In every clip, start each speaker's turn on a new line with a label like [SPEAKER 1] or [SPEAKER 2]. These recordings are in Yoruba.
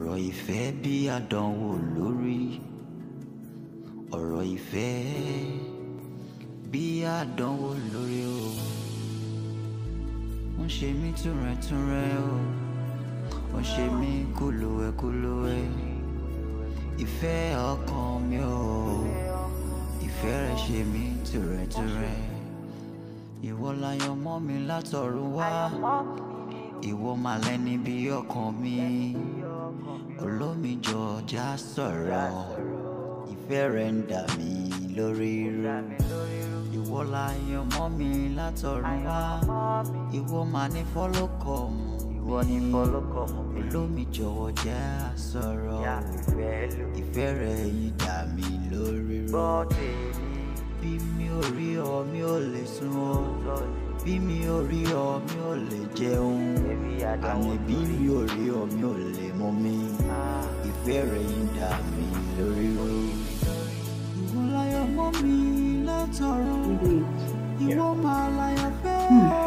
[SPEAKER 1] ọ̀rọ̀ ìfẹ́ bí àdánwò lórí ọ̀rọ̀ ìfẹ́ bí àdánwò lórí o ń ṣe mí túnrẹ̀túnrẹ̀ o ń ṣe mí kúlùwẹ̀kúlùwẹ̀ ìfẹ́ ọkàn mi o ìfẹ́ rẹ̀ ṣe mí túnrẹ̀túnrẹ̀ ìwọ láyọ̀ mọ́ mi látọ̀run wá ìwọ màlẹ́ni bí ọkàn mi. Yeah. olómijọ já sọ̀rọ̀ ìfẹ́ rẹ̀ ń dà mí lórí irú ìwọ la yan mọ́ mi látọ̀run wá ìwọ máa You fọ́lọ́kọ̀ mu follow ní fọ́lọ́kọ̀ mu olómijọ já sọ̀rọ̀ ìfẹ́ rẹ̀ yìí me, mí lórí irú bí mi ò rí ọ mi ò lè sùn ọ bí mi ò rí ọ mi ò lè jẹun àmì bí mi ò rí ọ mi ò le ọmọ mi ìfẹ́ rẹ̀ yìí dà mí lórí o. ìwọ láyọ̀ mọ́ mi látọ̀rọ̀ ìwọ máa láyọ̀ fẹ́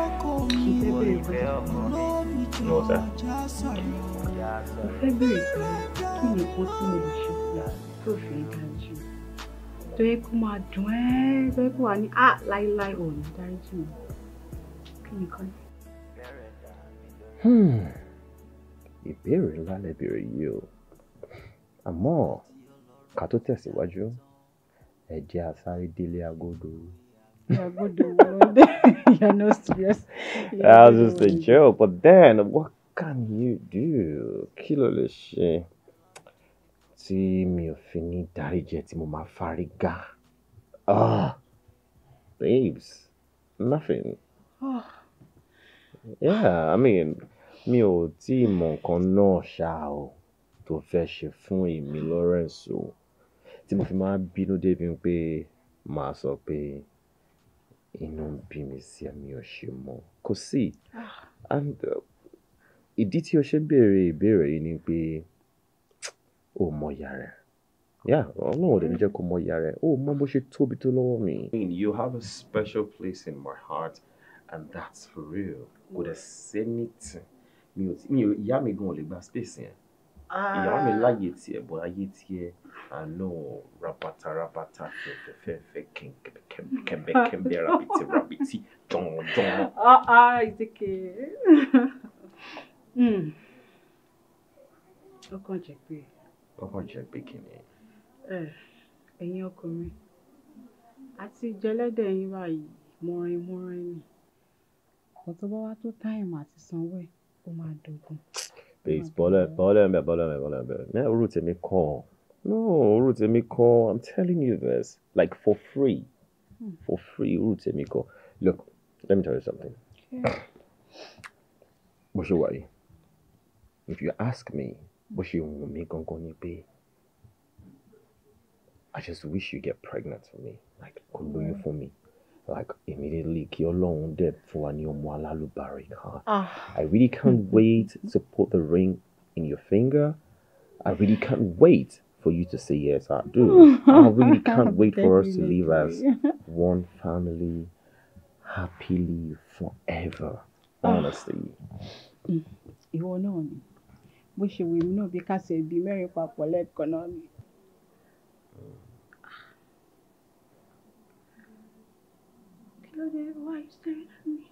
[SPEAKER 1] ọkọ hmm. mi ìwọ ìfẹ́ ọjà sọ̀rọ̀ mo fẹ́ bẹ̀rẹ̀ pé kí ni kó
[SPEAKER 2] tí mo lè ṣe tó fi dájú torí kó máa dùn ẹ́ torí kó wà ní à ah, láíláí ò ní dáríjì kí ni kọ́ ni
[SPEAKER 3] ìbéèrè ńlá lẹ́bèrè yìí o àmọ́ ká tó tẹ̀síwájú ẹ jẹ́ asáré délé agodo.
[SPEAKER 4] agodo wọlé you're no serious. that's just a joke
[SPEAKER 3] but then what can you do kí ló lè ṣe tí mi ò fi ní dáríjẹ tí mo máa fárígá ah babes nothing. Ah. yeah, I mean, Mi ò tíì mọ nǹkan náà ṣá o tó fẹ́ ṣe fún èmi Lawrence o, tí mo fi máa ń bínú dé pé màá sọ pé inú ń bí mi sí mi ò ṣe mọ̀. Kò sí. Ah. ìdí tí o ṣe ń bèèrè ìbéèrè yìí ni pé o mọ ìyá rẹ. Yeah, Ọlọ́run ò dẹ̀ ní jẹ́ kó mọ ìyá rẹ. O mọ bó ṣe tóbi tó lọ́wọ́ mi. You have a special place in my heart and that's for real. Kò dẹ̀ sí anything mi ò tí mi ò ìyá mi gan ò lè gba space yẹn ìyá mi ah. láyè tiẹ̀ bọ̀ ayé tiẹ̀ àná rapata rapata fẹfẹfẹ kẹmbẹ kẹmbẹ rabiti rabiti jọ̀njọ̀n.
[SPEAKER 2] ìdíkè ọkàn jẹ pé.
[SPEAKER 3] ọkàn jẹ pé kìnìún.
[SPEAKER 2] ẹ̀yin ọkùnrin àti jẹlẹ́dẹ̀ yín báyìí mọ̀rin mọ̀rin ni ọ̀tọ̀ bá wá tó táìmù àti sanwó ẹ̀. kó
[SPEAKER 3] please bother, bọ́lá ẹ̀ bọ́lá ẹ̀ bọ́lá ẹ̀ bẹ́ẹ̀ náà orú tèmi no root me call. kọ́ i'm telling you this like for free hmm. for free Root me call. look let me tell you something. bó ṣe wà if you ask me bó ṣe wù mí gangan ni pé. I just wish you get pregnant for me. Like, kò lóyún fún mi like immediately long dead for fún wa ní lubarika. Ah. I really can't wait to put the ring in your finger. I really can't wait for you to say yes, I do. I really can't wait for us to live as one family happily forever. Ah. Honestly.
[SPEAKER 2] you won't know, ṣe wù will know because ká ṣe be mẹ́rin papọ̀ let náà Daddy, why you staring at me?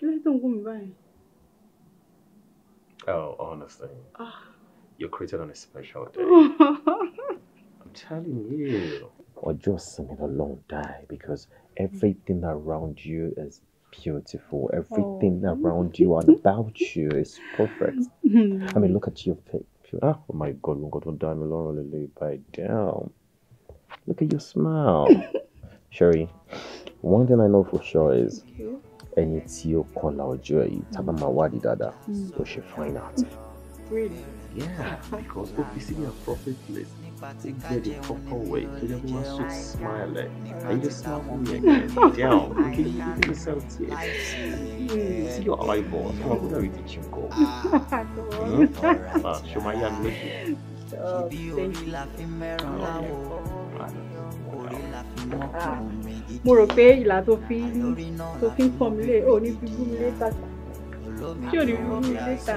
[SPEAKER 2] Let them go by.
[SPEAKER 4] Oh,
[SPEAKER 3] ah. honestly. Oh. You're created on a special day. I'm telling you. Or just let it alone die because everything around you is beautiful. Everything oh. around you and about you is perfect. I mean, look at your face. Ah, oh my God, we're going to die, Laura, lay by down. Look at your smile. Sherry, one thing I know for sure is any tí ó kọlà ọjọ́ tábà máa Dada, dáadáa mm. ó find out.
[SPEAKER 1] Really? Yeah, because you see a proper place. They get the proper
[SPEAKER 3] way. So everyone should smile. Eh? And you smile for me again. Damn, You can give yourself tears. See your eyeball. Come on, where did you go?
[SPEAKER 1] Hmm? Ah,
[SPEAKER 3] show my young lady.
[SPEAKER 1] Oh, thank you.
[SPEAKER 2] mo rò pé ìlà tó fi tó fi ń pọ̀ mí lé òní fi gún mi létà
[SPEAKER 4] tí ò ní gún mi
[SPEAKER 2] létà.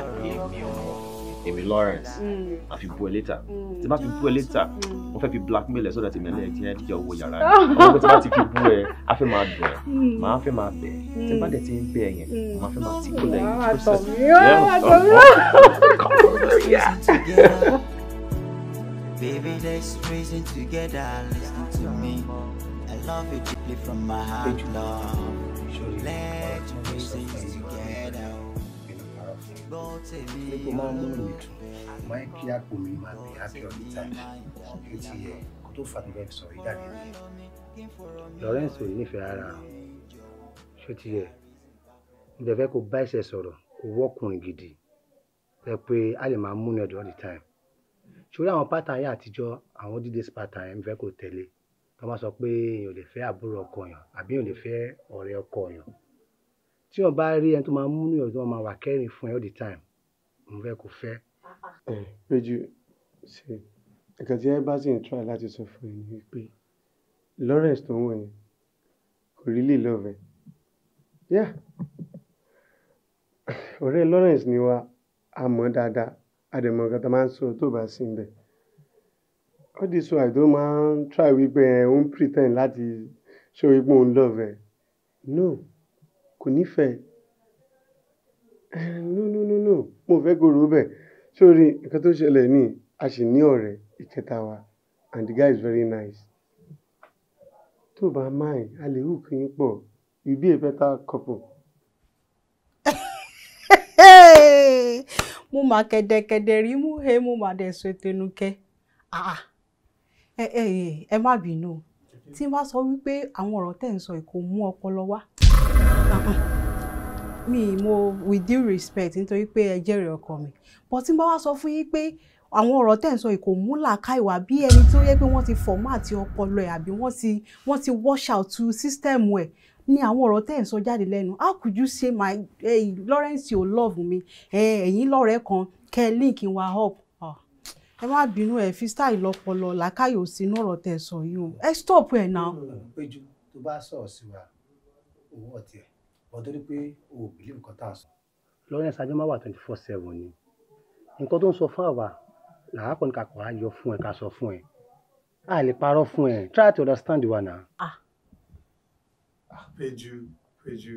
[SPEAKER 3] èmi Lawrence hmm. a fi bú ẹ létà hmm. tí bá fi bú ẹ létà mo hmm. fẹ́ fi blackmail ẹ sọ́dọ̀ tèmi ẹlẹ́yìn tí ẹ jẹ́ owó yàrá ẹ ọmọ pé tí bá ti fi bú ẹ a fẹ́ máa dùn ẹ màá fẹ́ máa bẹ̀ tí bá dẹ̀ ti ń bẹ̀ yẹn màá fẹ́ máa ti kó lẹ́yìn
[SPEAKER 1] process Baby, let's reason together. Listen to me love you deeply from my heart, Lord. Let your reason together. Nígbà
[SPEAKER 5] máa ń mú mi dùn, máa ń kí àpò mi máa happy all the time. Kí ti yẹ kó tó fà níbẹ̀ sọ̀rọ̀ ìjáde mi. Lawrence ò nífẹ̀ẹ́ ara ṣó ti yẹ. Mo dẹ̀ fẹ́ kó bá ẹsẹ̀ sọ̀rọ̀ kó wọ́kùnrin gidi. Ẹ pé a lè máa múnú ẹ̀dùn all the time. Ṣorí àwọn pátá ayé àtijọ́ àwọn dídé pátá ẹ̀ ń fẹ́ kó ká má sọ pé èèyàn ò lè fẹ́ àbúrò ọkọ yàn àbí èèyàn ò lè fẹ́ ọ̀rẹ́ ọkọ yàn tí wọ́n bá rí ẹni tó máa múnú yàn tó máa wà kẹ́rìn fún ẹ all the time
[SPEAKER 6] mo fẹ́ kó fẹ́. ẹ péjú ṣe nǹkan tí ẹ bá sì ń try láti sọ fún ẹ ni pé Lawrence tó ń wọ yẹn kò rí lè lọ́ọ̀fẹ́ yá ọ̀rẹ́ Lawrence ni wa a mọ̀ dáadáa a dẹ̀ mọ̀ nǹkan tó máa ń sọ tó bá sí ń all this while tó máa try wípé ó ń pre ten d láti show wípé òun love ẹ no kò nífẹ̀ẹ́ no no no no mo fẹ́ kó rò bẹ́ẹ̀ sórí nǹkan tó ṣẹlẹ̀ ní a sì ní ọ̀rẹ́ ìkẹta wa and the guy is very nice tó bá máa a lè hù kí n pọ̀ you be a better couple.
[SPEAKER 2] mo mà kẹ̀dẹ̀kẹ̀dẹ̀ rí mú he mo mà dẹ̀ so ètò ẹnu kẹ́ ah. ah ẹ ẹ ẹ má bínú tí n bá sọ wípé àwọn ọ̀rọ̀ tẹ̀ ń sọ yìí kò mú ọpọlọ wá mi mo with due respect nítorí pé ẹ jẹ́rìí ọkọ mi but tí n bá wá sọ fún yín pé àwọn ọ̀rọ̀ tẹ̀ ń sọ yìí kò mú làákàyè wá bí ẹni tó yẹ pé wọ́n ti fọ̀máàtì ọpọlọ ẹ̀ àbí wọ́n ti wọ́n ti wash out to system ẹ̀ ni àwọn ọ̀rọ̀ tẹ̀ ń sọ jáde lẹ́nu how could you say my hey, Lawrence you love me ẹ̀yin lọ́rẹ̀ẹ́ kan kẹ́ link wa up ẹ má bínú ẹ fi style lọpọlọ làákàyè òsì inú ọ̀rọ̀ sọ yìí o ẹ stop ẹ náà.
[SPEAKER 5] péjú tó bá sọ̀rọ̀ sí wa owó ọ̀tí ẹ̀ wọ́n torí pé o ò bìlí nǹkan tá a sọ. Lawrence Ademowa twenty four seven ni nǹkan tó ń sọ fún àwa làákọ̀ ní kakọ̀ á yọ fún ẹ ká sọ fún ẹ a lè parọ́ fún ẹ try to understand wa náà. Ah,
[SPEAKER 6] péjú péjú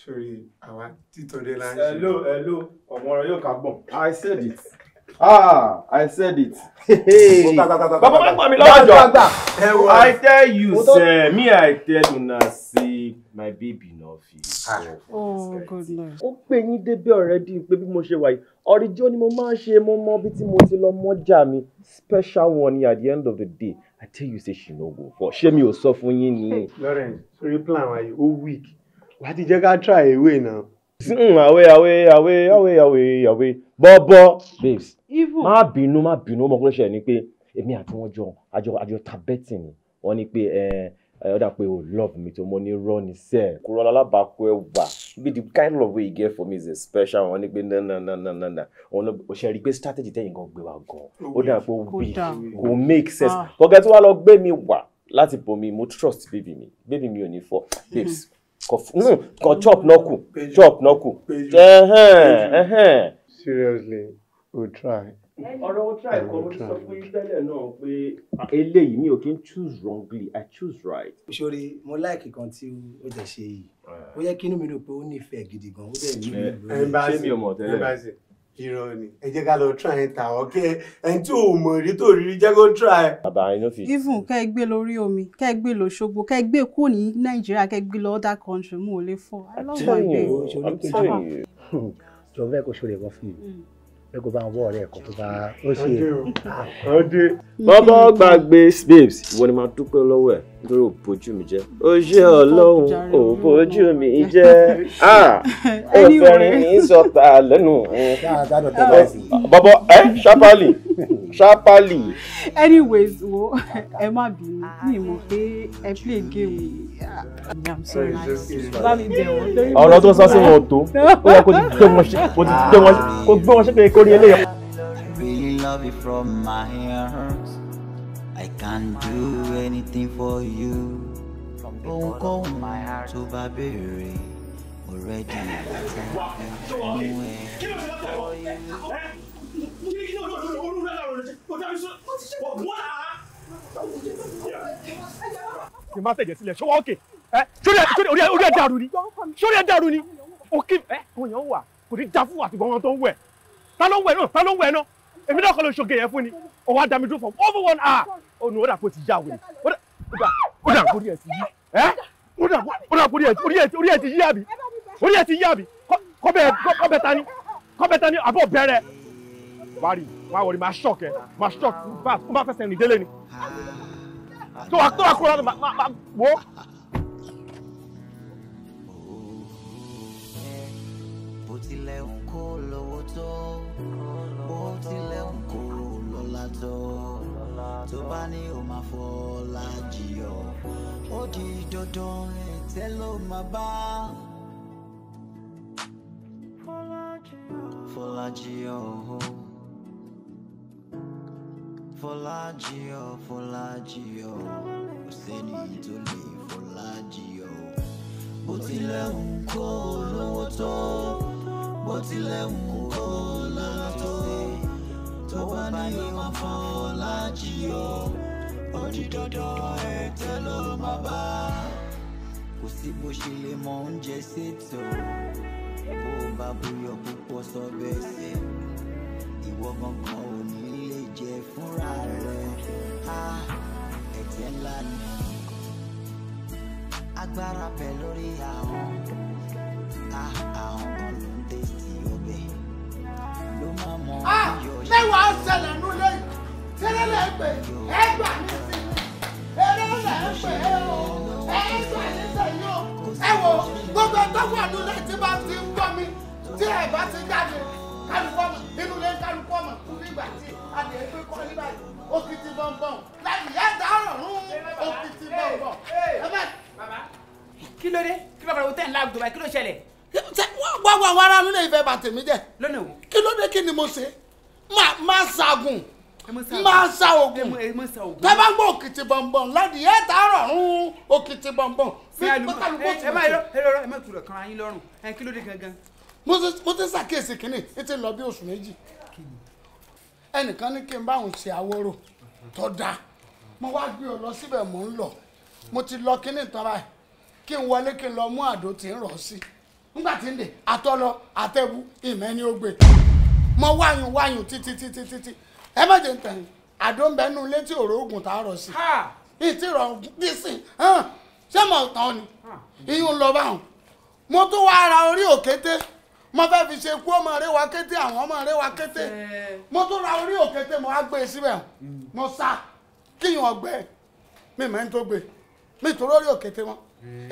[SPEAKER 6] sórí àwa títọ́ dé láńṣẹ́. hello hello ọmọ ọ̀rọ̀ yóò ká gbọ̀n
[SPEAKER 7] I said it. Ah, I said it. Bàbá máa ń gbà mí I tell you sir,
[SPEAKER 3] me I tell una say my baby no fit. Ah. Oh, oh God no. Ó pè yín already Baby, bí why? ṣe the journey, mama, she, mama, bitty, ń ṣe mo mọ Special one ni at the end of the day, I tell you say she no go for. Shame mi ò sọ fún yín ni?
[SPEAKER 6] Lawrence, orí plan wa yìí, ó weak. Wàá ti jẹ́ ká try away now?
[SPEAKER 3] àwẹ àwẹ àwẹ àwẹ àwẹ àwẹ bọ́bọ́ babes má bínú má bínú ó mọ kúrò ṣẹlẹ̀ ni pé èmi àti wọn jọ àjọ àjọ tabẹ́tì ni wọ́n ní pé ẹ ẹ ọ̀dà pé o love me to mo ní rọ́ ní sẹ́ẹ̀. kúrò alábàákú ẹ wà bí the kind of love wey you get for me is a special one ní pé na na na na na na òun ló o ṣe rí i pé strategy tẹ̀yìn gan gbé wa gan ó dà pé ó wí kò make sense kọ̀ọ̀kẹ́ ah. tí wàá lọ gbé mi wà láti bomi mo trust baby mi baby mi ò ní for, hmm. babes.
[SPEAKER 6] Hmm,
[SPEAKER 7] kò chop náà chop
[SPEAKER 6] náà seriously we try.
[SPEAKER 7] ọ̀rọ̀ o try kan mo ti sọ fún yín tẹ́lẹ̀ náà pé
[SPEAKER 3] eléyìí mi ò kí n choose wrongly i choose right.
[SPEAKER 5] sori mo láìkì kan tí ó jẹ ṣe yìí ó yẹ kí inú mi dùn pé ó nífẹ̀ẹ́ gidi gan ó dẹ̀ ní ìlú rẹ̀. ẹ bá ṣe ẹ bá
[SPEAKER 6] irọ́ ni ẹ jẹ́ ká lọ try ta ọ̀kẹ́ ẹni tí òun mọ̀ rí tó rírí jẹ́ kó try. bàbá yín ló fi.
[SPEAKER 5] even
[SPEAKER 2] kẹ́ ẹ gbé lórí omi kẹ́ ẹ gbé lọ́ṣogbo kẹ́ ẹ gbé kúrò ní nàìjíríà kẹ́ ẹ gbé lọ other country mú o lè fọ́. i love my baby. Ah.
[SPEAKER 5] Hmm. jọ̀wọ́ fẹ́ kó ṣòro ẹ̀wọ́ fún mi. Hmm ẹ kò bá ń wọ ọ̀rẹ́ ẹ̀kọ́ tó bá ó ṣe
[SPEAKER 3] ọdẹ. bọ́bọ́ gbàgbé babes ìwọ ni màá dúpẹ́ lọ́wọ́ ẹ̀ nítorí ò bójú mi jẹ́ ó ṣe ọlọ́run ò bójú mi jẹ́ ó fẹ́rin ní sọ̀tà lẹ́nu.
[SPEAKER 7] bọ́bọ́ ẹ ṣápálì sharply.
[SPEAKER 2] anyways wo ẹ má bínú ah, mi mọ̀ pé ẹ play game i'm sorry bá mi bẹ̀ wọ́n lórí. ọ̀rọ̀ tó sọ sí wọn ò tó ó yẹ kó ti gbé wọn ṣe kó ti gbé wọn ṣe kó gbé wọn ṣe
[SPEAKER 7] pé kó rí eléyà.
[SPEAKER 1] love you from my heart. I can't do anything for you. Ohunkóhun tó bá béèrè already. Anywhere for
[SPEAKER 2] you. No, no, no, no, no, no, no, no, no, no, What? What? Ṣé máa tẹ̀jẹ̀ sílẹ̀? Ṣé wọ́n òkè? Ṣórí orí orí ẹ̀ dàrú ni? Ṣórí ẹ̀ dàrú ni? Òkè ẹ̀ àwọn èèyàn wà kò ní dá fún àtìgbọ́n wọn tó ń wẹ̀. Ta ló ń wẹ̀ náà? Ta ló ń wẹ̀ náà? Èmi náà kọ́ ló ṣoge yẹn fún ni. Ọwọ́ Adami dúró fún over one hour. Ó nu ó dà kó ti já wẹ̀. Ó dà kó rí ẹ̀ sí yí. Ó dà kó rí ẹ̀ ti yí àbí? Orí ẹ̀ ti yí àbí? Kọ́bẹ̀ ta ni? Kọ́bẹ̀ ta ni? Àbọ̀
[SPEAKER 7] bẹ̀rẹ̀ wá rí wá wọrí máa shock ẹ máa shock bath ó máa fẹsẹ̀ rìn délé ni
[SPEAKER 2] tó wà tó wà kúrò láti máa wò.
[SPEAKER 1] bó tilẹ̀ ń kó lówó tó bó tilẹ̀ ń kó lọ́lá tó tó bá ní o máa fọ́ lájìyọ ó di dandan ẹ̀tẹ́ ló máa bá. Fọlájì ọ̀hún. Fọlájiyọ̀ Fọlájiyọ̀ kò sẹ́ni tó lè Fọlájiyọ̀ bó botile ń kó lówó tó bó tilẹ̀ ń kó lọ́lá tó tó bá ní wọn Fọlájiyọ̀ ó di dandan ẹ̀tẹ́ ló má bá kò sí bó ṣe lè mọ oúnjẹ ṣètò bó bá buyọ̀ púpọ̀ sọ bẹ́ẹ̀ sí ìwọ gangan fúnra rẹ̀ á ẹ̀jẹ̀ ńlá ni agbára bẹ̀ lórí ahọ́n á ahọ́n kan ló ń dé sí ọbẹ̀
[SPEAKER 2] ló máa mọ iyọ̀ ah, ṣe. mẹ́wàá ṣẹlẹ̀ nù lẹ́yìn tẹ́lẹ̀ lẹ́ pé ẹ gbà mí sí i eré lẹ́ pé ẹ o ẹ gbà mí sẹ́yìn o ẹ wo gbogbo ẹgbẹ́ wà nù lẹ́yìn tí bá ti ń gbọ́ mi tí ẹ bá ti jáde kálukú ọmọ inú ilé kálukú ọmọ kú nígbà tí adìẹ gbé kọ́ nígbà yìí òkìtì bọ̀m̀bọ̀n láti ìyá ìdá ọ̀rọ̀ rún òkìtì bọ̀m̀bọ̀n. kí ló dé kí ló fara wo tẹ́ǹlá àgùdù báyìí kí ló ṣẹlẹ̀. wá wá wá ara nílé ìfẹ́ bàtẹ́ mi jẹ́ kí ló dé kí ni mo ṣe máa ṣàgùn máa ṣa oògùn tẹ́ bá gbọ́ òkìtì bọ̀m̀bọ̀n láti ìyá ìdá ọ̀rọ̀ rún òkìtì bọ̀m̀bọ̀n. ẹ má ẹ má ẹ má kúrò kan ayín lọ́rùn kí ló dé gangan mo ti ṣàkíyèsí kínní ní ti lọ bí oṣù méjì ẹnìkan ní kí n báwọn ṣe àwòrò tó dáa mo wá gbé ọ lọ síbẹ̀ mò ń lọ mo ti lọ kínní tán báyìí kí n wọlé kí n lọ mú àdó tí ń rọ̀ sí nígbà tí ń dè àtọlọ àtẹ̀bù ìmẹ́ni ó gbé mo wáyùn wáyùn títí títí títí ẹ má jẹ́ ntẹ̀yìn àdó ń bẹnu létí òró oògùn tá a rọ̀ sí i ti rọ̀ bí ṣé mo tán ni iyún lọ báwọn mo tún wá ara orí òkété mo fẹ́ fi ṣe kú ọmọ rẹ wa kété àwọn ọmọ rẹ wa kété mo tún ra orí òkété mo wá gbé e síbẹ̀ mm. mo sá kíyàn ọgbẹ́ mi mẹ́ ń tó gbé mi mm. tó lórí òkété wọn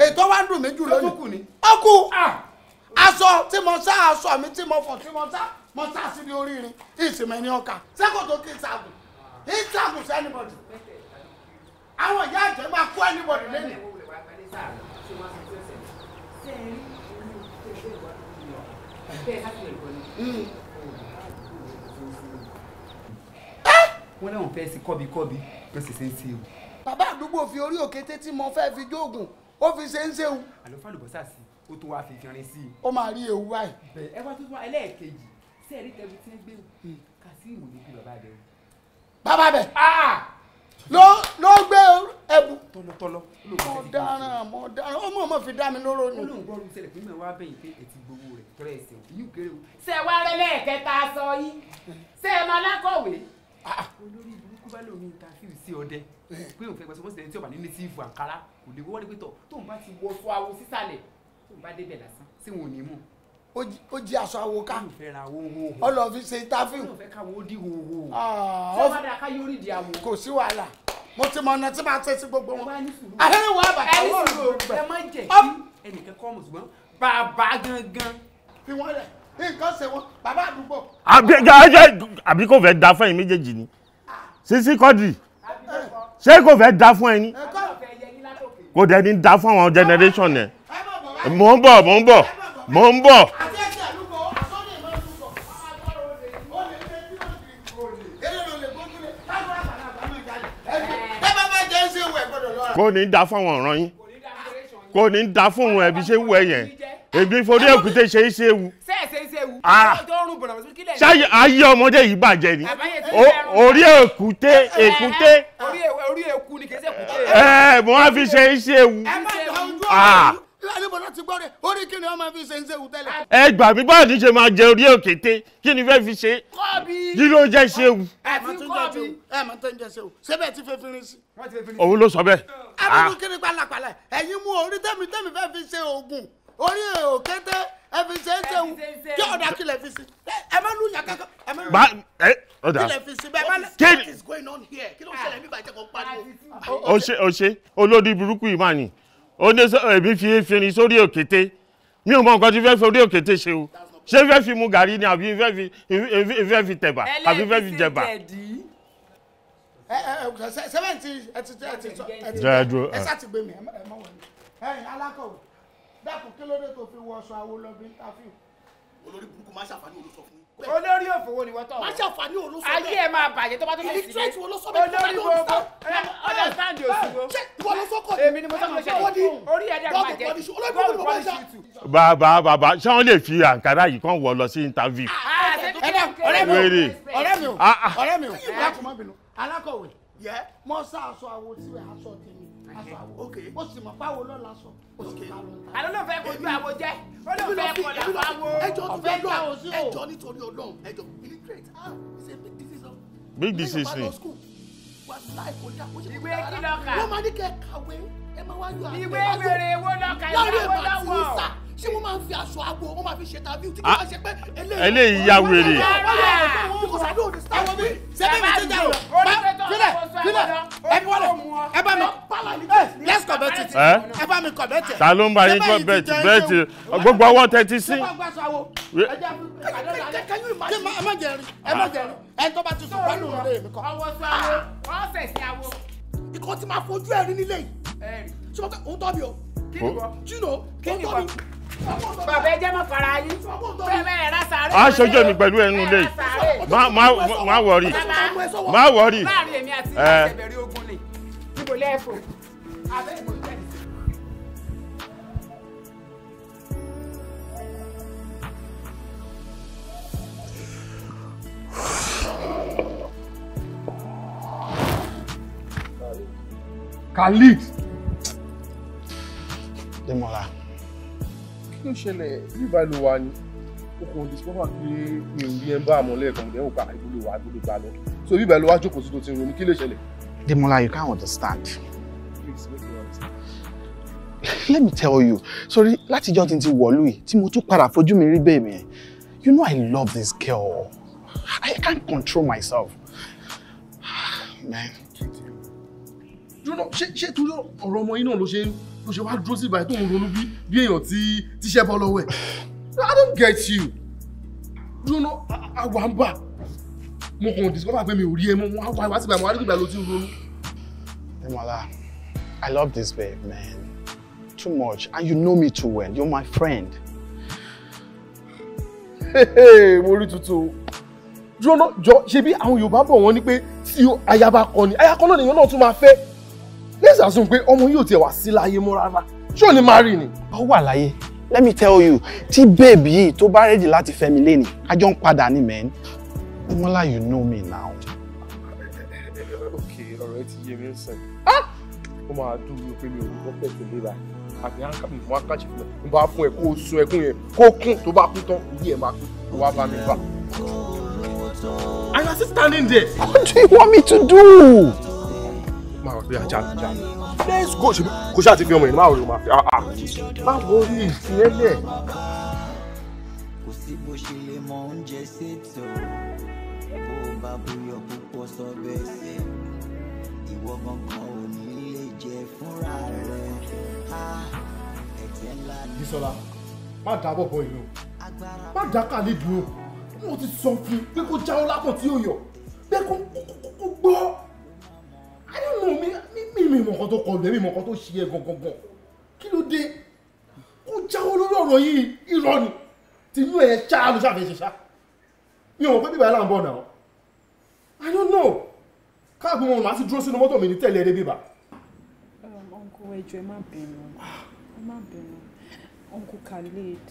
[SPEAKER 2] ètò wa ń dùn mí jù lónìí ó kú aṣọ tí mo sá aṣọ mi tí mo fọ̀ tí mo sá mo sá síbi oríire ìsìnmọ ẹni ọkà sẹkọtò kí n ṣàgùn n ṣàgùn sí anybody àwọn ìyá àjẹ máa kó anybody lẹ́nu wọ́n lẹ́wọ̀n fẹ́ sí kọ́bíkọ́bí tó sì ṣe ń ṣe o. bàbá àdúgbò fi orí òkété tí mo fẹ́ fi jóògùn ó fi ṣe ń ṣe o. àlọ́ fàlùbọ́sà sí ó tó wá fi kẹrin sí i. ó máa rí ewu báyìí. bẹ́ẹ̀ ẹ wá tó wá ẹlẹ́ẹ̀kejì sí ẹ̀rí tẹ̀bi tí ń gbé kà sí ìwòye bí bàbá rẹ. bàbá bẹ̀. Ah! ló ló gbé ẹbù. tọlọtọlọ. mo dáràn mo dáràn ọmọ ọmọ fi dá mi lóró ni. olóhùn gbọ́dọ̀ ṣẹlẹ̀ pé mẹ́wàá bẹ̀yìn pé ètí gbowó rẹ̀ tọ́lá ẹ̀sẹ̀ òbí yóò kéré o. ṣé ẹ wá rẹ lẹ́ẹ̀kẹta sọ yìí ṣé ẹ máa lákọ̀wé. Ah, ah. olórí burúkú bá lómi ta fíìmù sí ọdẹ pé òun fẹ́ pẹ́sọ́ mọ́sílẹ̀ tí ọba nínú sí ìfọ̀ àǹkárá kò lè wọ́wọ́ dé pé tọ̀ tóun bá ti wọ ó jí aṣọ àwo ká ọlọ́ọ̀fi ṣe interview ah, kò sí wàhálà mo ti mọ ọ̀nà tí màá tẹ́ sí gbogbo wọn àhẹ́rẹ́ wà bàtà wọ́n lò ó gbẹ ẹnìkan kọ́ mọ̀ ṣùgbọ́n bàbá gangan. fi wọ́n lẹ̀ nǹkan ṣe wọn bàbá àdúgbò.
[SPEAKER 7] àbí kò fẹ́ da fún ẹ̀yin méjèèjì ni ah. Sisi Quadri ṣé kò fẹ́ da fún ẹni kò dẹ̀ ní da fún àwọn generation ẹ̀ mò ń bọ̀ mò ń bọ̀ mò ń bọ̀. kò ní da fáwọn ọ̀ràn yín kò ní da fún òun ẹbí ṣé wù ẹ yẹn èmi forí èkúté ṣe é ṣe wù.
[SPEAKER 2] Ah. ṣáyé ayé
[SPEAKER 7] ọmọdé yìí bàjẹ́ ni orí èkúté èkúté
[SPEAKER 2] ẹ eh, mo wá fi ṣe é ṣe wù níbo ló ti gbọ́ rẹ̀ orí kí ni wọ́n máa fi ṣe ń ṣe òtẹ́lẹ̀.
[SPEAKER 7] ẹ gbà mí báwo ni ṣe máa jẹ orí òkété kí ni fẹ́ẹ́ fi ṣe.
[SPEAKER 2] kọ́ọ̀bì kí ló jẹ́ ṣéwù. ẹ fi kọ́ọ̀bì ẹ mọ tó ń jẹ ṣéwù síbẹ̀ tí fẹ́ fi rin sí. òun ló
[SPEAKER 7] sọ bẹ́ẹ̀. ẹ bí ah. kí
[SPEAKER 2] ni pàlàpàlà ẹ̀yin mú orí tẹ́mi tẹ́mi fẹ́ fi ṣe oògùn orí òkété ẹ fi ṣe ń ṣéwù kí ọ̀dà kílẹ̀ fi sí. ẹ má lùyà kankan ẹ má
[SPEAKER 7] lùyà ọ̀dà kí
[SPEAKER 2] ló ṣẹlẹ̀ nígbà jẹ́ kó pariwo. Ah, ah. o ṣe o
[SPEAKER 7] ṣe olórí burúkú yìí máa nì ó ní èmi fi efirin sórí òkété mi ò mọ nǹkan tí fẹ́ fi orí òkété ṣe o ṣé fẹ́ fi mu gàrí ni àbí fẹ́ fi fẹ́ fi tẹ̀bà àbí fẹ́ fi jẹ̀bà. sẹ́fẹ̀ntì
[SPEAKER 2] ẹ ẹ ẹ alákọ̀wé dákun kí ló dé tó fi wọ aṣọ awolobi interview. olórí burúkú máa ṣàfàní olùsọ fún yín olórí òfòwò ni wọ́n tọ̀ wọ́n. máṣe àǹfààní wo bẹ́ẹ̀. ayé ẹ máa bàjẹ́ tó bá tó lè sílé. illiterate wo ló sọ bẹ́ẹ̀. olórí gbogbo understand òsìwò. ṣé ìwọ ló sọ kọ́ ni. èmi ni mo sọ pé ṣe ní orí ẹ̀dá máa jẹ́ bọ́ọ̀lù pọ́lísì tù.
[SPEAKER 7] bàbá bàbá ṣé wọ́n lè fi àǹkárá yìí kàn wọ̀ lọ sí
[SPEAKER 2] Okay. ó sì mọ̀ fáwọn lọ́la sọ Okay. sì ta ló ń ta. àlọ́ ló fẹ́ kojú àwo jẹ́ ó ló fẹ́ kọlà fáwo ọ̀fẹ́ ta o sí o. ẹjọ́
[SPEAKER 8] nítorí Ọlọ́run ẹjọ́ illiterate ah it's a big disease. big disease ni. ìwé
[SPEAKER 2] kí lọ́ka. wọ́n máa ní kẹ́ kàwé ẹ máa wá yọ àgbẹ̀ wá yọ. ìwé mèrè wo lọ́ka ìwé wo lọ́wọ́ ṣé wọ́n máa ń fi aṣọ àgbo wọ́n máa fi ṣe tàbí tí kò bá ṣe pé eléyìí ya wèrè. sẹ́ni mi ti jà lọ kílẹ̀ kílẹ̀ ẹ bí wọlé ẹ bá mi let's connect it ẹ bá mi connect it. ta ló ń bá yín kọ bẹ́ẹ̀tì bẹ́ẹ̀tì
[SPEAKER 7] gbogbo ọwọ́ tẹ́tí sí. ẹ
[SPEAKER 2] má jẹrin ẹ má jẹrin ẹ tó bá ti sùn pálọ̀ lórí mi kọ. ọwọ́ sọ àwọn ọ̀sẹ̀ sí àwọn. ikọ̀ tí máa fojú ẹ̀rí nílé yìí. ṣé wọ́n tọ́ bí o. kí ni wọ́n. kí ni wọ́n bàbá ẹ jẹ́ fara yín bẹ́ẹ̀ rà sáré. a ṣojú mi pẹ̀lú ẹnu lé má wọrí má wọrí. láàrin èmi àti
[SPEAKER 8] Khalid.
[SPEAKER 7] Demola ló ṣẹlẹ̀ bíbá ló wà ní okùn discover pé mi ò rí ẹ bá àmọ́ lẹ́ẹ̀kan
[SPEAKER 2] lẹ́wọ̀n gbà ìbúlé wa ìbúlé gbà lọ so bíbá ló wá jókòó sí tó ti ronú kí ló ṣẹlẹ̀. Demola, you can't understand. Please make me understand. Let me tell you, sorry, láti ìjọ́ tí n ti wọ̀lú yìí tí mo tún padà fojú mi rí bẹ́ẹ̀ mi you know I love this girl. I can't control myself. Man. Ṣé ṣé torí ọ̀rọ̀ ọmọ yín náà ló ṣe tó ṣe wá dúró sí ìbàyẹ̀ tó ń ronú bí bí èèyàn tí tíṣẹ́ bọ́ lọ́wọ́ ẹ̀ I don't get you you know àwa ń bà mo kàn discover pé mi ò rí ẹ mọ́ wọn wá wá sí ìbàyẹ̀ wọn wá dúgbà ló ti ń ronú. Demola, I love this babe man too much and you know me too well you're my friend. mo rí tuntun jọ́nà jọ ṣebí àwọn Yorùbá bọ̀ wọ́n ní pé tí ayaba kọ ni ayakọ náà nìyẹn náà tún máa fẹ́ let's assume pé ọmọ yóò tiẹ̀ wá sí láyé mọ́ rárá ṣé ò ní máa rí ni. ó wà láyé let me tell you tí babe yìí tó bá rẹ́dì láti fẹ́ mi léni a jọ ń padà ní mẹ́rin Mọ́lá you know me now.
[SPEAKER 6] ok ọ̀rọ̀ ẹ ti yé mi sẹ́n. Ah!
[SPEAKER 7] ó máa dùn mí pé mi ò ní bọ́pẹ̀ tèmi rà
[SPEAKER 6] àbí àǹkà mi máa kàṣì fún
[SPEAKER 7] mi bá fún ẹ kó o sun ẹkún yẹn kó o kún tó bá kú tán yí máa kú kó wá bá mi bá. and you are still standing there.
[SPEAKER 2] what do you want me to
[SPEAKER 7] do
[SPEAKER 2] máa wà pé ajá ajá let's go ṣe kò ṣáà ti fi ọmọ yìí máa wò ó máa fi ah ah
[SPEAKER 1] máa wò kò sí bó ṣe lè mọ oúnjẹ ṣètò bó bá buyọ púpọ̀ sọ́bẹ̀ sí ìwọ kankan ò ní lè jẹ fúnra rẹ á ńlá ni. Bísọ́lá
[SPEAKER 2] má dábọ̀ bọ ìlú má dákà nídùú o mo ti sọ fún un pé kó jáwọ́ lápò tí ó yọ pé kó gbọ́ mi mọ̀ mi mi mọ̀ nǹkan tó kọlù ẹ̀ mi mọ̀ nǹkan tó ṣe ẹ̀ gangan kí ló dé kó jáwọ́ lórí ọ̀rọ̀ yìí irọ́ ni tinú ẹ̀ ṣáà ló ṣàfẹ́ ṣe ṣá mi ò mọ̀ bíbá ẹ̀ ń bọ̀ náà I don't know káàkiri wọn máa ti dúró sínú mọ́tò mi ní tẹ̀lé ẹ̀rẹ́ bíbá. ọkọ ẹjọ ẹ má bínú ẹ má bínú uncle Khalid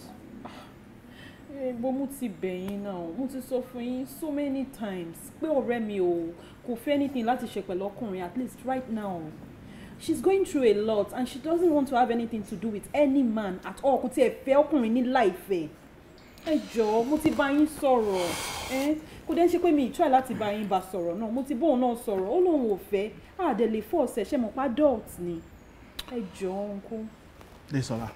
[SPEAKER 2] Eh, bó mo ti bẹ̀ yín náà mo ti sọ fún yín so many times pé ọ̀rẹ́ mi ò kò fẹ́ anything láti ṣe pẹ̀lú ọkùnrin at least right now she's going through a lot and she doesn't want to have anything to do with any man at all kò tiẹ̀ fẹ́ ọkùnrin ní láìfẹ́ ẹ jọ̀ọ́ mo ti bá yín sọ̀rọ̀ eh? kò dẹ́n ṣe pé mi try láti bá yín bá sọ̀rọ̀ náà mo ti bóun náà sọ̀rọ̀ ó lóun ò fẹ́ àdẹ̀lẹ̀ fọ́ọ̀sẹ̀ ṣe mọ̀ pa adult ni ẹ jọ̀ọ́ nǹkan.
[SPEAKER 7] Desola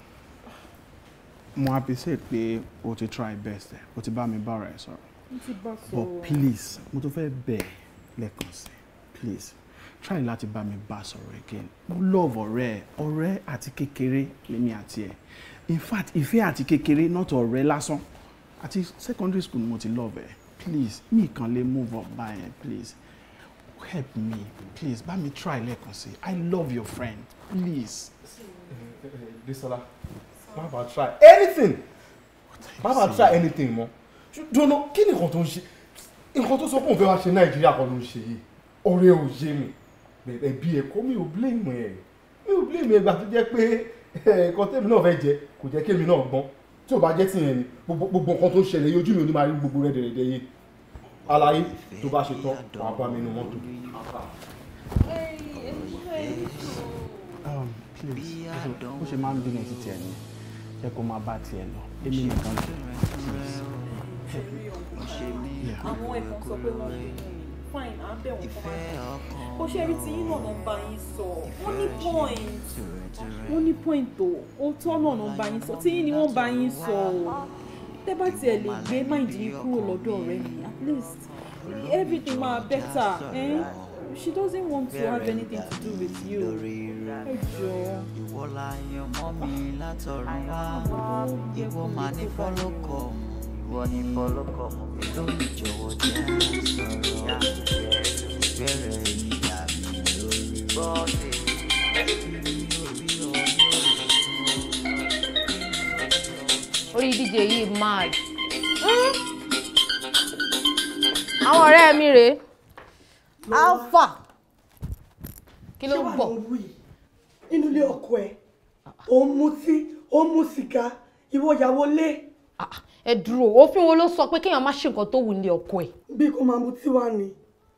[SPEAKER 7] mo appreciate pé o ti try best o ti bá mi bára ẹ
[SPEAKER 2] sọ̀rọ̀ but please mo tún fẹ́ bẹ̀ lẹ́ẹ̀kan sí please try láti bá mi bá sọ̀rọ̀ again love ọ̀rẹ́ ẹ ati kekere kékeré lèmi àti ẹ in fact ìfẹ́ ati kekere not ọ̀rẹ́ lásán ati secondary school mo ti love ẹ please mi kàn lè move up báyẹn please help me please bá mi try lẹ́ẹ̀kan sí i love your friend please. Bisola má bàa try anything má bàa try anything mọ́ dùnú kí ni nǹkan tó ń ṣe
[SPEAKER 6] nǹkan tó sọ pé òun fẹ́ wá ṣe nàìjíríà kan ló ń ṣe yìí ọ̀rẹ́ ò yé mi ẹbí ẹ kó mi
[SPEAKER 2] ò blame ẹ mi ò blame ẹ gbà tó jẹ́ pé nǹkan tẹ́mi náà fẹ́ jẹ kò jẹ́ kémi náà gbọ́n tí ò bá jẹ́ tìyẹn ni gbogbo nǹkan tó ń ṣẹlẹ̀ ojú mi ò ní máa rí gbogbo rẹ̀ dẹ̀rẹ̀dẹ̀ yìí alaye tó bá ṣe tán wàá bá mi nu mọ́tò.
[SPEAKER 6] Um, please ó ṣe máa ń bínú títí ẹ̀ nìyẹn jẹ́ kó máa bá tiẹ̀ lọ èmi nìkan lọ.
[SPEAKER 2] àwọn fine à ń bẹ̀ wọ́n fún wa bó ṣe rí tiyín náà ló ń bá yín
[SPEAKER 1] sọ wọ́n ní point wọ́n
[SPEAKER 2] ní point o ó tọ́ náà ló ń bá yín sọ tiyín ni wọ́n bá yín sọ o tẹ́ bá tiẹ̀ lè gbé máìndì yín kúrò lọ́dọ̀ rẹ̀ ni at least
[SPEAKER 1] everything máa better. Eh?
[SPEAKER 2] she doesn't want to have anything to
[SPEAKER 1] do with you. ẹ jọ̀ọ́. ìwọ la you mọ́ mi látọ̀run wá ìwọ mà ní
[SPEAKER 2] mad. àwọn ọ̀rẹ́ mi rèé alpha kí ló ń bọ̀ inú ilé ọkọ ẹ òun mutí òun mu sìgá ìwọ ìyàwó lé. Ah, ah, ẹ dúró wo ló sọ pé kéèyàn má ṣe nǹkan tó wù ní ọkọ ẹ. bí kò máa mutí wá ni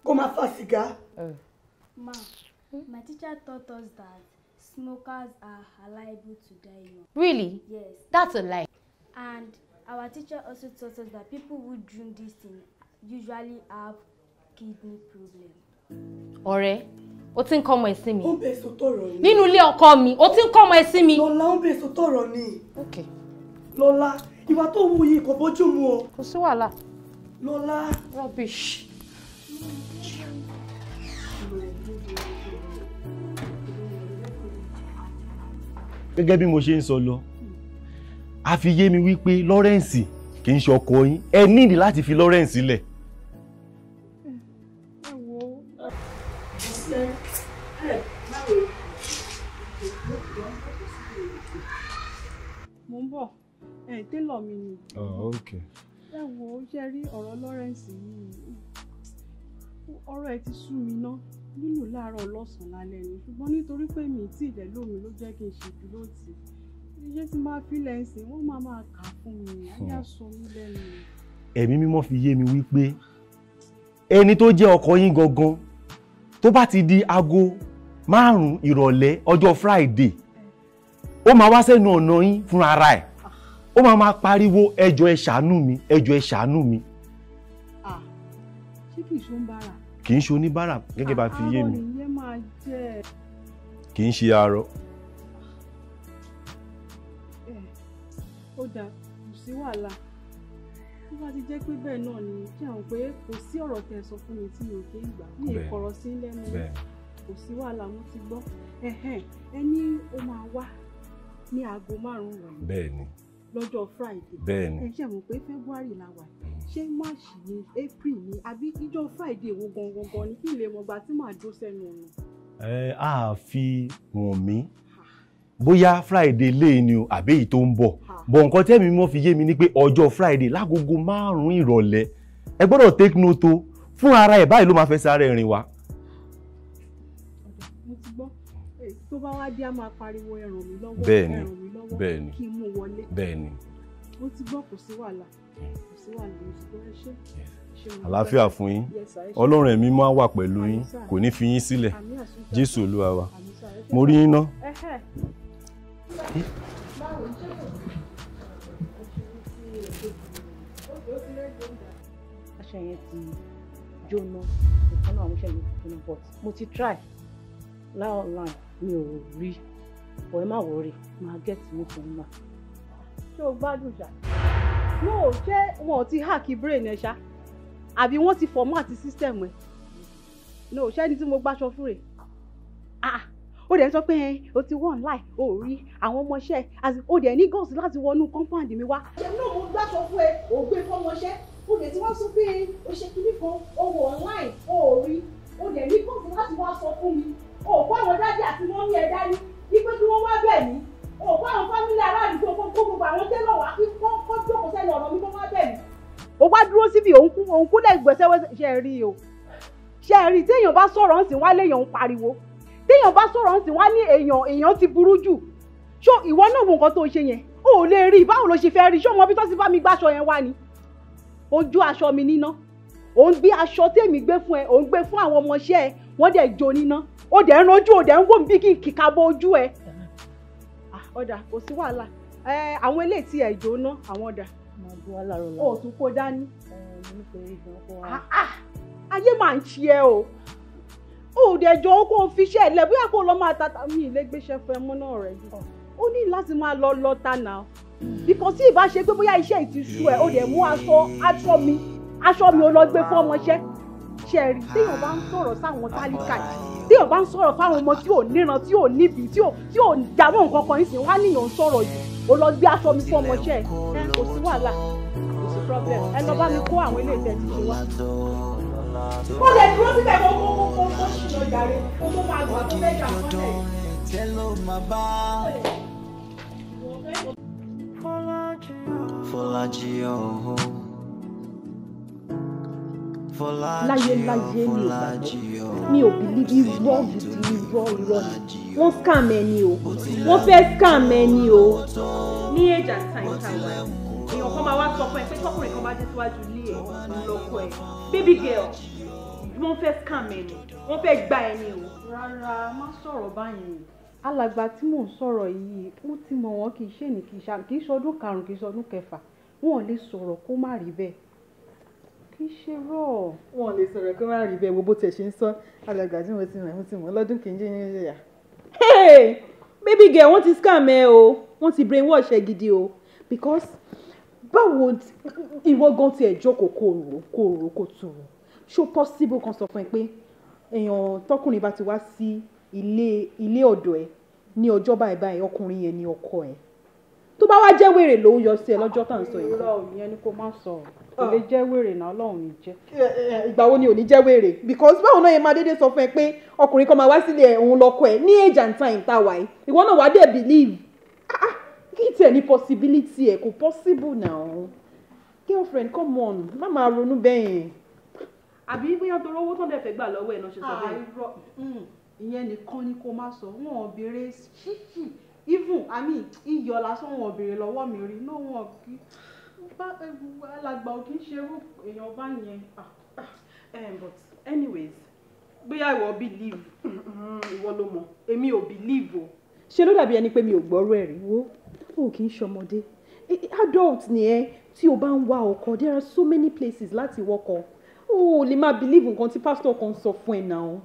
[SPEAKER 2] kò máa fa sìgá.
[SPEAKER 4] ma my teacher
[SPEAKER 2] taught us that smokers are liable to die young. really yes that's a lie. and our teacher also taught us that people who drink this thing usually have kidney problem. ọ̀rẹ́ o ti ń kọ́ ọmọ ẹ̀ sí mi. ó ń bẹ̀ sọ tọrọ ni. nínú ilé ọkọ mi o ti ń kọ́ ọmọ ẹ̀ sí mi. lọ́la ó ń bẹ̀ sọ tọrọ ni. ok. lọ́la ìwà tó wù yìí kò bójú mu o. kò sí wàhálà. lọ́la. rubbish.
[SPEAKER 7] gẹ́gẹ́ bí mo ṣe ń sọ lọ a fi yé mi wípé Lawrence kì í ṣe ọkọ yín ẹ nídìí láti fi Lawrence sílẹ̀.
[SPEAKER 2] mo ń bọ̀ ẹ̀ télọ̀ mi ni. Oh,
[SPEAKER 6] ẹ
[SPEAKER 2] wo ṣe rí ọ̀rọ̀ Lawrence yìí ọ̀rọ̀ ẹ ti sú mi ná nínú láàárọ̀ lọ́sàn-án lálẹ́ ni ṣùgbọ́n nítorí pé mi tí ilẹ̀ lómi ló jẹ́ kí n ṣe dúró iṣẹ́ tí máa fi lẹ́sì wọ́n máa máa kà fún mi ayé àsọ mi lẹ́nu.
[SPEAKER 7] ẹ̀mí mímọ́ fi yé mi wípé ẹni tó jẹ́ ọkọ yín gangan tó bá ti di aago márùn-ún ìrọ̀lẹ́ ọjọ́ Friday ó máa wá sẹ́nu ọ̀nà yín fúnra ara ẹ̀ ó máa máa pariwo ẹjọ́ ẹ ṣàánú mi ẹjọ́ ẹ ṣàánú mi. ṣé kì í ṣe oníbàárà. gẹ́gẹ́ bá fi yé mi kì í ṣe arọ.
[SPEAKER 2] ó dáa kò sí wàhálà bá ti jẹ́ pé bẹ́ẹ̀ náà ni kí àwọn pé kò sí ọ̀rọ̀ tẹ́ sọ fún mi tí mi ò dé ìgbà mi ì kọ̀rọ̀ sí lẹ́nu kò sí wàhálà mo ti gbọ́ ẹni ó máa wá ní aago márùn-ún rẹ̀. lọ́jọ́ friday. bẹ́ẹ̀ni. ẹ ṣe mọ̀ pé february la wà hmm. ṣé march ni april ni àbí ìjọ́ friday wo gangan ni kí n lè mọ̀ gbà tí màá dó sẹ́nu ọ̀nà.
[SPEAKER 7] ẹ á fi wọ̀n mí bóyá friday lé ni o àbí èyí tó ń bọ̀ bọ̀ nǹkan tẹ́mi mọ́ fi yé mi ni pé ọjọ́ friday lágogo márùn-ún ìrọ̀lẹ́ ẹ gbọ́dọ̀ take note o fún ara ẹ̀ báyìí ló máa fẹ́ sáré rìn wá.
[SPEAKER 2] mo ti gbọ́ tó bá wá dé a máa pariwo ẹ ràn mí lọ́wọ́ ẹ ràn mí lọ́wọ́ kí n mú wọlé bẹ́ẹ̀ni mo ti gbọ́ kò sí wàhálà hmm. kò sí wàhálà mo ti gbọ́ ẹ ṣé fún yín ọlọ́run ẹ̀mí máa wà pẹ̀lú yín kò ní fi yín sílẹ̀
[SPEAKER 7] jésù olúwa wa mo rí yín ná
[SPEAKER 2] aṣọ yẹn ti jóná ìkan náà àwọn iṣẹ́ yẹn ti jóná but mo ti try láì online mi ò rí ọ̀ ẹ má wọrí máa get mo fún un ṣé o gbádùn ṣá. yóò ṣé wọn ò ti hack brain ẹ ṣá àbí wọ́n ti format system ẹ̀. no ṣẹ́ni tí mo gbàṣọ fún rẹ̀ ah ó dẹ̀ sọ pé o ti wọ̀ ńláì o ò rí àwọn ọmọọṣẹ́ o dẹ̀ ní gọ́ọ̀sì láti wọnú compound mi wá. ìṣẹ̀lẹ̀ náà mo gbàtọ̀ fún ẹ ògbé fọmọṣẹ́ o dẹ̀ ti wá sọ pé o ṣe kíní kan o wọ̀ ńláì o ò rí o dẹ̀ ní gọ́ọ̀sì láti wá sọ fún mi o kó àwọn dájú àti wọ́n ní ẹ dání wípé kí wọ́n wá bẹ̀ mí o kó àwọn fámìlì aráàlú tó kó gbogbo àwọn tẹ́lọ̀ wá kí kó jókòó sẹ́nu ọ̀rọ̀ mi kó wá bẹ̀ mí. o wá dúró síbi òun kúlẹ̀ gbẹ̀sẹ̀ ṣe rí o ṣe rí téèyàn bá sọ̀rọ̀ ń sìn wá léèyàn ń pariwo téèyàn bá sọ̀rọ̀ ń sìn wá ní èèyàn èèyàn ti burú jù ṣó ìwọ náà wo nǹkan tó ṣe yẹn o ò lè rí i báwo ló ṣe fẹ́ rí i ṣó mọ bí tó ti bá mi gbàṣọ yẹn wá ni ojú aṣọ mi níná ò ń gbé aṣọ tèmi gbé fún ẹ ò ń gbé fún àwọn ọmọọṣẹ́ ẹ wọ́n dẹ̀ jó níná ó dẹ̀ ń rojú ó dẹ̀ ń wò bí kì í kíka bọ ojú ẹ ọ̀dà kò sí wàhálà àwọn eléyìí tí ẹ jóná àwọn ọ̀dà ó tún kó dání ah, ah, ayé máa ń ṣe ẹ o ó dẹ̀ jọ kó o fi iṣẹ́ ẹ̀ lẹ̀ bóyá kó o lọ máa tata mi ilé gbéṣẹ́ fún ẹ mọ́ náà rẹ̀ ó ní láti máa lọ lọ tànà because tí ìbá ṣe pé bóyá iṣẹ́ yìí ti sú ẹ ó dẹ̀ mú aṣọ aṣọ mi aṣọ mi ó lọ gbé fún ọmọṣẹ́ ṣẹ̀rí téèyàn bá ń sọ̀rọ̀ sáwọn tálíkà yìí téèyàn bá ń sọ̀rọ̀ fáwọn ọmọ tí ò níran tí ò níbi tí ò tí ò jáwọ́ nǹkan kan yìí sì wá níyàn ń sọ̀rọ̀ yìí ó lọ gbé aṣọ mi fún ọmọṣẹ́ ẹ kò sí wàhálà kò sí problem ẹ lọ bá mi kó àwọn ilé ìtẹ́jú ṣe wá. mo lè dúró síbẹ̀ kó kó kó kó sì lọ yàrá
[SPEAKER 1] kó tó Láyé láyé mi
[SPEAKER 2] mi ò bìlíbi irọ́ gidi irọ́ irọ́ ni, wọ́n scam ẹ ni o, wọ́n fẹ́ scam ẹ ni o. Ní ẹ̀jà sáìtà wa, èèyàn kan máa wá sọ fún ẹ pé tọkùnrin kan bá dé síwájú ilé ẹ̀ lọ́kọ ẹ̀. Baby girl, wọ́n fẹ́ scam ẹ ni wọ́n fẹ́ gba ẹ ni o. rárá má sọ̀rọ̀ báyìí alàgbà tí mò ń sọ̀rọ̀ yìí mo ti mọ̀ wọ́n kì í ṣe ní kì í ṣe kì í ṣọdún karùn-ún kì í ṣọdún kẹfà wọn ò lè sọ̀rọ̀ kó má rí bẹ́ẹ̀ kì í ṣe rọ̀. wọn ò lè sọ̀rọ̀ kó má rí bẹ́ẹ̀ wo bó tiẹ̀ ṣe ń sọ alàgbà tí mo ti mọ̀ mo ti mọ̀ lọ́dún kìíní ní ìyá. baby girl wọ́n ti scam ẹ o wọ́n ti brain wash ẹ gidi o because báwo ìwọ gan tiẹ̀ jókòó kò rò kò rò kò tù rò ṣó possible kan sọ fún ẹ pé èèyàn tọkùnrin bá ti wá sí ilé ilé ọ̀dọ̀ ẹ̀ ní ọjọ́ báyìí báyìí ọkùnrin yẹn ni ọkọ ẹ̀ tó bá wá jẹ́ wèrè ló ń yọ sí ẹ lọ́jọ́ tá à ń sọ yìí. irọ́ ìyẹn ni kò má sọ kò lè jẹ́ wèrè náà ọlọ́run ní jẹ́. ìgbà wo ni ò ní jẹ́ wèrè because báwo náà yẹn máa dédé sọ fún ẹ pé ọkùnrin kan máa wá sílé òun lọ́kọ ẹ̀ ní age and time tá a wà yìí ìwọ náà wàá dẹ̀ believe ah, ah kí tiẹ̀ ní possibility ẹ̀ kò possible now girlfriend come on má máa ronú bẹ́ẹ̀ yẹn àbí bóyá nítorí owó tó ń dẹ̀ fẹ́ gbà lọ́wọ́ ẹ̀ náà ṣe sọ bẹ́ẹ̀ ah, mm. ìyẹn nìkan ni kò má sọ wọn ò béèrè ṣíṣì even i mean iyọ̀ lásán wọn ò béèrè lọ́wọ́ mi rí no wọn kí alàgbà ò kí ń ṣe irú èèyàn bá yẹn ah, ah, eh, but anyways bóyá ìwọ believe mm-hmm, ìwọ ló mọ̀ èmi ò believe o. ṣé ló dàbí ẹni pé mi ò gbọ́rọ̀ ẹ̀ rí wo o kì í ṣọmọdé adult ni ẹ tí o bá ń wa ọkọ there are so many places láti wọkọ̀ Oh, ò lè máa believe nǹkan tí pásítọ̀ kan sọ fún ẹ̀ náà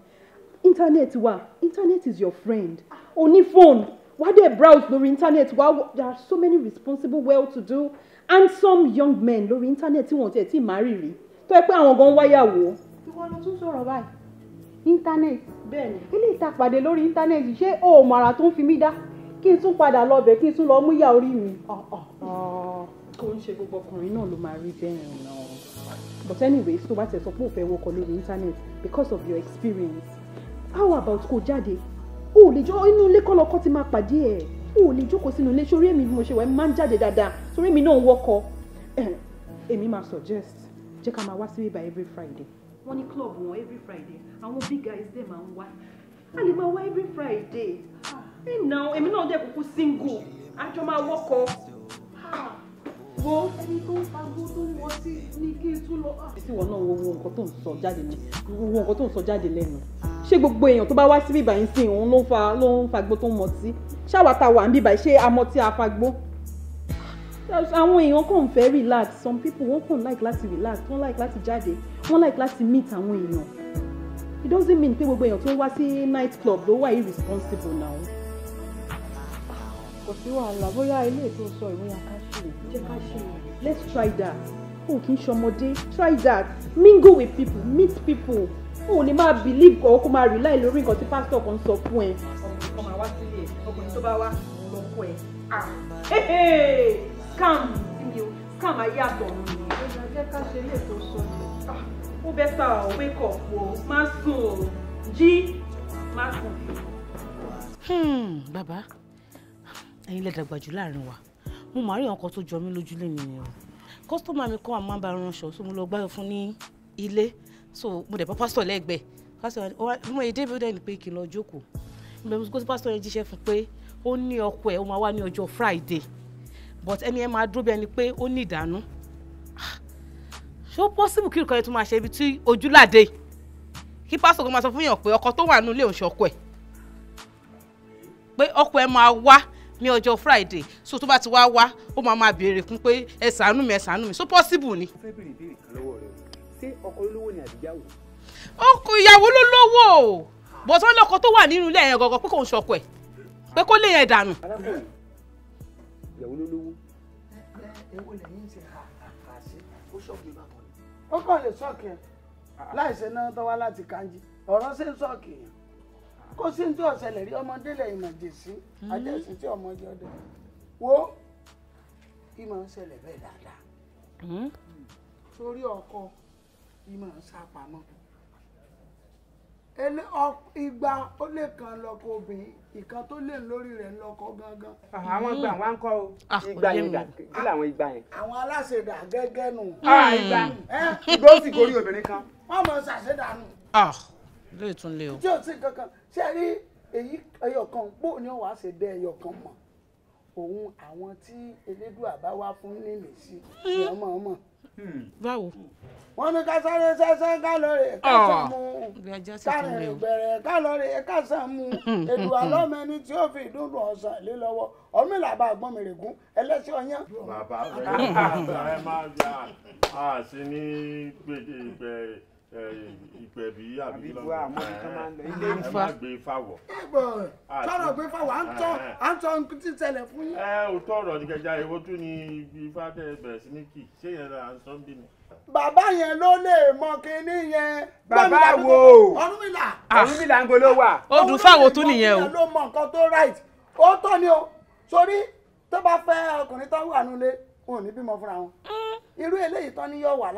[SPEAKER 2] internet wa internet is your friend o ní phone wá dé browse lórí internet wá there are so many responsible well to do and some young men lórí internet tí wọ́n tiẹ̀ tí màá rì rí tó yẹ pé àwọn gan wáyàwó. ìwọ ló tún sọ̀rọ̀ báyìí internet bẹ́ẹ̀ni ilé ìtàpàdé lórí internet ṣé o ò mọ ara tó ń fi mí dá kí n tún padà lọ bẹ̀ kí n tún lọ mú ìyá orí mi. Ah, ah, ah kò ń ṣe gbogbo ọkùnrin náà ló máa rí bẹ́ẹ̀ náà but anyway, tó bá tẹ̀ sọ pé ò fẹ́ wọkọ̀ lórí internet because of your experience how about kó jáde o ò lè jọ inú ilé kọ́ lọ́kọ́ ti máa pàdé ẹ̀ o ò lè jókòó sínú ilé sórí èmi bí mo ṣe wà ẹ̀ máa ń jáde dáadáa sórí èmi náà wọkọ̀ èmi máa suggest jẹ́ ká máa wá sí bíbá every friday wọ́n ní club wọn every friday àwọn big guys dẹ̀ máa ń wá a lè máa wá every friday ah, ẹ̀ náà èmi náà dẹ̀ kúkú single àjọ máa wọkọ̀. Ah wo ẹni tó ń fagbó tó ń wọ sí ní kí n tún lọ. àti ah. ìwọ náà wo nǹkan tó ń sọ jáde ní wo nǹkan tó ń sọ jáde lẹ́nu ṣé gbogbo èèyàn tó bá wá sí bíbá yín sí òun ló ń fa ló ń fagbó tó ń mọtí ṣáwa ta wà ń bíbá ṣé amọ tí a fagbó. àwọn èèyàn kàn fẹ́ relax some people wọ́n kàn like láti relax wọ́n like láti jáde wọ́n like láti meet àwọn èèyàn it doesn't mean pé gbogbo èèyàn tó ń wá sí night club ló wà irresponsible now kò sí wàhálà bóyá ilé ètò sọ ìwé àkáṣe jẹ́ ká let's try that o kì try that mingle with people meet people o ò lè máa believe kọ́ kó máa rely lórí nǹkan tí pásítọ̀ kan sọ fún ẹ. ọkùnrin kan máa wá sílé ọkùnrin tó bá wá lọ́kọ̀ ẹ̀ ah scam ni o scam ayé àtọ̀run ni. ọjà jẹ́ ṣe ilé ètò sọ ah. ó bẹ́ sá ọ̀ wake up o má sùn o jí má sùn. Hmm, bàbá ẹ̀yin lẹ dàgbà jù láàrin wa mo máa rí nǹkan tó jọ mí lójú lẹ́nu yẹn o kọ́sítọ́mà mi kọ́ àmọ́ bá ránṣọ so mo lọ gbá fún ní ilé so mo dẹ̀ bá pásítọ̀ lẹ́gbẹ̀ẹ́ pásítọ̀ ní mo èdè bíi dẹ́ni pé kí n lọ jókòó ìgbà mo kó pásítọ̀ yẹn jíṣẹ́ fún pé ó ní ọkọ ẹ̀ ó máa wá ní ọjọ́ Friday but ẹni ẹ máa dúró bí ẹni pé ó ní ìdánú ṣé ó pọ́sibù kí nǹkan yẹn tún máa ṣe ibi tí ojúlàdé kí pásítọ̀ kan máa sọ fún yàn pé ọkọ tó wà nílé òun ṣọkọ ẹ̀ pé ọkọ ẹ̀ máa wá ní ọjọ́ friday so tó bá ti wá wá ó máa máa béèrè fún pé ẹ ṣàánú mi ẹ ṣàánú mi so possible ni. fẹ́ bèrè
[SPEAKER 6] ìbéèrè kan lọ́wọ́ rẹ̀ ṣé ọkọ ni àbíyáwó.
[SPEAKER 2] ọkọ ìyàwó ló lówó o bọ̀tán lọkọ tó wà nínú ilé yẹn gọ̀gọ̀ pé kò ń ṣọkọ ẹ̀ pé kó lè yẹn dànù.
[SPEAKER 8] ó kàn lè ṣọ́ọ̀kì láìsẹ̀ náà tó láti kanji ọ̀rọ̀ ṣe ń ṣọ́ọ̀kì yẹn kó sí ní tí ọ̀sẹ̀lẹ̀ rí
[SPEAKER 2] ọmọdé lẹ̀ ìmọ̀ jèsí hmm. àjẹsí tí ọmọ yọ dẹ wo ìmọ̀ ọ̀sẹ̀lẹ̀ bẹ́ẹ̀ dáadáa hmm. sórí ọkọ ìmọ̀
[SPEAKER 8] ọ̀sàpamọ́ ìgbà ó lè kan lọkọ obìnrin ìkan tó lè lórí rẹ̀ lọkọ gangan. Ah, àwọn ìgbà wa ń kọ
[SPEAKER 2] o ah, ìgbà yẹn dà kí làwọn ìgbà yẹn.
[SPEAKER 8] àwọn aláṣẹdà gẹ́gẹ́ nù. Ah, ìgbà hmm. ìgbà ó sì gorí obìnrin kan. wọ́n mọ̀ ṣàṣẹdà nù
[SPEAKER 2] lè tún lé o. tí
[SPEAKER 8] o sì kankan ṣe rí èyí
[SPEAKER 2] ẹyọkan gbó ni wàá ṣe dẹ ẹyọkan mọ òun àwọn tí elédùà bá wá fún nílé sí ni ọmọ ọmọ. Hmm. báwo. wọ́n ní ká sáré sẹ́sẹ́ ká lọ ah. ká sàn mú sáré bẹ̀rẹ̀ ká lọ ká sàn mú èdè àlọ́mọ ẹni tí ó fi ìdúró ọ̀sán lé lọ́wọ́ ọmọ ìlàbà àgbọ̀n mi règún ẹlẹ́sìn ọyán. bàbá
[SPEAKER 7] rẹ̀ ẹ máa gbà á sí ní gbèdégbè ìgbẹ̀bí àbí lọ́nà àmọ́bí ilé ìfà gbé fáwọ̀. Ah, tọrọ gbé fáwọ̀ à ń tọ eh, eh, eh. à fún yín. ẹ ò tọrọ ní kẹjà èwo tún ni ibi ifá bẹ̀rẹ̀ sí ní kì ṣé yẹn là ń sọ ń bì ní.
[SPEAKER 2] bàbá yẹn ló lè mọ kinní yẹn. bàbá wo Ọ̀rúnmìlà. Ah. Ọ̀rúnmìlà ń wa. wà. odù fáwọ̀ tún nìyẹn o. ló mọ nǹkan tó right ó tọ́ ni o sórí tó bá fẹ́ ọkùnrin tó wà nulẹ̀ wọn ò ní bímọ fúnra wọn mm. irú eléyìí tó ní yóò wọn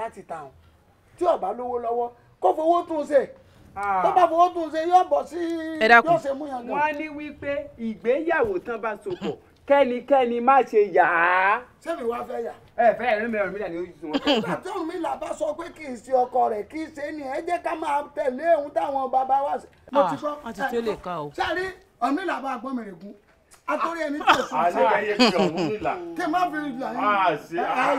[SPEAKER 2] tí ó lówó lọ́wọ́ kó fowó tún ṣe ah. tó bá fowó tún ṣe yóò bọ̀ sí yóò ṣe mú yàn jù. wọ́n ní wípé ìgbéyàwó tán bá so pọ̀ má ṣe yà á. sẹ́mi wá fẹ́ yà. ẹ fẹ́ ẹ̀rín mi ọ̀rọ̀ mi là ojú tí nígbà
[SPEAKER 8] tí òun mi là bá sọ pé kì í ṣe ọkọ rẹ̀ kì í ṣe ni ẹ jẹ́ ká máa tẹ̀lé ohun táwọn bàbá wa ṣe. mo ah, ti kọ́ àti tí ó lè ka o. sáré
[SPEAKER 2] ọ̀rọ̀ mi là bá gbọ́n mi rè gún. atorí ẹni tó sùn sí. àlẹ́ ẹ̀yẹ fi ọ̀run mi kí n má fi là yín. Ah,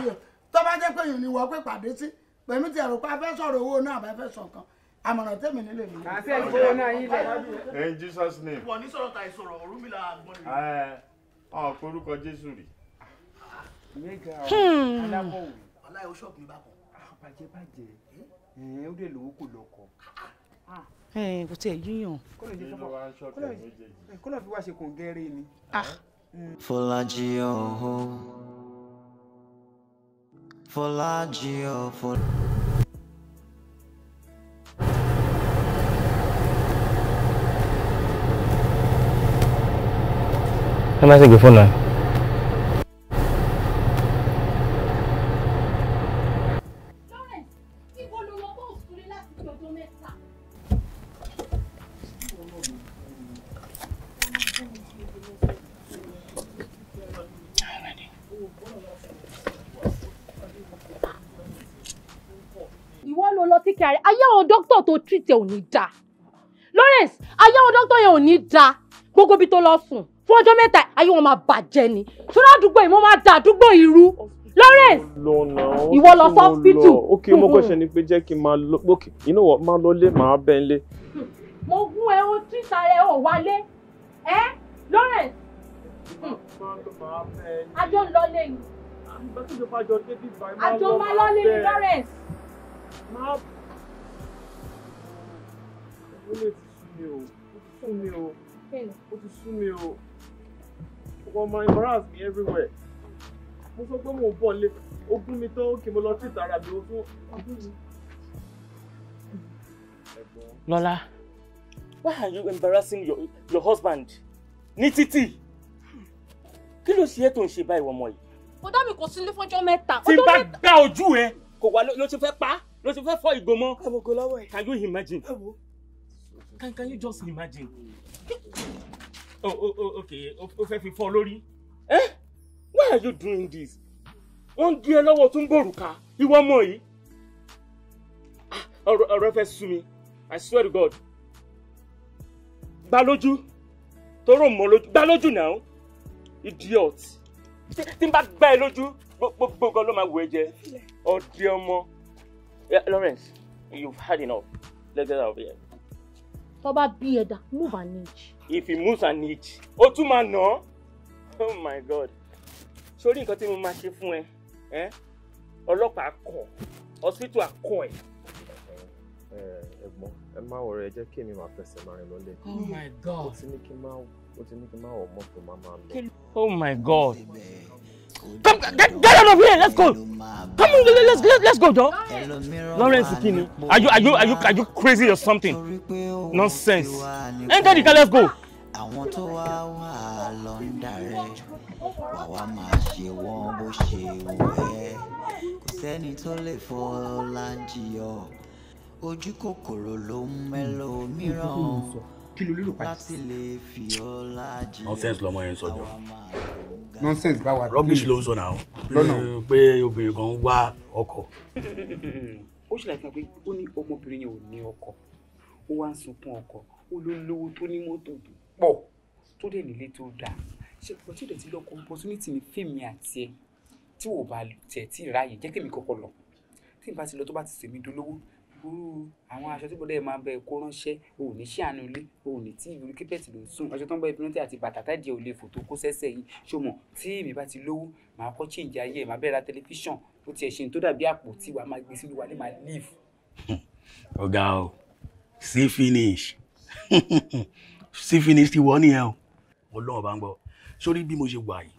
[SPEAKER 2] tọ́ bá jẹ́ pé yìnyín wọ pé pàdé sí pèmí ti ẹ̀rù pa fẹ́ sọ̀rọ̀ owó náà bá fẹ́ sọ̀ kan àmọ̀ràn tèmi nílé mi. kà á
[SPEAKER 7] sí ẹ̀kọ́ náà yín lẹ̀. in Jesus name. wọ́n
[SPEAKER 2] ní sọ̀rọ̀ ta ìsọ̀rọ̀ Ọ̀rúnmìlà àgbọ̀n rẹ̀.
[SPEAKER 7] ẹ ọ korúkọ Jésù rí. Ah, kò lọ́kọ̀.
[SPEAKER 2] kò tiẹ̀ yíyàn. fi wá ṣe kò gẹ́rẹ́ ni. Ah.
[SPEAKER 1] Fọlájí ọ̀hún. Folaggio, fol
[SPEAKER 8] Am I the phone now?
[SPEAKER 2] treat ẹ ò ní dáa Lawrence ayé àwọn dókítà yẹn ò ní dáa gbogbo ibi tó lọ sùn fún ọjọ́ mẹ́ta ayé wọn máa bàjẹ́ ni ṣọlá àdúgbò yìí mo máa da àdúgbò irú Lawrence ìwọ lọ sí hospital. ok mo kọ́ṣẹ́
[SPEAKER 7] hmm. ni pé jẹ́ kí n máa lọ ok you know what máa lọ lé màá bẹ́ẹ̀ lé.
[SPEAKER 2] mo gún ẹ o títa rẹ ò wálé ẹ Lawrence àjọ hmm. ń lọ lẹ́yìn àjọ máa lọ lẹ́yìn Lawrence ó ti sú mi o ó
[SPEAKER 7] ti sú mi o ó ti sú mi o wọ́n máa embarrass me everywhere mo sọ pé
[SPEAKER 2] mo bọ̀ lé ogún mi tó kí mo lọ sí ìtara bí ogún ogún mi. Lọ́lá, why are you embarrassing your, your husband? Ní títì, kí ló ṣe é tó ń ṣe báyìí wọ́mọ yìí? Bọ̀dá mi kò sílé fọ́jọ́ mẹ́ta. Tí bá gbá ojú ẹ, kò wá ló ti fẹ́ pa ló ti fẹ́ fọ́ ìgò mọ́. Ẹ̀wọ̀n kò lọ́wọ́ ẹ̀. Can you imagine? Ẹ̀wọ̀n can, can you just imagine? Oh, oh, oh okay, o fẹ́ fi fọ́ Eh? Why are you doing this?
[SPEAKER 7] Wọ́n gé ẹ lọ́wọ́ tó ń bòrùka, ìwọ mọ̀ yìí. Ah, ọ̀rọ̀
[SPEAKER 2] ọ̀rọ̀ fẹ́ sú mi, I swear to God. Gbá lójú, tóró mọ́ lójú, idiot. Think back, bá gbá ẹ lójú, gbogbo nǹkan ló máa wù ẹ eh, Lawrence, you've had enough. Let's get out of here tó bá bí ẹ̀dá move an inch. if he moves an inch ó tún máa nà án oh my god sórí nǹkan tí mo máa ṣe fún
[SPEAKER 7] ẹ ọlọ́pàá kọ̀ hospital àkọ́ ẹ̀.
[SPEAKER 3] ẹ̀gbọ́n ẹ má wọrẹ ẹ jẹ́ kí èmi máa fẹsẹ̀ máa rìn lọ́lẹ̀. Oh my god ó ti ní kí n máa
[SPEAKER 4] ó ti ní kí n máa wọ mọ́tò máa máa lọ.
[SPEAKER 2] oh my god. Oh my god come get, get out of here let's go come on let's let's, let's go jọ. Lawrence kini are you are you are you are you crazy or something nonsense enter the car let's go.
[SPEAKER 1] àwọn tó wá wà lọ ń wà wá máa ṣe wọ́n bó ṣe wù kò sẹ́ni tó lè fọ́ láǹjì ọ ojú kòkòrò ló ń mẹ́lò mìíràn kí ló lérò pàtó.
[SPEAKER 2] nonsense lọmọ nonsense báwa. rubbish ló ń sọ náà lọ́nà pé obìnrin kan ń wá ọkọ. ó ṣe láìpẹ́ pé ó ní ọmọbìnrin yẹn ò ní ọkọ ó wá ń sunkún ọkọ ó ló lówó tó ní mọ́tò tó pọ̀ tó dẹ̀ nílé tó dáa ṣe pọ̀ tí ó dẹ̀ ti lọ́kọ̀ opportunity ní fèmí àti ẹ̀ tí ò bá tẹ̀ tí ì ráàyè jẹ́ kémi kọ́kọ́ lọ tí n bá ti lọ tó bá ti sèmi dolówó irú àwọn aṣọ tí bọ́dẹ̀ máa bẹ kó ránṣẹ́ o ò ní ṣe ilé o ò ní tí ìrírí kípẹ́ẹ̀tì ló ń sùn aṣọ tó ń bọ́ ibi rántí àti bàtà tá díẹ̀ ò lè fòtó kó sẹ́sẹ̀ yìí ṣọmọ tí èmi bá ti lówó màá kọ́ chíǹjì ayé màá bẹ̀rẹ̀ ra tẹlifíṣàn bó tiẹ̀ ṣe ń tó dàbí àpò tí wàá máa gbé sílùú wa ní màá leave. ọ̀gá o sí finish sí finish ti wọ́ nìyẹn o ọlọ́run bá ń gbọ́ sórí bí mo ṣe wà yìí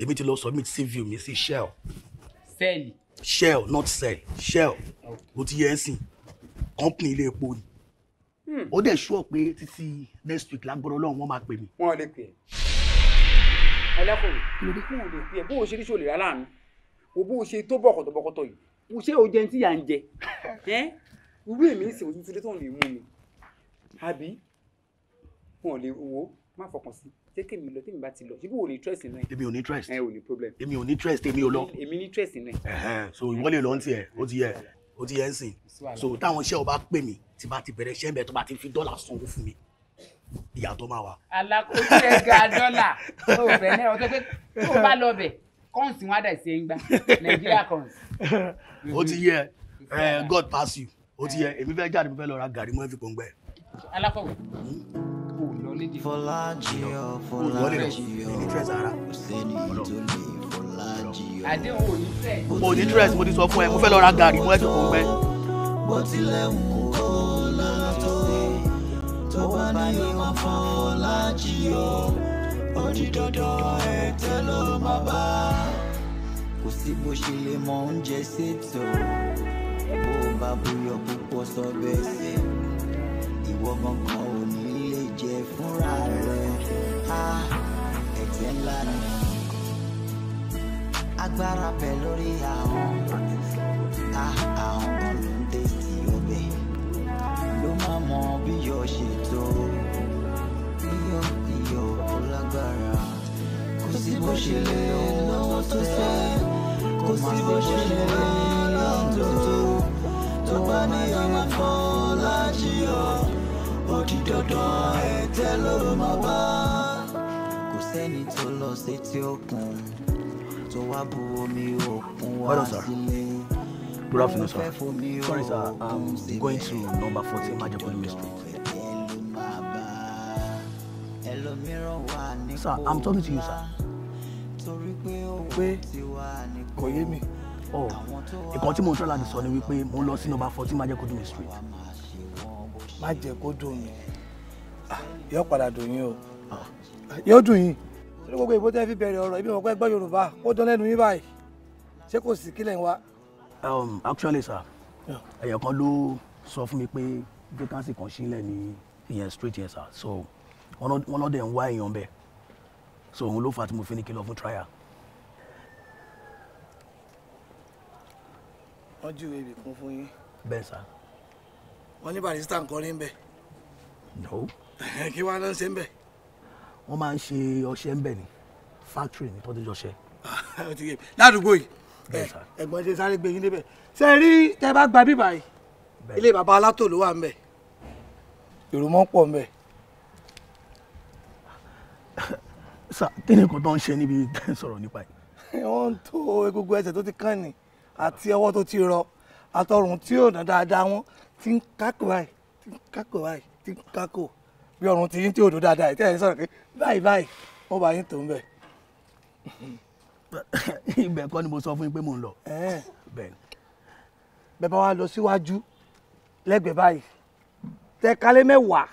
[SPEAKER 2] èmi ti lọ submit CV mi sí shell. sẹ́ẹ̀lì.
[SPEAKER 5] shell not sell shell ó ti yẹ ẹ́ sìn company ilé epo ni hmm. ó dẹ̀ sọ pé títí next week lágbọ́dọ̀
[SPEAKER 2] ọlọ́run wọ́n máa pè mí. wọn ò lè pè é ẹlẹ́kùnrin kí ló dé fún òde pé ẹ bó o ṣe ní ṣòlè rárá mi o bó o ṣe tó bọ̀kọ̀tọ̀bọ̀kọ̀tọ̀ yìí o ṣé o jẹun tí yà ń jẹ ẹ irú èmi ń sìn ojú tó dé tó ń lè mú mi àbí wọn ò lè wo má fọkàn sí ṣé kémi lọ tèmi bá ti lọ ṣé bí o ní interest náà.
[SPEAKER 5] èmi ò ní interest. ẹ ò ní problem. èmi ò ní interest èmi ò lọ. èmi ní interest náà. so ìwọ lè lọ ní tiẹ̀ ó ti yẹ ó ti yẹ ń sìn so táwọn iṣẹ́ ọba pè mí tí bá ti bẹ̀rẹ̀ iṣẹ́ ń bẹ̀ tó bá ti fi dọ́là sanwó fún mi ìyá tó máa
[SPEAKER 8] wà.
[SPEAKER 2] alákòóso ga dọ́là ó bẹ̀ náà ọjọ́ pé tó bá lọ bẹ̀ kọ́ǹsì wọn á dà sí ẹ̀ńgbà nàìjíríà
[SPEAKER 8] kọ́ǹsì. ó ti yẹ eh, god pass you ó ti yẹ èmi fẹ́ jáde mo fẹ́ lọ ra gàrí mọ́ ẹ̀fí pọ̀ngbẹ́.
[SPEAKER 2] alákọ̀wé kò hmm? lọ nídìí.
[SPEAKER 1] fọlájì ọ fọlájì ọ kò sẹ́ni tó lè mo ní dírẹ́sì mo ti sọ fún ẹ mo fẹ́ lọ ra gàrí mo ẹ jòkó gbẹ. bó tilẹ̀ ń kó lọ́nà tó dé tó bá ní wọn fún ọlájì o ojú dandan ẹ̀tẹ́ ló má bá kò sí bó ṣe lè mọ oúnjẹ ṣètò bó bá bóyọ púpọ̀ sọ bẹ́ẹ̀ sí ìwọ gangan ò ní lè jẹ fúnra rẹ̀ ẹ̀tẹ́ ńlá ni agbára bẹ lórí àwọn àwọn kan ló ń dé ló má mọ bí yọ ṣe tó iyọ̀ iyọ̀ lágbára kò sí bó ṣe lè lọ́wọ́ tó fẹ́ kò sí bó ṣe lè lọ́dún tó tó bá ní ọmọ kan lájíyọ̀ ó di dandan ẹ̀tẹ́ ló má bá kò sẹ́ni tó lọ sétí òkun tó wá bu omi òkun wá sílé. Good afternoon, sir. Sorry, sir.
[SPEAKER 5] I'm going to number 40 Majabolimi Street. Sir, I'm talking to you, sir. Pé
[SPEAKER 8] kò mi. Oh, ìkan tí mo ń tọ́ láti sọ ni wípé mo ń lọ sí number 40 Majabolimi Street. Má jẹ́ kó dùn mí. Ah, yóò padà dùn yín o. Ah. Yóò dùn yín torí gbogbo ìbò tẹ́ fi bẹ̀rẹ̀ ọ̀rọ̀ ibi ìmọ̀pẹ́ gbọ́ yorùbá ó dán lẹ́nu yín báyìí ṣé kò sí kílẹ̀ ń wá. Um, actually sir ẹ̀yàn kan ló sọ fún mi pé vacancy kan sílẹ̀ ní ìyẹn street yẹn sir so wọ́n
[SPEAKER 5] lọ́dẹ̀ ń wá èèyàn bẹ́ẹ̀ so òun ló fà á tí mo fi ní kí lọ fún trial.
[SPEAKER 8] wọ́n júwe ibì kún fún yín. bẹ́ẹ̀ sá. wọ́n ní barista nǹkan rí ń no. kí wàá náà ṣe ń bẹ̀
[SPEAKER 5] wọ́n máa ń ṣe ọṣẹ ń bẹ̀ ni factory ní tọ́jú ọṣẹ.
[SPEAKER 8] ládùúgbò yìí eh, ẹ̀gbọ́n ṣe sáré gbé yín débẹ̀ ṣe rí tẹ bá gba bíbá yìí ilé bàbá alátò ló wà ń bẹ̀ èrò mọ́ pọ̀ ń bẹ̀. sà kí ni nǹkan tó ń ṣe níbi tẹ́ ń sọ̀rọ̀ nípa yìí. wọ́n ń tó egungun ẹsẹ̀ tó ti kàn ní àti ọwọ́ tó ti rọ àtọrùn tí ò dáadáa wọn ti ń kákò báyìí ti ń kákò báyìí ti ń kákò bí ọrùn ti yín tí ò dó dáadáa ìtẹ́ ẹ̀ sọ̀rọ̀ pé báyìí báyìí wọ́n bá yín tó ń bẹ̀. ibẹ̀ kọ́ ni mo sọ fún yín pé mò ń lọ. bẹ́ẹ̀ bá wa lọ síwájú lẹ́gbẹ̀ẹ́ báyìí tẹ kálé mẹ́wàá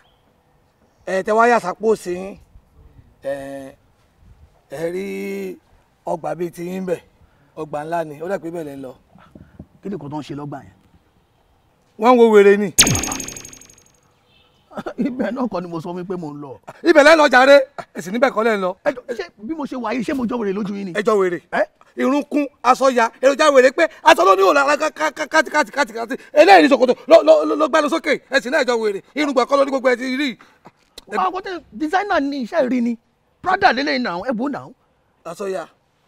[SPEAKER 8] ẹ̀ tẹ wá yàtà pò sí ẹ̀ rí ọgbà bíi ti yín bẹ̀ ọgbà ńlá ni ó dẹ̀ pé bẹ́ẹ̀ lẹ́ ń lọ. kí ni kò tó ṣe lọ́gbà yẹn. wọ́n ń wo wèrè ni. ibẹ̀ náà kọ́ ni mo sọ fún mi pé mo ń lọ. ibẹ̀ lẹ́nu ọjà rẹ ẹ̀sìn níbẹ̀ kọ́ lẹ́nu lọ. ẹjọ ṣé bí mo ṣe wà yìí ṣé mo jọ wèrè lójú yín ni. ẹjọ wèrè irun kún aṣọ ya èròjà wèrè pé aṣọ ló ní òòlù alága káàtì káàtì káàtì káàtì eléyìí ní ṣòkòtò ló gbá lọ sókè ẹ̀sìn náà ẹjọ wèrè irun gbà kọ́ ló ní gbogbo ẹ̀ ti rí. wàá kó
[SPEAKER 2] tẹ designer ní iṣẹ́ rí ni Prada lélẹ́yìn náà ẹ̀bùn náà.
[SPEAKER 8] aṣọ ya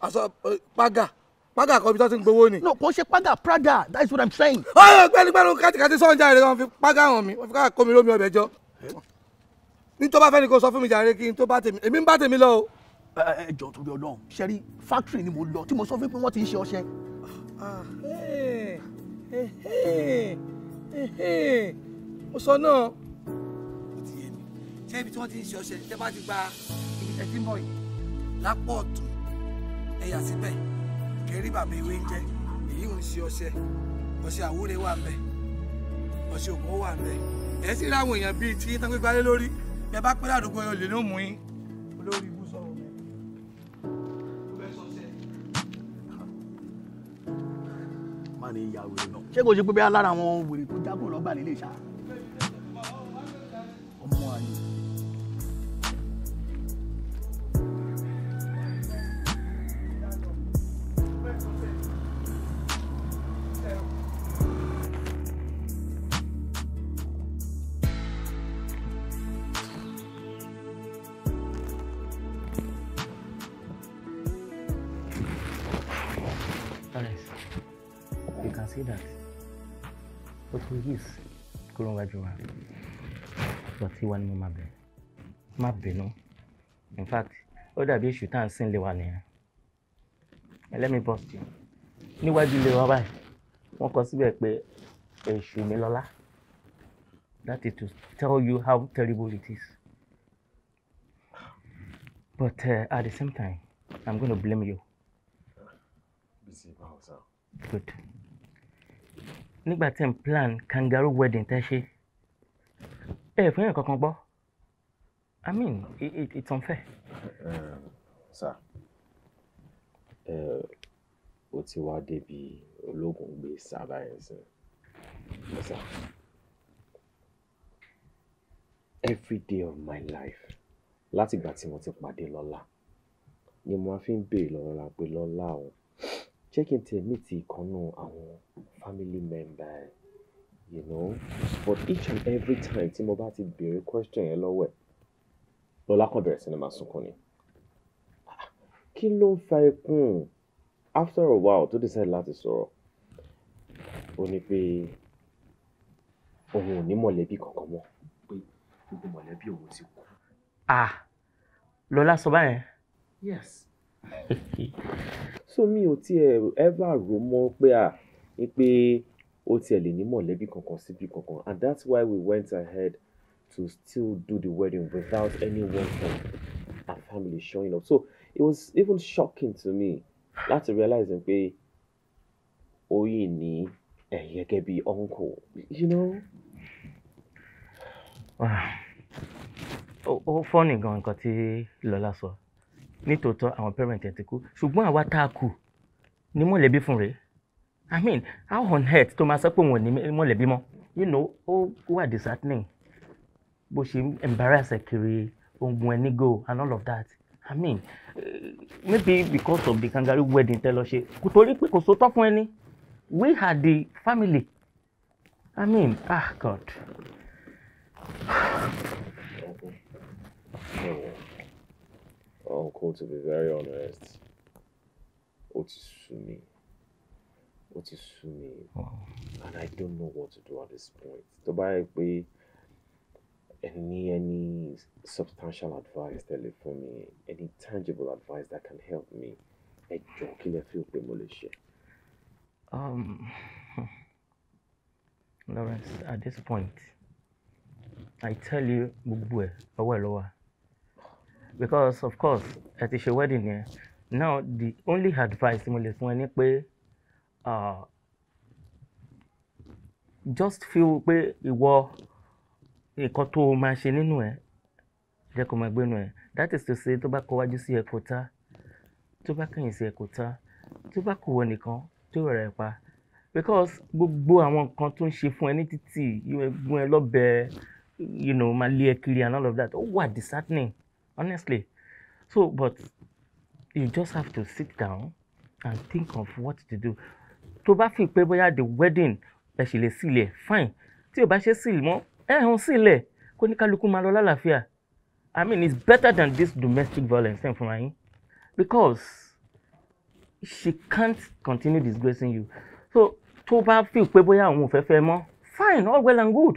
[SPEAKER 8] aṣọ paga paga kan ibi tó ti ń gbowó ni. no kò ṣe paga prada that is what i'm saying. ọ̀rọ̀ gbẹ́nugbẹ́nu kàtìkàtì sọ́njà rẹ̀ wọ́n fi paga hàn mí wọ́n fi káà kómi lómi ọbẹ̀ jọ. ní tó bá fẹ́ ni kò sọ fún mi jàre kí n tó bá tèmi èmi ń bá tèmi lọ o. ẹ jọ torí Ọlọ́run sẹrí fákítìrì ni mo lọ tí mo sọ fún pé wọn ti ń ṣe ọṣẹ. mo sọ náà. ṣé ibi tí wọ́n ti ń ṣe ọṣẹ tẹ́ bá ti gba ẹtí mọ́ yìí lápò ọ̀tún ẹ̀yà síbẹ̀ kẹrí bàbá ewé ń jẹ èyí ń ṣe ọṣẹ ọṣẹ àwúre wà ń bẹ ọṣẹ ògbó wà ń bẹ ẹ sì ráwọn èèyàn bíi tí tán gbégbá lé lórí ẹ bá pẹ́ ládùúgbò yẹn olè ló mú yín olórí ibú sọ̀rọ̀ mi. má ní ìyá wèrè náà ṣé kò ṣe pé bí alára àwọn wèrè tó jágùn lọ́gbà ṣáà.
[SPEAKER 5] Alex, you can see that. But for years,
[SPEAKER 2] kó ló ń wájú wa. But tí wá ni mo máa bẹ̀. In fact, all that èṣù tá à ń sìn lé wa let me bust you. Níwájú ilé wa báyìí, wọ́n kọ síbẹ̀ pé èṣù mi Lola. That is to tell you how terrible it is. But uh, at the same time, I'm going to blame you. Bísí, good nígbà tí n plan kangaroo wedding tẹ́ ṣe ẹ fún yẹn kankan gbọ́ i mean it, it, it's unfair. Um, sir
[SPEAKER 3] ó ti wá débi ológun gbé sábà yẹn sí sir every day of my life látìgbà tí mo ti pàdé lọ́la ni mo máa fi ń béèrè lọ́la pé lọ́la òun ṣé kí n tiẹ̀ meet ìkannú àwọn family member you know? But each and every time tí mo bá ti bèèrè question yẹn lọ́wọ́ ẹ̀, Lọlá kàn bẹ̀rẹ̀ sí ní máa sunkún ni.
[SPEAKER 7] Kí ló ń fa ẹkún?
[SPEAKER 3] After a while tó decide láti sọ̀rọ̀, ó ní pé òun ò ní mọ̀lẹ́bí kankan mọ́, pé
[SPEAKER 2] gbogbo mọ̀lẹ́bí òun ti kú. Ah! Lọlá sọ báyẹn? Yes. so mi ò
[SPEAKER 3] tiẹ̀ ever rò mọ́ pé à ní pé ó tiẹ̀ lè ní mọ̀lẹ́bí kankan síbí kankan and that's why we went ahead to still do the wedding without anyone from our family showing up so it was even shocking to me láti realize pé oyin ní ẹ̀yìn gẹ́gẹ́ bí uncle
[SPEAKER 4] you
[SPEAKER 2] know. ó fọ́ nìkan nǹkan tí lọ́lá sọ. So nítòótọ́ àwọn parent ẹ̀ ti kú ṣùgbọ́n àwa tá a kù ní mọ̀lẹ́bí fún rẹ̀ i mean how on earth tó máa sọ pé òun ò ní mọ̀lẹ́bí mọ́ you know ó wà disheartening bó ṣe embarrass ẹ̀ kiri ogun ẹ̀ go and all of that i mean maybe because of the kangaroo wedding tẹ́ lọ ṣe kò torí pé kò sótọ́ fún ẹni we had the family i mean ah god.
[SPEAKER 3] Uncle, to be very honest, ó ti sú mi. Ó ti sú And I don't know what to do at this point. Tó bá yẹ any substantial advice tell it for me? any tangible advice that can help me, A jọ̀ọ́ kí lẹ fi
[SPEAKER 1] Um, Lawrence,
[SPEAKER 2] at this point, I tell you, gbogbo ẹ̀ ọwọ́ because of course ẹ ti ṣe wedding yẹn now the only advice mo lè fún ẹ ni pé just feel pé ìwọ nǹkan to o máa ṣe nínú ẹ jẹ́ kó máa gbénu ẹ that is to say to bá kọ wájú sí ẹ̀kọ́ tá tó bá kẹ̀yìn sí ẹ̀kọ́ tá tó bá kò wọ nìkan tó rẹ̀ pa because gbogbo àwọn nǹkan tó ń ṣe fún ẹ ní títì gún ẹ lọ́bẹ you know máa lé ẹ kiri and all of that ó wà disheartening honestly so but you just have to sit down and think of what to do tó bá fi pé bóyá the wedding ẹ sì lè sílẹ̀ fine tí o bá ṣe sílẹ̀ mọ́ ẹ hàn sílẹ̀ kó ní kálukú máa lọ lálàáfíà i mean it's better than this domestic violence ẹ̀ fúnra because she can't continue disgracing you so tó bá fi pé bóyá òun ò fẹ́ fẹ́ fine all well and good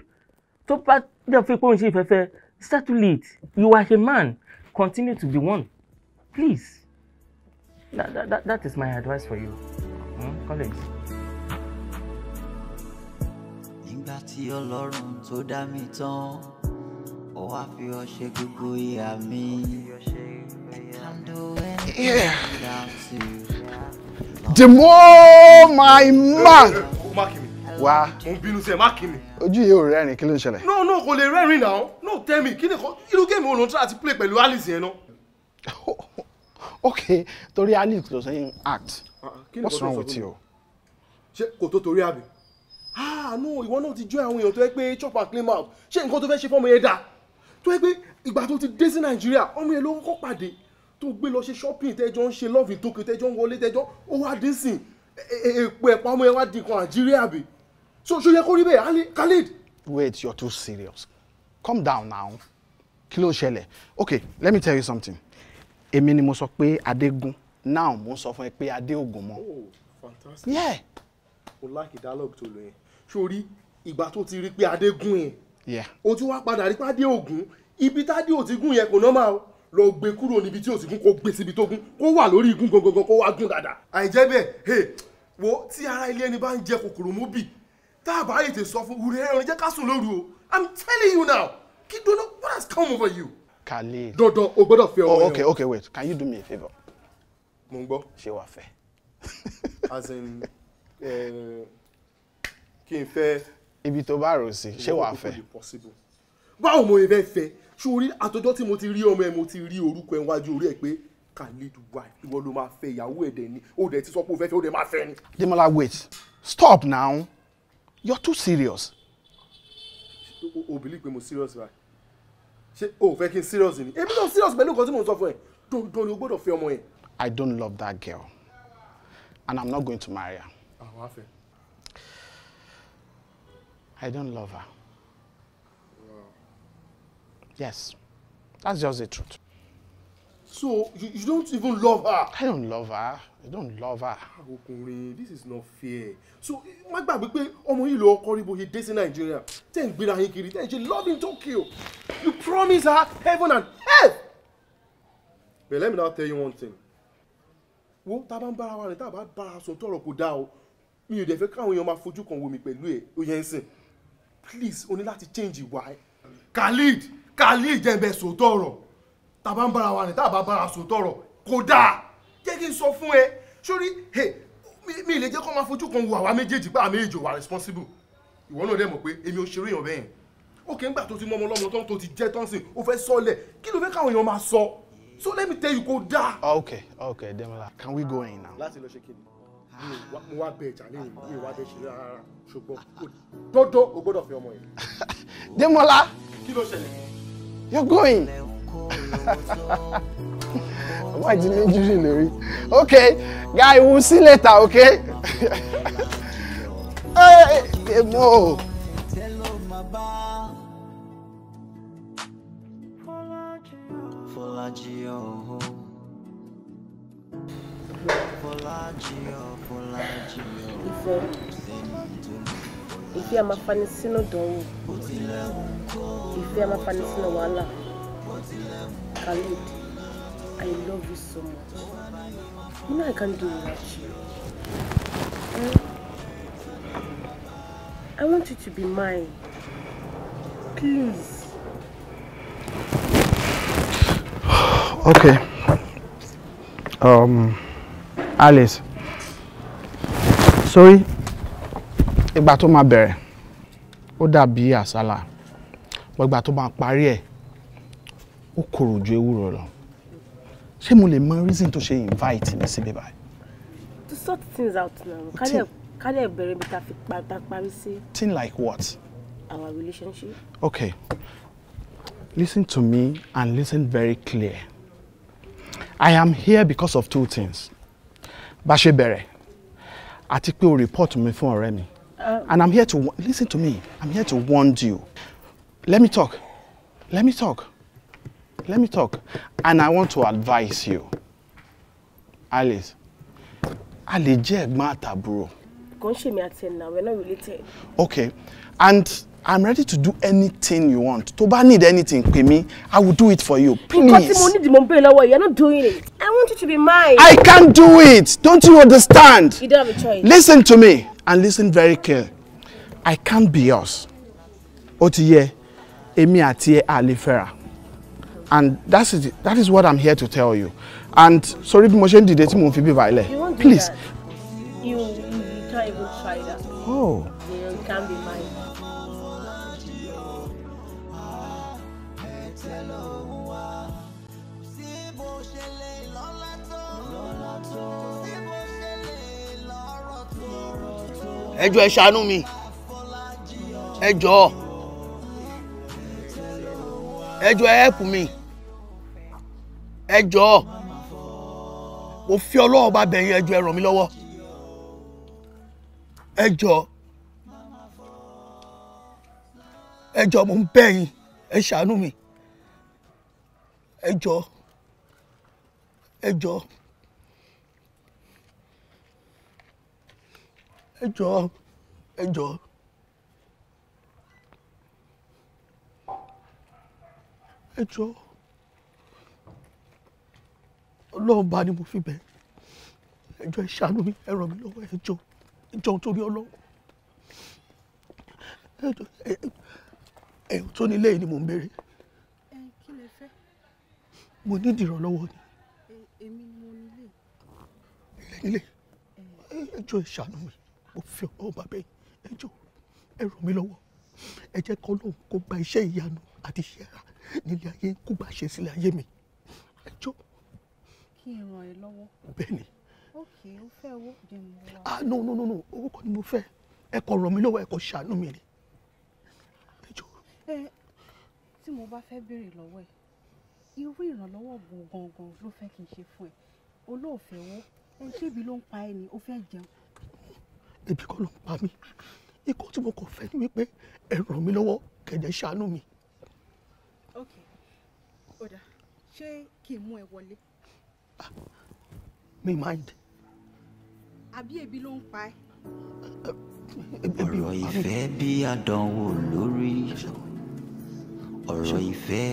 [SPEAKER 2] tó bá dẹ̀ fi pé òun ṣe ìfẹ́fẹ́ settle it you are a man continue to be one please that that that, is my advice for you
[SPEAKER 1] hmm? colleagues. nígbà tí ọlọ́run tó mi tán ó wá fi ọṣẹ gbogbo ìhà mi Yeah.
[SPEAKER 2] The more my man wá. mo bínú sí ẹ má kí mi. ojú yìí ò rẹ́rìn kí ló ń ṣẹlẹ̀. no no kò lè rẹ́rìn náà no tell me kí ni irú géèmù òun tí a ti play pẹ̀lú Alice yẹn náà.
[SPEAKER 7] ok torí Alice ló sẹ́yìn act
[SPEAKER 2] ah, ah, what's wrong with you. ṣé kò tó torí àbí. ah no ìwọ náà ti jó àwọn èèyàn tó yẹ pé chop and clean mouth ṣé nǹkan tó fẹ́ ṣe fọ́ọ̀mù yẹn dáa tó yẹ pé ìgbà tó ti dé sí Nàìjíríà ọmọ yẹn ló ń kọ́ pàdé tó gbé lọ ṣe shopping tẹjọ ń ṣe love in Tokyo tẹjọ ń wọlé tẹjọ ó wá dé sìn èèpọ̀ ẹ̀pọ̀ ọmọ yẹn wá di nǹkan Nàìjíríà bì so ṣo yẹ kó rí bẹ́ẹ̀ Khalid. wait you're too serious calm down now kí ló ń ṣẹlẹ̀ okay let me tell you something èmi ni mo sọ pé adégún now mo sọ fún ẹ pé adéògùn mọ. Oh, fantastic yeah. o like dialogue tó lò yẹn sórí ìgbà tó ti rí pé adégún yẹn o tún wá padà rí pé adéògùn ibi tádé ò ti gún yẹn kò normal o lọ gbé kúrò níbi tí ò ti gún kó gbé síbi tó gún kó wà lórí igun gangan kó wá gún dáadáa. àìjẹ́ bẹ́ẹ̀ wo tí ara ilé ẹni bá ń jẹ kòkòrò mú bì tá a bá yìí ti sọ fún wùrẹ́ ẹ̀rọ jẹ́ ká sùn lóru o i'm telling you now kí what has come over you. Khalid dandan o gbọ́dọ̀ fẹ́ ọmọ oh, yẹn o. okay okay wait can you do me a favour. mo ń gbọ́. ṣé wàá fẹ́.
[SPEAKER 6] as in eh, kí n fẹ́.
[SPEAKER 7] ibi tó bá
[SPEAKER 2] rò sí ṣé wàá fẹ́. báwo mo fẹ́ fẹ́ sórí àtọjọ́ tí mo ti rí ọmọ ẹ mo ti rí orúkọ ẹ wájú orí ẹ pé Khalid wife ìwọ ló máa fẹ́ ìyàwó ẹ̀ dẹ̀ ni ó dẹ̀ ti sọ pé ó fẹ́ fẹ́ ó dẹ̀ máa fẹ́ ni. Demola wait stop now you're too serious. o believe pé mo serious right ṣé o fẹ́ kí n serious ni èmi náà serious pẹ̀lú nǹkan tí mo sọ fún ẹ dandan ni o gbọ́dọ̀ fẹ́ ọmọ yẹn. I don't love that girl and I'm not going to marry her. Ah, àwọn afẹ. I don't love her. Wow. Yes, that's just the truth.
[SPEAKER 7] So you, you don't even love her. I don't love her. I don't love her. Ah,
[SPEAKER 2] ọkùnrin, this is not fair. So má gbàgbé pé ọmọ yìí lọ ọkọ rí bó ṣe dé sí Nàìjíríà. Tẹ̀ ń gbéra yín kiri, tẹ̀ ń love in Tokyo. You promise her heaven and hell. But let me now tell you one thing. Wo tá a bá ń bára wa rìn tá a bá
[SPEAKER 7] bára sọ tọrọ kò dáa o. Mi ò dẹ̀ fẹ́ káwọn èèyàn máa fojú kan wo mi pẹ̀lú ẹ̀ ó yẹn ń
[SPEAKER 2] Please o ní láti change ìwà ẹ̀. Khalid Khalid jẹ́ be so toro tá ń bára wa rìn tá bára sòótọ́ ọ̀rọ̀ kò dáa jẹ́ kí n sọ fún ẹ sórí mi lè jẹ́ kó máa fojú kan wo àwa méjèèjì pé àmì èjò wà responsible ìwọ náà dẹ̀ mọ̀ pé èmi
[SPEAKER 7] ò ṣeré èèyàn bẹ́yẹn ó kì í gbà tó ti mọ ọmọ tán tó ti jẹ́ tán sìn ó fẹ́ sọ́ọ̀lẹ̀ kí ló fẹ́ káwọn èèyàn máa
[SPEAKER 2] sọ so let me tell you kò dáa. Ah, okay okay Demola can we go in now. láti
[SPEAKER 6] lọ ṣe kí mo wá bẹ ìjà lẹ́yìn mi ìwà bẹ ṣe rárá ṣùgbọ́n dọ́dọ́ o gbọ́dọ̀ fi ọmọ yẹn.
[SPEAKER 2] Demola. kí ló ṣẹlẹ̀. you're going why didn't you injury okay guy we'll see later okay hey demo. If you
[SPEAKER 1] are my Fọlájí ọ̀hún. Ìfẹ́.
[SPEAKER 2] Ìfẹ́ a máa fani sínú dánwò. Ìfẹ́ a máa Khalid, I love you so much. You know I can't do without you. Eh? I want you to be mine. Please.
[SPEAKER 6] Okay. Um, Alice.
[SPEAKER 2] Sorry. Ìgbà tó máa bẹ̀rẹ̀, ó dàbí àsálà. Wọ́n ìgbà tó máa parí ẹ̀ ó korò ju ewúro lọ ṣé mo lè mọ reason tó ṣe invite mi síbí báyìí. to sort things out now kálẹ̀ kálẹ̀ bẹ̀rẹ̀ bí ta fi parí sí. thing like what. our relationship. okay listen to me and listen very clear i am here because of two things bá ṣe bẹ̀rẹ̀ àti pé o report mi fún ọ̀rẹ́ mi uh. and i'm here to listen to me i'm here to warn you let me talk let me talk Let me talk. And I want to advise you. Alice, a lè
[SPEAKER 7] jẹ́ ẹ̀gbọ́n àtàbúrò.
[SPEAKER 2] Kàn ṣe mi àti ẹ̀nà, we're not related.
[SPEAKER 7] Okay, and
[SPEAKER 2] I'm ready to do anything you want. Tó bá need anything, pè mí, I will do it for you. Please. Nǹkan tí mo need mo ń bèrè lọ́wọ́ yìí, you're not doing it. I want you to be mine. I can't do it. Don't you understand? You don't have a choice. Listen to me and listen very clear. I can't be yours. Ó ti yẹ, èmi àti ẹ àlè fẹ́ra and that's it that is what i'm here to tell you and sorry bí did ṣe ń dìde tí mo ń fi please. you you can't even try that. oh. you can't be mine.
[SPEAKER 8] ẹ jọ̀ọ́ ẹ ṣàánú mi ẹ jọ̀ọ́ ẹ help me ẹ jọ̀ọ́ mo fi ọlọ́run bá bẹ̀yìn ẹ jọ̀ọ́ ẹ ràn mí lọ́wọ́ ẹ jọ̀ọ́ ẹ jọ̀ọ́ mo ń bẹ̀yìn ẹ ṣàánú mi ẹ jọ̀ọ́ ẹ jọ̀ọ́ ẹ jọ̀ọ́ ọlọ́run bá ni mo fi bẹ̀ ẹ ẹ ṣàánú mi ẹ ràn mí lọ́wọ́ ẹ jọ̀ọ́ ẹ jọ̀ọ́ nítorí ọlọ́run ẹ tó ní lẹ́yìn ni mò ń béèrè. kí lẹ fẹ́. mo ní ìdìrànlọ́wọ́ ni.
[SPEAKER 2] E, èmi ni mo nílé.
[SPEAKER 8] ilé nílé ẹ ẹ ṣàánú mi mo fi ọlọ́run bá bẹ̀ yín ẹ ràn mí lọ́wọ́ ẹ jẹ́ kọ́ lóun kó gba iṣẹ́ ìyanu àti ìṣẹ́ra nílé ayé kó bá ṣe sílé ayé mi
[SPEAKER 2] kí n ràn ẹ́ lọ́wọ́. bẹ́ẹ̀ni. ok o fẹ́ owó jẹ́ mi wá. ah no no no no owó kan ni mo fẹ́ ẹ kọ ràn mí lọ́wọ́ ẹ kọ ṣàánú mi ni. ẹ tí mo bá fẹ́ béèrè lọ́wọ́ ẹ irú ìrànlọ́wọ́ wo gangan ló fẹ́ kí n ṣe fún ẹ olóòfẹ́ wo ẹ ṣébi ló ń pa ẹ ni ó fẹ́
[SPEAKER 8] jẹun. ebi kọ́ ló ń pa mí ikú tí mo kàn fẹ́ ni wípé ẹ ràn mí lọ́wọ́ kẹ̀jẹ̀ ṣàánú mi.
[SPEAKER 2] ok ó dà ṣé kí n mú ẹ wọlé mi mind. àbí ebi ló ń pa ẹ́.
[SPEAKER 1] ọ̀rọ̀ ìfẹ́ bí àdánwò lórí ọ̀rọ̀ ìfẹ́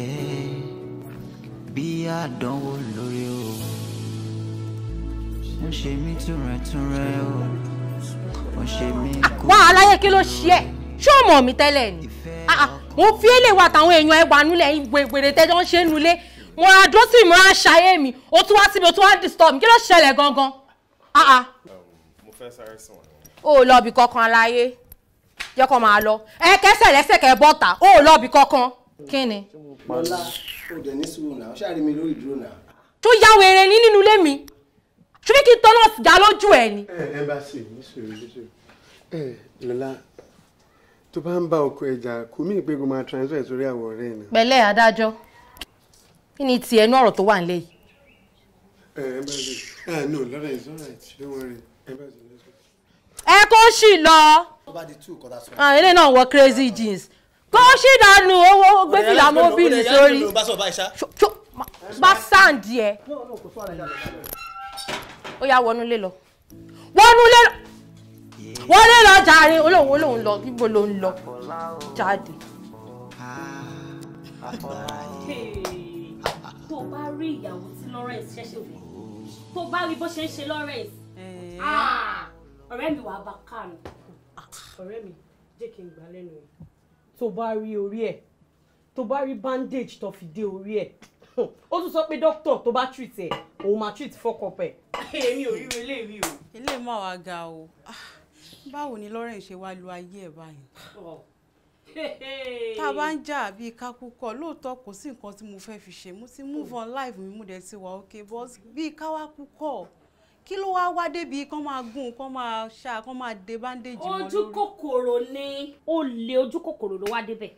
[SPEAKER 1] bí àdánwò lórí o ń ṣe mí túnrẹ̀túnrẹ̀
[SPEAKER 2] o ń ṣe mí kú. wá aláyé kí ló ṣe ẹ ṣé o mọ̀ mí ni ah, ah, mo fi èlé wa àtàwọn èèyàn ẹgbàá nulẹ̀ ìwé ìwèrè tẹ́jọ́ ń ṣe nulẹ̀ mo ra dúró sí mi mo ra ṣayé mi o tún wá síbi o tún wá disturb mi kí ló ṣẹlẹ̀ gangan. Ah, ah.
[SPEAKER 7] mo fẹ́ sáré sùn.
[SPEAKER 2] o ò lọ ibì kankan láyé jẹ́ kó máa lọ ẹ kẹsẹ̀ lẹ́sẹ̀kẹ̀ bọ́ta o ò lọ ibì kankan kí ni.
[SPEAKER 5] ọlá o dẹ̀ ní sùúrù náà ṣáà rí mi lórí
[SPEAKER 6] ìdúró náà.
[SPEAKER 2] tó yá wèrè ní nínú ilé mi ṣùgbọ́n kí n tọ́ náà lójú ẹ ni.
[SPEAKER 6] ẹ ẹ bá ṣe ní sùúrù ní sùúrù ẹ lọ́lá tó bá ń bá ọkọ ẹja kò mí ìpégun máa transfer sórí àwọ̀ rẹ̀ náà.
[SPEAKER 2] pẹ̀lẹ́ adájọ́ kí ni tiẹ̀ inú ọ̀rọ̀ tó wà nílẹ̀ yìí.
[SPEAKER 6] ẹ ẹ bá rí ah no lọ́rọ̀ is alright don't worry ẹ rí.
[SPEAKER 2] ẹ kó sì lọ. ilé náà wọ crazy jeans kó sì dànù owó gbé fìlà mọ́bìlì sórí bá sáǹdì ẹ ó yá wọnú lé lọ wọnú lé lọ wọ́n lè lọ jàre olóhùn olóhùn lọ níbo ló ń lọ jáde tó bá rí ìyàwó tí Lawrence ṣẹ̀ṣẹ̀ wọ̀ tó bá rí bó ṣe ń ṣe Lawrence eh. ah, ọ̀rẹ́ mi wàá bá kánú. ọ̀rẹ́ mi jẹ́ kí n gbà lẹ́nu ẹ̀. tó bá rí orí ẹ̀ tó bá rí bandage tó fi dé orí ẹ̀ ó tún sọ pé dókítà tó bá treat ẹ̀ òun máa treat fọ́kọ̀pọ̀ ẹ̀. èmi ò ríro eléyìí o. eléyìí máa wá ga o ah, báwo ni Lawrence ṣe wá lu ayé ẹ̀ báyìí
[SPEAKER 1] tá a bá ń jà
[SPEAKER 2] bíi kákúkọ lóòótọ́ kò sí nǹkan tí mo fẹ́ fi ṣe mo ti move on life mi mú dẹ̀ ti wà ok but bíi káwákúkọ kí ló wá wá débi kán máa gún kán máa ṣá kán máa de bandage mọ́ lórí. ojú kòkòrò ni olè ojú kòkòrò ló wá débẹ̀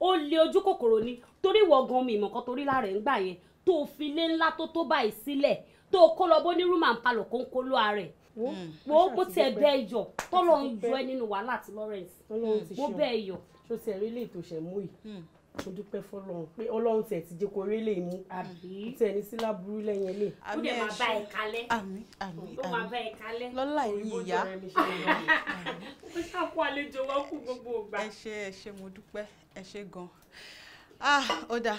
[SPEAKER 2] olè ojú kòkòrò ni torí ìwọ gan mi ìmọ̀kan torí lára ẹ̀ ń gbà yẹn tó fi ilé ńlá tó tó báyìí sílẹ̀ tó kó lọ bó ní rúmà ń palọ̀ kó ń kó lọ́ wo hmm. bó tiẹ̀ bẹ́ẹ̀ yọ tọ́lọ́ ń yọ ẹ nínú wàhálà àti Lawrence bó bẹ́ẹ̀ yọ. tó tiẹ̀ rí lè tó ṣẹ̀ mú yìí hmm. mo dúpẹ́ fọlọ́run pé ọlọ́run tiẹ̀ ti jẹ́ kó rí lè mú tiẹ̀ ní sí láburú lẹ́yìn lè. ó dẹ̀ máa bá ẹ kalẹ̀ àmín àmín ó máa bá ẹ kalẹ̀ lọ́lá yìí ìyá ó ṣàkó àlejò wa kú gbogbo ìgbà. ẹ ṣe ẹ ṣe mo dúpẹ́ ẹ ṣe gan ah ó dáa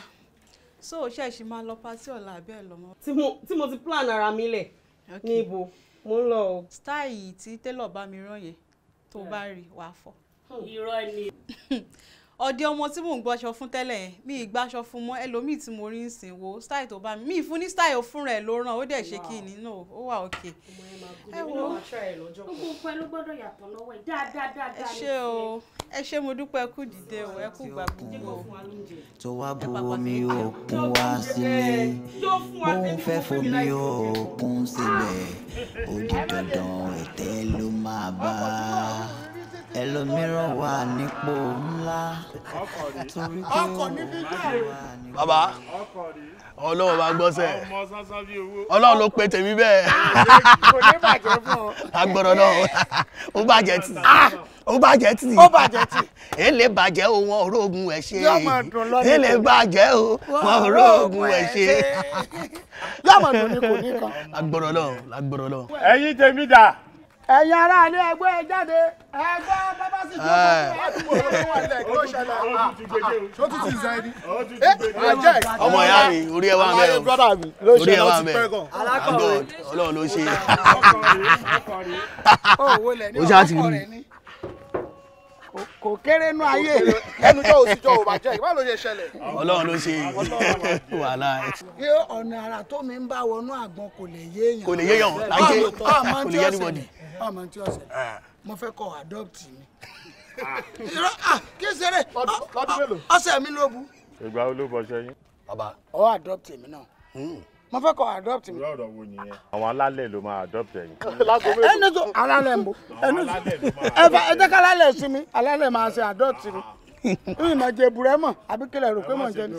[SPEAKER 2] so ṣe é ṣe máa lọ pa sí ọ̀la àbẹ́ ẹ̀ lọ́mọ. tí mo ti plan ara mi lẹ̀ ní ibo. Okay mo ń lọ o. style tí tẹ́lọ̀ bá mi rán yẹn tó bá rí wàá fọ. Hmm. irọ́ ni. ọ̀dẹ ọmọ tí mò ń gbọ́ṣọ fún tẹ́lẹ̀ yẹn mi ì gbáṣọ fún mọ́ ẹlòmíì tí mo rí ń sìn wo style tó bá mi mi fún ní style fún rẹ̀ ló ràn ó dẹ̀ ṣe kí ni no ó wà òkè. ẹ wo gbogbo nǹkan ló gbọ́dọ̀ yàtọ̀ lọ́wọ́ ẹ̀ dáadáa dáadáa. ẹ ṣé o ẹ ṣé mo dúpẹ́ kú dìde o ẹ kú gbàgbọ́.
[SPEAKER 1] tó wá bu omi òkun wá sílé bóun fẹ́ fomi òkun sílẹ̀ ó di dandan ẹ̀tẹ́ ló máa bá a ẹlòmíràn wà nípò ńlá torí pé ó wà
[SPEAKER 4] nípò.
[SPEAKER 1] bàbá ọlọ́wọ́
[SPEAKER 8] bá gbọ́sẹ̀ ọlọ́wọ́ ló pe tèmi bẹ́ẹ̀. kò ní bàjẹ́
[SPEAKER 4] fún ọ.
[SPEAKER 2] agbọ̀dọ̀ náà ó bàjẹ́ tì ó bàjẹ́ tì. èlé bàjẹ́
[SPEAKER 7] o wọn orogún ẹ̀ ṣe.
[SPEAKER 8] èlé bàjẹ́
[SPEAKER 5] o wọn orogún ẹ̀ ṣe.
[SPEAKER 2] yóò máa dùn ní kò ní kan. agbọ̀dọ̀ náà agbọ̀dọ̀ náà. ẹ̀yin tèmi dà ẹ̀yin ará ilé ẹgbẹ́ e jáde ẹgbẹ́ e, bábá sì tó kọ́ ọ́
[SPEAKER 7] ẹ̀ kí ló ṣẹlẹ̀ ṣó tún ti zan ẹni. Eh, ọmọ ìyá mi orí ẹ wà ń
[SPEAKER 2] orí ẹ wà ń ọlọ́run ló ṣe. o ṣáà ti rí i. kò kéré nú ayé ẹnu tó oṣù tó bá jẹ́ báwo ló ṣe ṣẹlẹ̀. ọlọ́run ló
[SPEAKER 5] ṣe wàhálà ẹ.
[SPEAKER 2] pé ọ̀nà àrà tó mi ń bá wọnú àgbọn kò lè yéèyàn. kò lè yéèyàn láyé kò lè yé anybody ọmọ tí ọ̀sẹ̀ ah. mo fẹ́ kọ́ adopt mi. Ah. Ah, kí n ṣeré ọ̀sẹ̀ mi ló bu.
[SPEAKER 7] ìgbà wo ló bọ sẹ́yìn.
[SPEAKER 2] bàbá ọ adopt mi náà hmm. mo fẹ́ kọ́ adopt mi. ìrọ̀rọ̀ wo nìyẹn.
[SPEAKER 7] àwọn alálẹ̀ ló máa adopt ẹ̀yìn.
[SPEAKER 2] ẹnu tó alálẹ̀ ń bọ̀ ẹnu tó ẹ jẹ́ ká alálẹ̀ sí mi alálẹ̀ máa ṣe adopt mi n ma jẹ burẹ mọ àbí kílẹ̀ rò pé mọ̀ jẹ ní.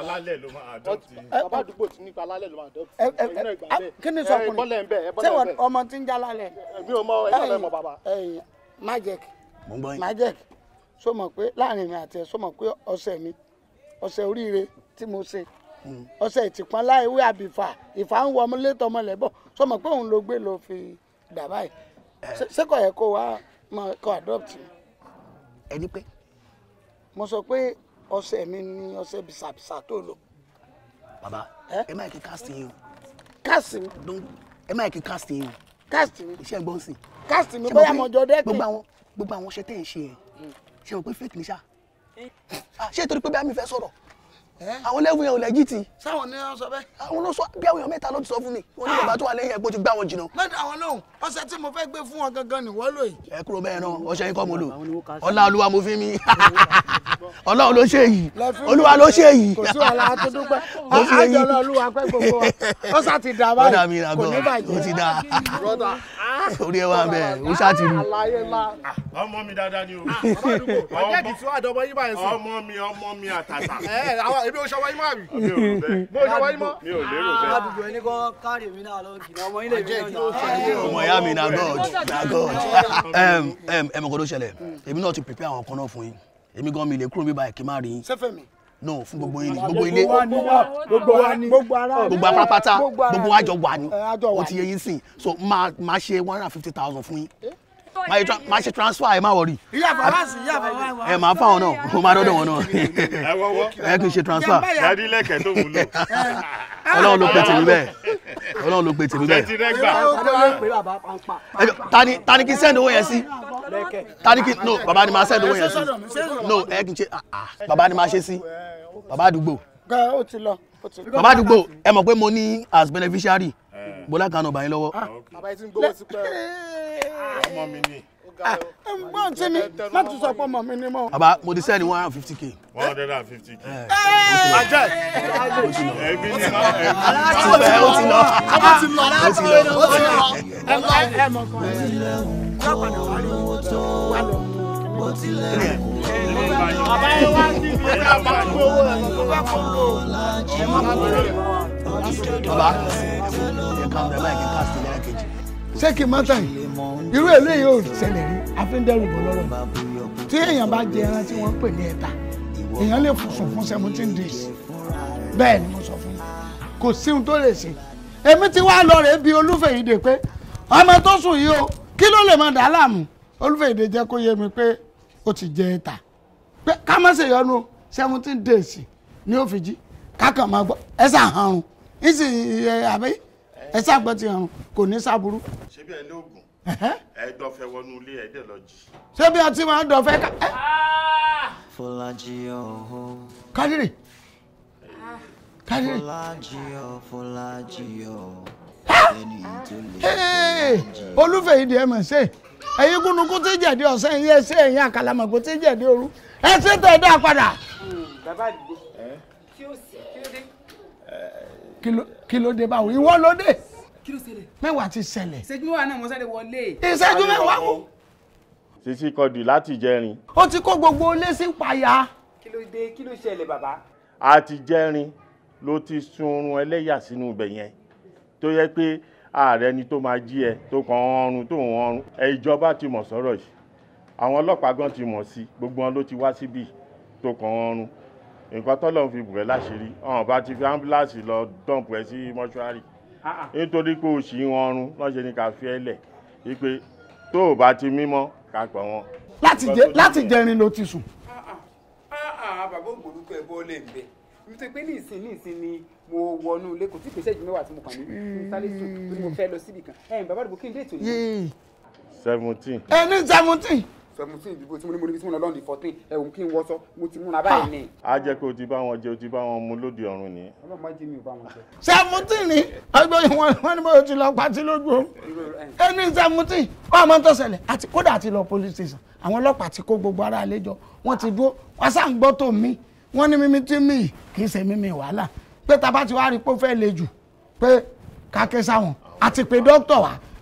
[SPEAKER 2] alálẹ̀ ló máa dọ́tí. bàbá àdúgbò tí nípa alálẹ̀ ló máa dọ́tí. kí ni sọkùnrin ṣé ọmọ tí ń jalá lẹ. mi ò mọ ẹ̀yìn ọ̀rẹ́ mọ bàbá. magic magic so mọ̀ pé láàrin mi àti ẹ̀ so mọ̀ pé ọ̀sẹ̀ mi ọ̀sẹ̀ oríire tí mo ṣe hmm. ọ̀sẹ̀ ìtìpọ́nlá ewé àbìfà ìfà ń wọ ọmọ létọ́ ọmọ so mọ̀ pé òun ló gbé lọ fi dà báyìí ṣé kò yẹ kó wá kó adopt. ẹni pé mo sọ pé ọṣẹ mi ni ọṣẹ bisabisa tó lò. baba ẹ má kí cast yín o. cast mi. ẹ má kí cast yín o. casting, mi. iṣẹ́ gbọ́n sí. cast mi bóyá mo jọ dẹ́kun. gbogbo àwọn gbogbo àwọn ṣe tẹ́ ẹ̀ ṣe ẹ̀ ṣe o pé fake ni ṣá. Mm. Ah, ṣé torí pé bí a mi fẹ́ sọ̀rọ̀ Eh? àwọn lẹ́wọ̀n yẹn ò lẹ́jìtì. sáwọn ni wọn sọ bẹ́ẹ̀. àwọn ló sọ bí àwọn èèyàn mẹ́ta ló ti sọ fún mi wọn ní ah. bàbá tó wà lẹ́yìn ẹ̀pọ̀ ti gbá wọn jìnnà. mẹ́ta àwọn lòun ọṣẹ tí mo fẹ́ gbé fún wọn gangan nìwọ lò yìí. ẹ kúrò bẹ́ẹ̀ náà ọṣẹ yín kọ́ mo lò ọlá olúwa mo fi mi
[SPEAKER 8] ọlọ́run ló ṣe yìí olúwa ló ṣe yìí. kò sí ọ̀la tó
[SPEAKER 2] dúpẹ́ àjọ olúwa
[SPEAKER 8] pẹ́ gbogbo wa ó sá ti dà báyìí kò ní
[SPEAKER 7] ebi o ṣọwọ́ imọ́ àbí. mo ṣọwọ́ imọ́. mi ò
[SPEAKER 1] lérò bẹ́ẹ̀. àdùgbò ẹni kan káàdì mi náà lọ jìnnà ọmọ ilé mi náà. ọmọ ìyá mi na god na god
[SPEAKER 5] ẹ mọ̀ kó tó ṣẹlẹ̀ èmi náà ti prepare àwọn kan náà fún yín èmi gan mi lè kúrò bíbá ẹ̀ kí n má rí yín. sẹ́fẹ̀ mi no fún gbogbo yín ni gbogbo ilé gbogbo wa ni gbogbo ara
[SPEAKER 2] rẹ gbogbo apapata gbogbo àjọ
[SPEAKER 8] wa ni o ti yẹ yín sìn so máa ṣe one hundred and fifty
[SPEAKER 2] thousand fún yín eh? máa ṣe transfer ẹ má wọrí. ìyá bàbá
[SPEAKER 8] sí ìyá bàbá wa. ẹ máa fáwọn náà
[SPEAKER 2] mo máa dọ́dọ̀ wọn náà. ẹ wọ́wọ́ ẹ kì í ṣe transfer. dadi lẹ́kẹ̀ẹ́ tó wù lò.
[SPEAKER 8] ọlọ́run ló pe tèmi bẹ́ẹ̀
[SPEAKER 2] ọlọ́run ló pe tèmi bẹ́ẹ̀. tẹ̀tí dẹ́gbà. tani tani kí send owó yẹn sí.
[SPEAKER 8] tani kí no bàbá ni máa send owó yẹn sí. no ẹ
[SPEAKER 2] kì í ṣe ah, ah, bàbá ni máa ṣe sí bàbá àdúgbò. bàbá àdúgbò ẹ mọ̀ pé mo ní as beneficiary bọ́lá kan ọba yín bàbá yìí ti ń gbowó sí pẹ́ o. ọmọ mi ni. mọ ti mi má tún sọ pé ọmọ mi ni mọ. bàbá mo ti sẹ́ni one
[SPEAKER 7] hundred and fifty k. one hundred and fifty k. ajá ẹbí ni ma ẹbí.
[SPEAKER 1] ó ti lọ ó ti lọ ó ti lọ ó ti lọ ẹ mọ ẹ mọ kan ẹ lọ́pàdà wà ló wà lọ. Bàbá yẹn wá sí ibi ẹ̀ bá
[SPEAKER 2] gbowó ẹ̀ bá gbowó ẹ̀ má gbowó
[SPEAKER 8] bàbá ẹ kàn bẹ báyìí kí n ká sí ilé kejì. ṣé kí n má tàn irú eléyìí ò ṣẹlẹ̀ rí afẹ́ndẹ́rù lọ́rọ̀ tí èèyàn bá jẹ ẹran tí wọ́n pè ní ẹ̀ta èèyàn lè sùn fún seventeen days bẹ́ẹ̀ ni mo sọ fún yín kò sí ohun tó lè ṣe èmi ti wá lọ rèé bi Olúfẹ́yìndé pé ọmọ tó sùn yìí o
[SPEAKER 2] kí ló lè máa dà á láàmú Olúfẹ́yìndé jẹ́ kó yé mi pé ó ti jẹ ẹ̀ta pé ká má ṣèyọnu seventeen days ni ó fi jí kákan máa gbọ́ ẹ ṣàhàrùn ìsì àbí ẹ ṣàgbọ́tì ọ̀run kò ní sábúrú. ṣé ẹ ní oògùn
[SPEAKER 7] ẹ dọ̀fẹ́ wọnú ilé ẹ dẹ̀ lọ jì.
[SPEAKER 1] ṣé bí ọtí máa ń dọ̀fẹ́ ká.
[SPEAKER 7] Ah!
[SPEAKER 1] Fọlájí ọ̀hún. kádìrì ah. kádìrì. Fọlájí ọ̀ Fọlájí ọ̀ ẹni tó lè.
[SPEAKER 2] olúfẹ̀yìndì ẹ̀ mọ̀ ṣe ẹ̀yin kúnnukún tí jẹ̀dí ọ̀sẹ̀ yìí ṣe ẹ̀yin àkàlàmọ̀gbò tí jẹ̀dí òru ẹ̀ ṣe tẹ̀ padà. Hmm, bàbá àdìgbò kí ló dé báwo ìwọ ló dé mẹ́wàá ti ṣẹlẹ̀. ìṣẹ́jú mẹ́wàá náà mo sáré wọlé. ìṣẹ́jú mẹ́wàá wo.
[SPEAKER 7] sisi kọdù láti jẹrin.
[SPEAKER 2] ó ti kó gbogbo ilé sí payà. kí ló dé kí ló ṣẹlẹ̀ bàbá.
[SPEAKER 7] a ti jẹrin ló ti sun oorun ẹlẹ́yà sínú ibẹ̀ yẹn tó yẹ pé ààrẹ ni tó máa jí ẹ tó kàn ọrùn tó ń ọrùn ẹ ìjọba ti mọ̀ sọ́rọ̀ yìí àwọn ọlọ́pàá gan ti mọ̀ sí gbogbo wọn ló ti wá síbí tó kàn ọrùn nǹkan tọ́lọ̀ fi bù ẹ́ láṣìírí ọ̀hún bá ti fi ambulance lọ dọ̀m̀pù ẹ sí mọ́ṣúárì ah, ah. nítorí pé òṣì wọn run lọ́sẹ̀ ni kà fi ẹ́ lẹ̀ wípé tó o bá ti mímọ́ kà pọ̀ wọn.
[SPEAKER 2] láti jẹ láti jẹrin ló ti sùn. Ah, bàbá ògbólúkọ ẹ bọ́ lè bẹ mo ti pé ní ìsìn ní ìsìn ni mo wọnú ilé kò tí ì pèsè ìjì mẹ́wàá tí mo kàn ní sálẹ̀ sùn tó ní mo fẹ́ lọ síbì kan ẹ̀yìn bàbá àdúgbò kí n dé ètò yìí.
[SPEAKER 7] seventeen. ẹni
[SPEAKER 2] seventeen seventeen ìdìbò tí mo ní mo ní tí mo lọ lọ́ọ̀dì fourteen ẹ̀wọ̀n kí n wọ́sọ mo ti múra báyìí ni.
[SPEAKER 7] a jẹ́ pé o ti bá wọn jẹ o ti bá wọn mu lóde ọ̀run ni.
[SPEAKER 2] ọlọ́run má jẹ́ mi ò bá wọn jẹ. seventeen ni ọgbẹ́ wọn wọn ni mo ti lọ pàtí lójú ẹni seventeen wọn àmọ́ tó ṣẹlẹ̀ àti kódà àti lọ police station àwọn ọlọ́pàá ti kó gbogbo ara àlejò wọn ti dúró wọn sá ń gbọ́ tó mi wọn ní mímí tí mi kì í ṣe mímí wàhálà pé tá a rí pé ó fẹ́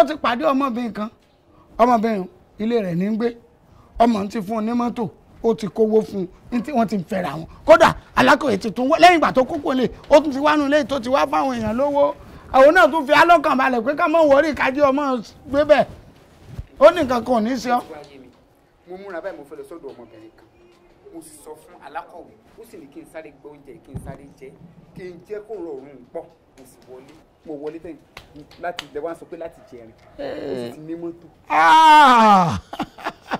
[SPEAKER 8] ó ti pàdé ọmọbìnrin kan ọmọbìnrin ilé rẹ̀ ní gbé ọmọ ti fún un ní mọ́tò ó ti kówó fún un tí wọ́n ti fẹ́ra
[SPEAKER 2] wọn kódà alákòye ti tún lẹ́yìn ìgbà tó kókó lè ó tún ti wá nulẹ̀ tó ti wá fáwọn èèyàn lówó àwọn náà tún fi alọ́kàn balẹ̀ pé ká mọ̀ wọ́rí kájí ọmọ gbé bẹ́ẹ̀ ó ní nǹkan kan ò ní í ṣe ọ́. mo múra báyìí mo fẹ́ lọ sọ́dọ̀ ọmọbìnrin kan mo sì sọ fún alákọ̀wé ó sì ní kí n sáré gbọ́ kí n sáré jẹ kí n jẹ́ kó rọrùn pọ̀ mo sì wọlé mo wọlé tẹ̀ láti lè wá sọ pé láti jẹrin eh. ó sì ti ní mọ́tò.
[SPEAKER 4] Ah!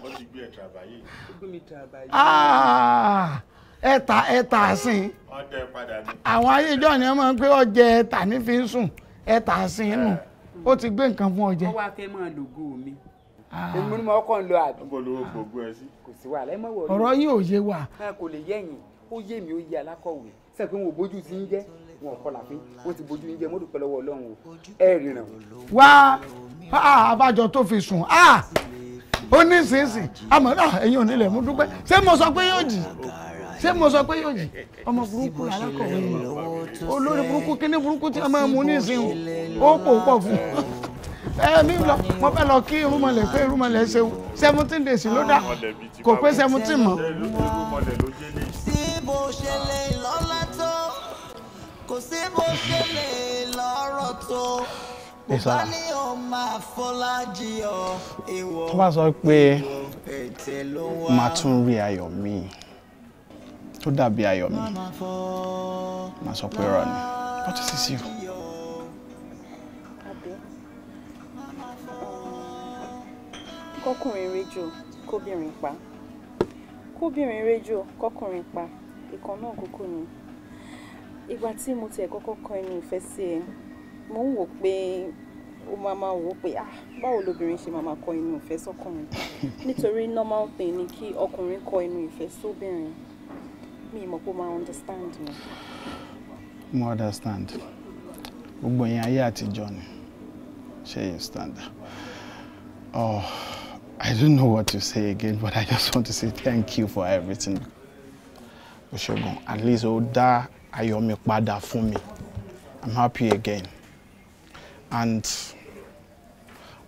[SPEAKER 2] wọ́n ti gbé ẹ̀tà àbáyé. ó gbé mi ẹ̀tà àbáyé.
[SPEAKER 7] Ah!
[SPEAKER 8] ẹ̀tà ẹ̀tà sìn. ọdẹ padà ní. àwọn ayé ìjọ ni wọ́n máa ń pé ọjẹ ẹ̀tà ní fi ń sùn ẹ̀tà sìn nù ó ti gbé nǹkan fún ọjẹ.
[SPEAKER 2] ọwọ́ akẹ́ máa lògó mi ah. èmi ni mo kàn ń lo àbí. ó bọ̀ lówó gbogbo ẹ sí. kò sí wàhálà ẹ má wọlé. ọ̀rọ̀ yín ò yé wa. kò lè yẹ̀yìn ó yé mi ó yé alákọ̀wé sẹ́ẹ̀ pé mo bójú ti ń jẹ́ wọn ò kọlà fún wọn ti bójú yín jẹ mo dúpẹ́ lọ́wọ́ Ọlọ́run o ẹ rìnrìn o. wá àbájọ tó fi sùn
[SPEAKER 8] ó ní sínsìn àmọ́ ẹ̀yin ò nílẹ̀ mo dúpẹ́ ṣé mo sọ pé yóò jì ṣé mo sọ pé yóò jì ọmọ burúkú alákọ̀wé yìí olórí burúkú kíní burúkú tí a máa mú nísìn ó pò pọ̀ fún ẹ̀mí lọ mo fẹ́ lọ kí irúnmọlẹ̀ pé irúnmọlẹ̀
[SPEAKER 2] ṣe seventeen days ló dá kò pé seventeen mọ́
[SPEAKER 1] kò sí bó ṣe lè lọ́rọ̀ tó bó bá ní o máa fọlájì ọ ìwọ tó bá sọ pé máa
[SPEAKER 7] tún rí ayọ̀ mi tó dàbí ayọ̀ mi máa sọ pé irọ́ ni but it is you.
[SPEAKER 2] kọkùnrin rẹjò kóbìnrin pa kóbìnrin rẹjò kọkùnrin pa ìkan náà kúkú ni ìgbà tí mo tiẹ̀ kọ́kọ́ kọ ẹnu ìfẹ́ sí ẹ mo ń wò pé ó máa máa wò ó pé ah báwo lobìnrin ṣe máa máa kọ ẹnu ìfẹ́ sọ́kùnrin nítorí normal thing ni kí ọkùnrin kọ ẹnu ìfẹ́ sóbìnrin mi mọ̀ pé ó máa understand mi.
[SPEAKER 6] mo understand gbogbo yẹn
[SPEAKER 7] ayé àtijọ́ ni
[SPEAKER 6] ṣe yẹn standard. Oh,
[SPEAKER 2] I don't know what to say again, but I just want to say thank you for everything. Oṣogun, at least ó dá ayọ̀ mi padà fún mi i'm happy again and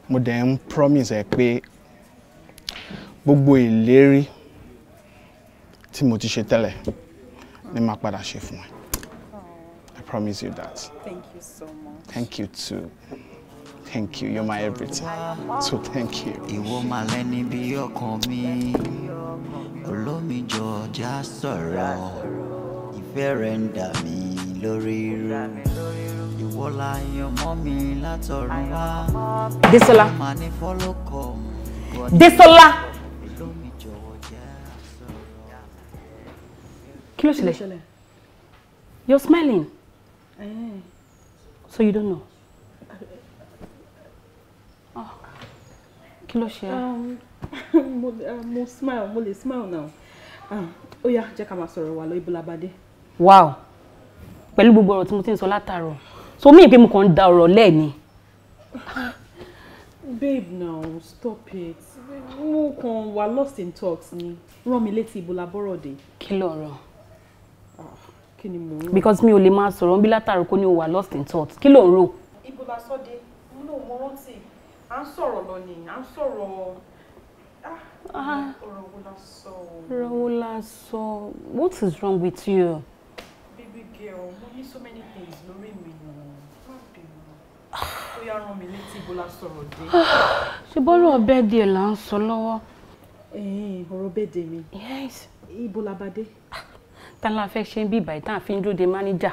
[SPEAKER 2] mo dẹ̀ promise ẹ pé gbogbo ìlérí tí mo ti ṣe tẹ́lẹ̀ ni màá padà ṣe fún i promise you that thank you so much
[SPEAKER 1] thank you too. Thank you, you're my everything.
[SPEAKER 2] So thank you.
[SPEAKER 1] Ìwọ máa lẹ́ni bí ọkàn mi, olómi jọjà sọ̀rọ̀ fẹ́rẹ̀ ń dà mí lórí rú ìwọ la yan mọ́ mi látọ̀run wá. Desola Desola
[SPEAKER 2] kí ló ṣẹlẹ̀ you're smiling so you don't know. Ah. kí ló ṣe um, uh, mo smile mo lè smile now ah, ó yá jẹ́ ká máa sọ̀rọ̀ wà lóyún bọ́lá bá dé wow pẹ̀lú gbogbo ọ̀rọ̀ tí mo ti ń sọ látàárọ̀ so mí pé mo kàn ń da ọ̀rọ̀ lẹ́ẹ̀ni. babe now stop it mo kàn wà lost in talks ni rán mi létí ibo labọ́rọ̀ dé. kí lọ̀rọ̀. Ah, kí ni mo ń rò. because mi ò lè máa sọ̀rọ̀ bí látàárọ̀ kó ní o wà lost in talks kí ló ń rò. ibo la sọ de mo náà mo rántí à ń sọ̀rọ̀ lọ ni à ń sọ̀rọ̀ ah, ah. ọ̀rọ̀ wo la sọ. ọ̀rọ̀ wo la sọ what is wrong with you girl mo ní so many things lórí mi nù má bínú ó yá rán mi létí ibo la sọ̀rọ̀ dé. ṣe bọ́lọ̀ bẹ́ẹ̀dẹ̀ là ń sọ lọ́wọ́. ọ̀rọ̀ bẹ́ẹ̀dẹ̀ mi ibo la bá dé. ta la fẹ́ ṣe ń bí ìbàyí tá a fi ń dúró de mánéjà.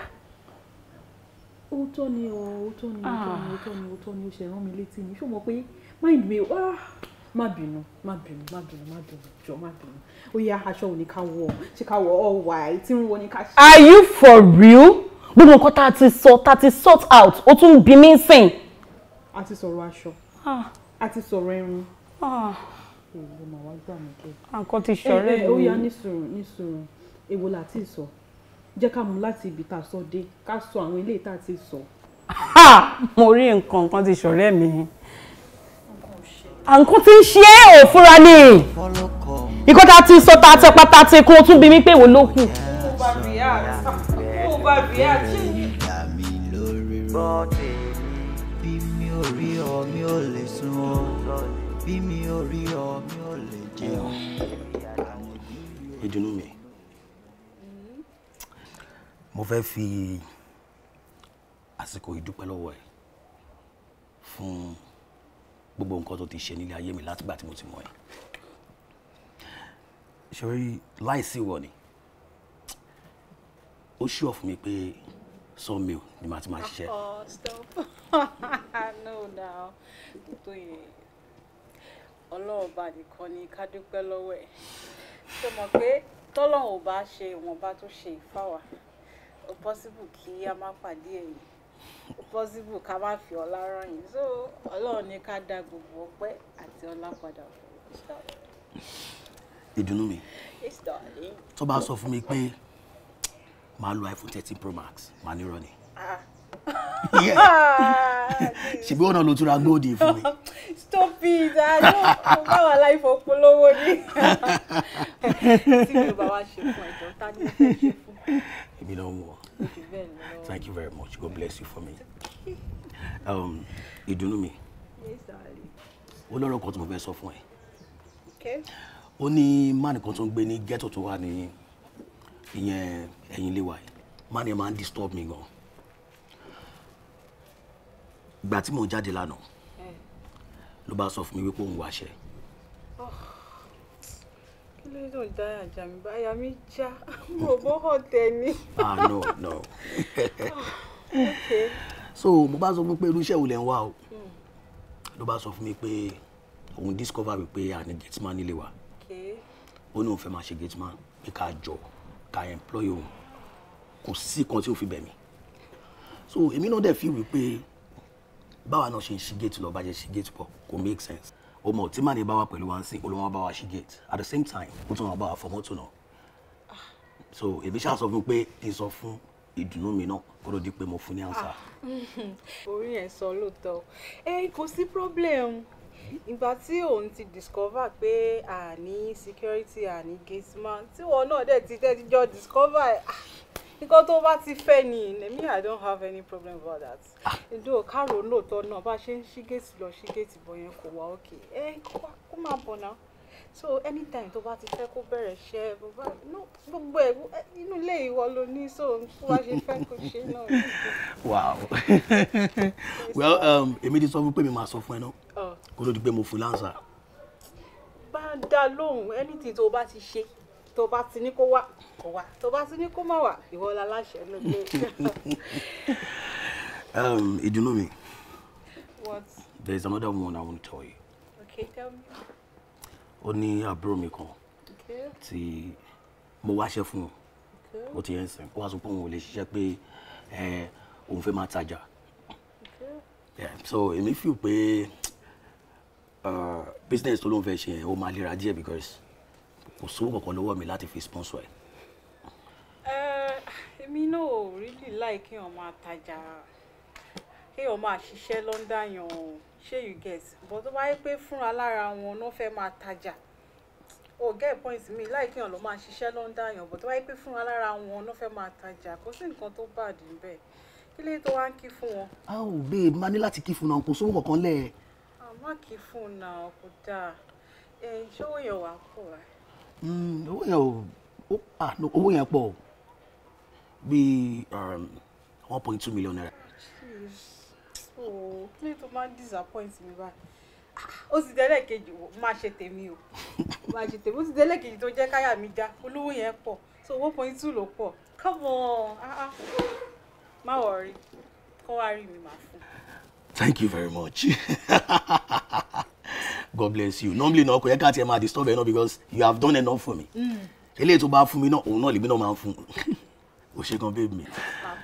[SPEAKER 2] òótọ́ ni ọ̀ òótọ́ ni òótọ́ ni òótọ́ ah. ni ó ṣe rán mi létí mi ṣó mọ̀ pé mind mi ah, má bínú má bínú má bínú má bínú jọ má bínú ó aṣọ òní ká wọ ṣé ká wọ all white tí ń wọ ní ká ṣe. are you for real? gbogbo nǹkan tá a ti sọ tá a ti sort out ó tún bí mí sìn. a ti sọ̀rọ̀ aṣọ ah. a ti sọ̀rọ̀ irun. èèwọ̀ ah. màá wá gbà mí kẹ́. àǹkan ti ṣọ̀rẹ́ mi. ẹ ẹ ó yá ní sùúrù ní sùúrù èèwọ̀ là ti sọ jẹ́ ká mú láti ibi tá a sọ dé ká sọ àwọn eléyìí tá a ti sọ. mo rí nǹkan nǹkan ti ṣọ̀rẹ́ mi. àǹkan ti ń ṣe é òfúra ni ìkọ́ ta ti sọ ta ti pa ta ti kún o tún bí mi pé wo ló kù. bí
[SPEAKER 1] mi ò rí ọ mi ò lè sun ọ bí mi ò rí ọ mi ò lè jẹ ọ.
[SPEAKER 5] ìdùnnú mi mo fẹ́ fi àsìkò ìdúpẹ́ lọ́wọ́ ẹ fún gbogbo nǹkan tó ti ṣe nílé ayé mi látìgbà tí mo ti mọ̀ ẹ́ ṣòrí láìsí ìwọ ni ó ṣùọ fún mi pé sawmill ni màá ti máa ṣiṣẹ́.
[SPEAKER 2] ọlọ́run bá nìkan ni ká dúpẹ́ lọ́wọ́ ẹ̀ tó mọ̀ pé tọ́lọ́run ò bá ṣe ìwọ̀nba tó ṣe ìfáwà ó pọ́sibù kí a má pàdé ẹ̀yìn ó pọ́sibù ká má fi ọlá rán so ọlọ́run ní ká dá gbogbo ọpẹ́ àti ọlá padà fún un ìdùnnú mi tó bá sọ fún mi pé màá lo iphone thirteen pro max màá ní irọ́ ni ah. ṣebí ọ̀nà ló túra góòdì fún mi. stop it àjọ báwa láì fọpọlọwọ ni tí mi ò bá wá ni mo náà wọ
[SPEAKER 5] thank you very much god bless you for me um, ìdùnnú mi ó lọ́rọ̀ kan tí mo fẹ́ sọ fún ẹ ó ní mánì kan tó ń gbé ní ghetto tó wà ní ìyẹn ẹ̀yìn ilé wa yìí mánì yẹn máa ń disturb mi gan gbà tí mò ń jáde lánàá ló bá sọ fún mi wípé òun wá ṣe.
[SPEAKER 2] kí ló dùn dá àjà mi àyà mi já mo bó hàn ni. no no okay. so mo
[SPEAKER 5] bá sọ fún pé irú iṣẹ́ wo lẹ̀ ń wá o hmm. ló bá sọ fún mi pé òun discover wípé àní gate man nílé ó ní òun fẹ́ máa ṣe gate man pé ká jọ ká employ òun kò sí kan tí ó fi bẹ̀ mí so èmi náà dẹ̀ fi wí pé báwa náà ṣe ń ṣí gate lọ bàjẹ́ ṣí gate pọ̀ kò make sense o mọ̀ tí màá ní bá wa pẹ̀lú wa ń sìn olùwọ́n bá wa ṣí gate at the same time ó tún wọn bá wa fọ mọ́tò náà so èmi ṣáà sọ fún pé kí n sọ fún ìdùnnú mi náà kó ló di pé mo fún ní ànsà.
[SPEAKER 2] Ah. orí ẹ̀ sọ lóòótọ́ ẹ kò sí problem ìgbà tí òun ti discover pé àní security àní gateman tí wọn náà dẹ̀ ti dẹ̀ ti jọ discover ah, nǹkan tó bá ti fẹ́ ni èmi i don't have any problem about that ìdó ah. kárò lóòótọ́ náà bá ṣe ń ṣí géètì lọ ṣí géètì bọ̀ yẹn kò wá òkè ẹ kó máa bọ̀ náà so anytime tó bá ti fẹ́ kó bẹ̀rẹ̀ ṣẹ́ gbogbo ẹ̀ inú ilé ìwọ ló ní so tó bá ṣe fẹ́ kó ṣe náà.
[SPEAKER 4] wow
[SPEAKER 5] well um, èmi ti sọ fún pé mi máa sọ fún ẹ náà oh. kó ló di pé mo fún láǹsà.
[SPEAKER 2] bá a dá lóhùn anything tó bá ti ṣe tó bá ti ní kó wá kó wá tó bá ti ní kó má wá ìwọ la láṣẹ
[SPEAKER 5] um, ìdùnnú mi there is another one I want to tell you. okay tell me ó ní àbúrò mi kan tí mo wáṣẹ́ fún un ó ti yẹn sìn ó wá sọ pé òun ò lè ṣiṣẹ́ pé òun fẹ́ máa tajà so èmi fi pé business tó ló ń fẹ́ ṣe ó máa lera díẹ̀ because kò sówó kankan lọ́wọ́ mi láti fi sponsor ẹ̀.
[SPEAKER 2] èmi náà ò rí lì láì kéèyàn máa tajà kéèyàn máa ṣiṣẹ́ lọ́ńdà yàn o ṣé you get but tó bá yẹ pé fúnra lára wọn náà fẹ́ máa tajà o oh, get point mi láì kéèyàn ló máa ṣiṣẹ́ ló ń dáyàn but tó bá yẹ pé fúnra lára wọn náà fẹ́ máa tajà kò sí nǹkan tó bàdí bẹ́ẹ̀ kí lè tó wá ń kí fún wọn. a ò
[SPEAKER 5] gbé e máa ní láti kí fún náà kò sówó kankan lẹ.
[SPEAKER 2] a má kí fún náà kò dáa ṣówó yẹn wà pọ̀
[SPEAKER 5] hmm, owó yẹn ò owó yẹn pọ̀ bíi um, one point two million naira
[SPEAKER 2] ooo oh, kí ló máa ń disappoint mi báyìí ah, ó ti délẹ̀ kejì wò má ṣe tèmi o má ṣe tèmi ó ti délẹ̀ kejì tó jẹ́ káyà mi já olówó yẹn pọ̀ so owó point two ló pọ̀ come on ah ah má wọrí kọ́ wá rí mi máa fún.
[SPEAKER 8] thank you very much god bless you normally no,
[SPEAKER 5] kò yẹ ká tiẹ̀ máa disturb ẹ náà because you have done enough for me hmm. eléyìí tó bá fún mi no. òun náà lèmi náà máa ń fún o ṣe kan babe mi. Ah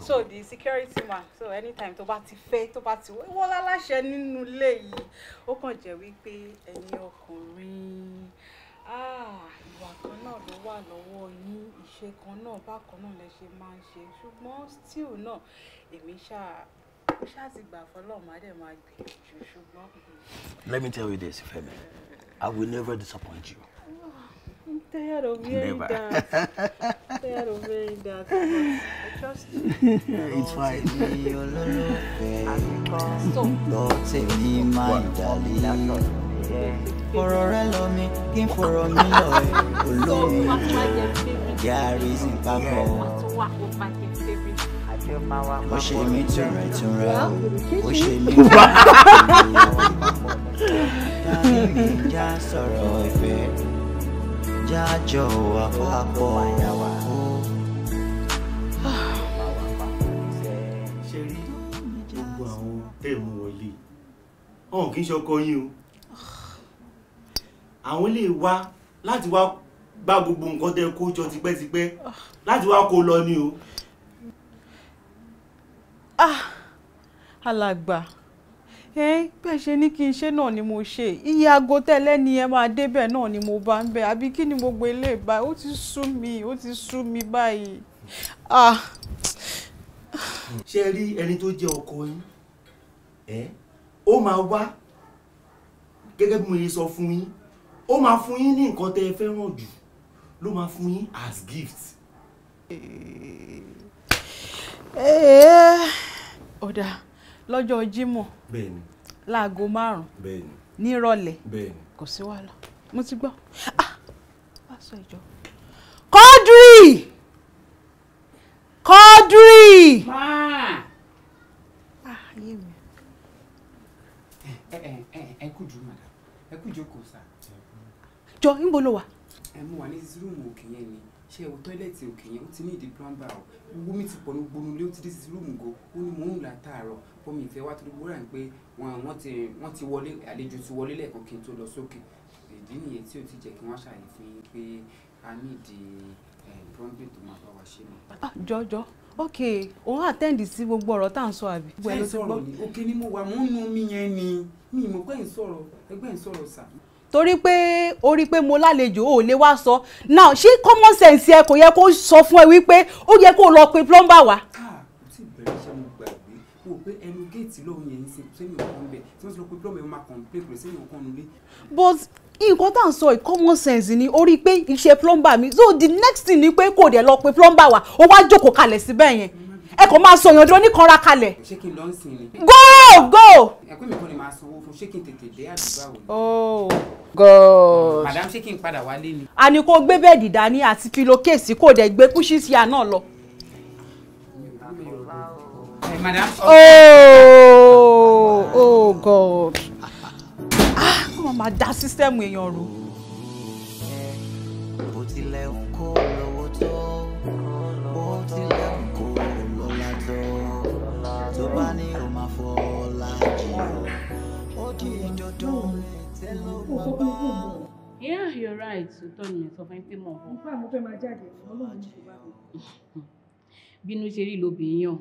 [SPEAKER 5] so
[SPEAKER 2] the security man so anytime tó bá ti fẹ́ tó bá ti wọ́n láláṣẹ nínú ilé yìí ó kàn jẹ́ wípé ẹ̀yin ọkùnrin ah, ìwà kan náà ló wà lọ́wọ́ yín ìṣe kan náà bákan náà lẹ ṣe máa ń ṣe ṣùgbọ́n still náà èmi ṣáà ó ṣáà ti gbà fọlọ́ máa dẹ̀ máa gbìyànjú ṣùgbọ́n.
[SPEAKER 3] let me tell you this Femi,
[SPEAKER 5] I will never disappoint you.
[SPEAKER 2] I'm tired of Never. that. I'm tired of hearing I trust you. It's
[SPEAKER 1] fine. Lord, save me, my darling. fọ̀rọ̀ rẹ lọ mi kí n fọ̀rọ̀ mi lọ ẹ olómi gàrí sí papọ̀ ó ṣe mí túnrẹ̀ túnrẹ̀ o ó ṣe mí wá. Táyé mi já sọ̀rọ̀ ìfẹ́. jájọ wà papọ̀. ṣe rí
[SPEAKER 5] gbogbo àwọn tẹ́ẹ̀mù wọlé ọ̀hún kì í ṣọkọ yín o
[SPEAKER 2] àwọn lè wá láti wá gbá gbogbo nǹkan tẹ́ kó jọ tipẹ́tipẹ́ láti wá kó lọ ni o. Ah, alàgbà. Ah ẹ bẹ́ẹ̀ ṣe ní kí n ṣe náà ni mo ṣe iye aago tẹ́lẹ̀ ni ẹ máa débẹ̀ náà ni mo bá ń bẹ àbí kí ni gbogbo ilé ìbá ó ti sú mi ó ti sú mi báyìí. Ah. ṣé ẹ rí ẹni tó jẹ́ ọkọ yín ẹ ó máa wá gẹ́gẹ́ bí mo ṣe sọ fún yín ó máa fún yín ní nǹkan tẹ́ ẹ fẹ́ràn jù ló máa fún yín as gift. ọ̀dà. Eh, eh, lọ́jọ́ Jímọ̀ láago márùn-ún nírọ̀lẹ́ kò sí wàhálà mo ti gbọ́ ah! wá sọ ìjọ. Quadri ah, Quadri. ẹ kú dùn màdà ẹ kú jókòó sá. jọ ń bolo wa. ẹ mú wa ní rúùmù òkè yẹn ni ṣe ẹ̀wọ̀ tọ́ílẹ̀tì òkè yẹn ó ti ní ìdí plumber o gbogbo mi ti pọ̀ ní gbonu lé ó ti dé sí rúùmù go ó ní mò ń là tààrọ̀ fọmi ìfẹ́ wá torí wúrà ń pé wọ́n ti wọlé àlejò ti wọlé lẹ́ẹ̀kan kí n tó lọ sókè ìdí nìyẹn tí ó ti jẹ́ kí wọ́n ṣàyè fún pé a ní ìdí eh, plumbing tó máa bá wa ṣe mọ́. Ah, jọjọ ok òun àtẹ́ǹdì sí gbogbo ọ̀rọ̀ tá à ń sọ àbí. ṣé ẹ sọ̀rọ̀ ni òkè ni mo wà mò ń nu omi yẹn ni mi ì torí pé ó rí pé mo lálejò ò lè wá sọ now ṣé common sense ẹ kò yẹ kó sọ fún ẹ wípé ó yẹ kó lọ pe plumber wá. Ah, but nǹkan tá à ń sọ common sense ni ó rí i pé iṣẹ́ plumber mi so the next thing ni pé kò dẹ̀ lọ pe plumber wá ó wá jókòó kalẹ̀ síbẹ̀ yẹn ẹ kò máa sọyàn dúró níkanra kalẹ̀. ṣé kí n lọ sìn ni. go go. ẹ̀kọ́ mi kò ní máa sanwó fún ṣé kí n tètè dé àdúgbà wò. oh god. madam ṣé kí n padà wálé ni. àní kò gbé bẹ́ẹ̀dì dání àti pillowcase kò dẹ̀ gbé kúṣíṣíà náà lọ. Eh, madam. oh oh god. ah kó máa dá sísẹ́mù èèyàn rú. bó tilẹ̀ ń Yeah, you're right. Òtọ́ ni sọ fún pé mọ̀ ọ́. Nípa àwọn fẹ́ máa jáde, ọlọ́run ní kò bá mi. Bínú ṣe rí lobìnrin yàn.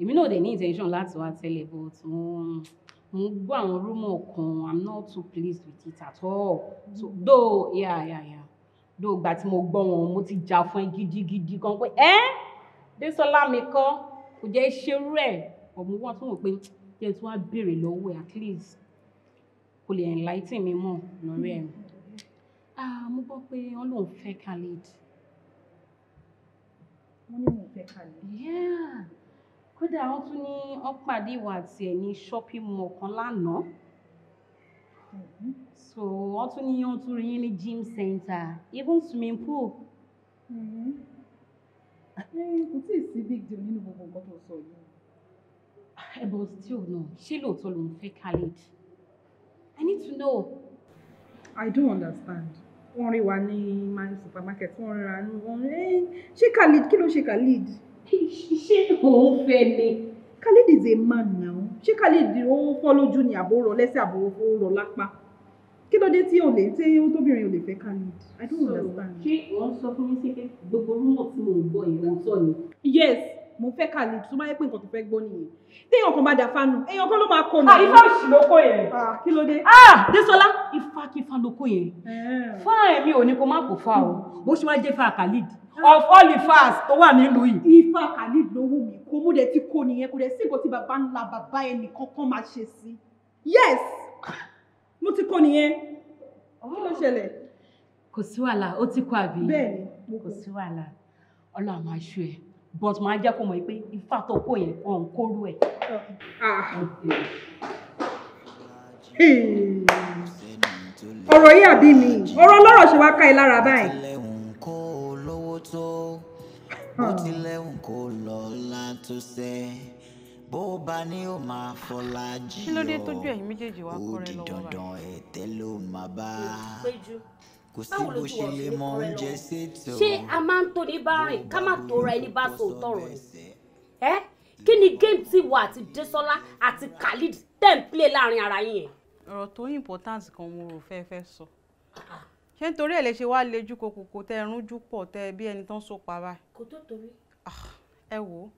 [SPEAKER 2] Èmi náà dẹ̀ ní intention láti wá tẹ́lẹ̀ but mo mo gbọ́ àwọn rúmọ̀ I'm not too pleased with it at all. So mm-hmm. though yeah yeah yeah though but tí mo gbọ́ wọn mo ti jà fún ẹ gidigidi gan pé ẹ́ Désọ́lá mi kọ́ kò jẹ́ ṣerú ẹ̀ ọ̀mú wọn tún wọ̀ pé jẹ́ tí wọ́n at least kó lè enlighten mi mọ̀ lórí ẹ̀. ah mo gbọ́ pé wọ́n lòun fẹ́ Khalid. wọ́n ní òun fẹ́ Khalid. yeah kódà wọ́n tún ní wọ́n pàdé ìwà tiẹ̀ ní shopping mall kan lánàá. Hmm. so wọ́n tún ní wọ́n tún rí yín ní gym center even swimming pool. Hmm. Eh, kò tí ì sí big deal nínú gbogbo nǹkan tó sọ yìí. Ah, ẹ bọ̀ still náà ṣé lóòótọ́ lòun fẹ́ Khalid. Mm -hmm. I need to know. I don't understand. Wọ́n rí wa ní Mani supermarket, wọ́n rí wa ní wọ́n rí eh, ṣé Khalid kí ló ṣe Khalid? Ṣé òun fẹ́ ni? Khalid is a man now. Ṣé Khalid ó fọ́ lójú ni àbò rọ lẹ́sẹ̀ àbò rọ lápá? kí ló dé tí o lè tí tóbìnrin ò lè fẹ́ Khalid I don't understand. ṣé ò ń sọ fún mi sí pé gbogbo rúmọ̀ tí mò ń gbọ́ ìwọ̀n tọ́ ni. yes mo fẹ́ kà lè tó máa pé nǹkan tó fẹ́ gbọ́ nìyẹn téèyàn kan bá dà fanu èèyàn kan ló máa kọ mi. àyíká òsì ló kó yẹn. kí ló dé. Ah! Désọlá ifákífá ló kó yẹn. fá ẹ̀mí ò ní kó má kó fá o bó ṣe wá jẹ́ fá Khalid ah. of all the fast tó wà nílùú yìí. ifá Khalid ló wù mí kó mú dẹ tí kò nìyẹn kò dẹ sí nǹkan tí bàbá ńlá bàbá ẹnì kankan máa ṣe sí. yes mo ti kọ nìyẹn kí ló ṣẹlẹ̀. kò sí wàhálà ó ti kọ àbí. bẹ́ẹ̀ni kò sí wàhálà Ọlọ́run but máa jẹ́ kó mọ̀ pé ifá tó kó yẹn wọn ò kóró ẹ̀. Ah. ọ̀rọ̀ yìí àbí mi ọ̀rọ̀ ọlọ́rọ̀ ṣe wá ká ẹ lára báyìí.
[SPEAKER 1] bó tilẹ̀ ń kó lọ́la tó ṣe bó bá ní ó máa dandan ẹ̀tẹ́ ló máa bá a kò sí bó ṣe lè mọ oúnjẹ ṣètò. ṣé
[SPEAKER 2] a máa ń tó ní bá rìn ká má tó ẹni bá sòótọ́ rọ̀ ẹ́ kí ni game ti wà àti Desola àti Khalid ten ń play láàrin ara yín yẹn. ọ̀rọ̀ tó important kan mo rò fẹ́ fẹ́ sọ ṣé nítorí ẹ̀ lè ṣe wàá lejú kokoko tẹ ẹrúnjú pọ̀ tẹ bí ẹni tán so pa
[SPEAKER 4] kò tó torí. Ah,
[SPEAKER 2] ẹ wo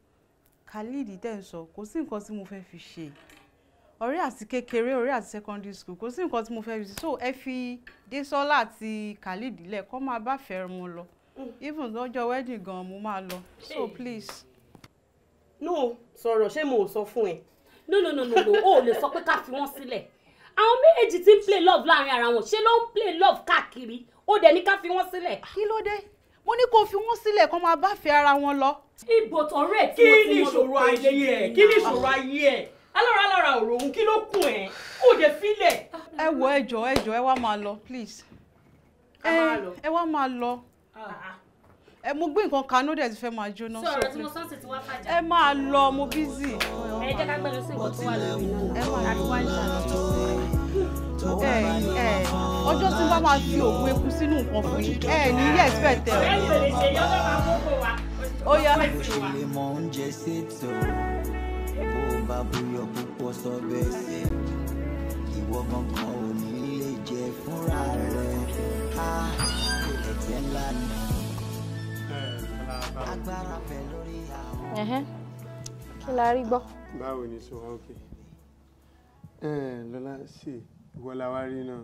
[SPEAKER 2] Khalid tẹ̀ ń sọ kò sí nǹkan tí mo fẹ́ fi ṣe ọ̀rẹ́ àti kékeré ọ̀rẹ́ àti secondary school kò sí nǹkan tí mo fẹ́ fi so ẹ fi Désọ́lá àti Khalid lẹ̀ kọ́ máa bá fẹ́ mu lọ mm. even lọ́jọ́ wedding gan mo máa lọ so please. no sọ̀rọ̀ ṣé mo ò sọ fún ẹ. no no no no no o ò lè sọ pé ká fi wọ́n sílẹ̀ àwọn méjèèjì tí ń play love láàrin ara wọn ṣé ló ń play love káàkiri ó dẹ̀ ní ká fi wọ́n sílẹ̀. Ah, kí ló dé mo ní kó fi wọ́n sílẹ̀ kó máa bá fẹ́ ara wọn lọ. ibo tọrẹ tí mo ti mọ lọ pé kí ni ìṣòro ayé ẹ kí ni ìṣòro ayé ẹ alára alára ọ̀rọ̀ òun kí ló kún ẹ̀ kó o jẹ fílẹ̀. ẹ wo ẹjọ ẹjọ ẹ wá máa lọ please ẹ wá máa lọ ah, ah, ah. ẹ mo gbé nǹkan kan ó dẹ̀ ti fẹ́ máa jóná sọ ọ̀rọ̀ tí mo sọ́ọ̀sì ti wá fàjà. ẹ máa lọ mo bízì. ẹ jẹ́ ká gbẹ́nu sí ìwọ tó wà lórí náà àti wá ìjà ẹ ẹ ọjọ́ tí wọ́n máa fi òògùn eku sínú nǹkan fún yín ẹ ní yẹ́ ẹ̀sìpẹ̀ tẹ̀. ó yá
[SPEAKER 1] bábúyọ púpọ̀ sọ bẹ́ẹ̀ sí ìwọ kankan ò ní lè jẹ fúnra rẹ á ẹ̀tẹ̀ ńlá ni agbára bẹ lórí àwọn. kí la rí gbọ́.
[SPEAKER 6] báwo ni sọ ọkẹ lọlá sí ìwọ la wá rí náà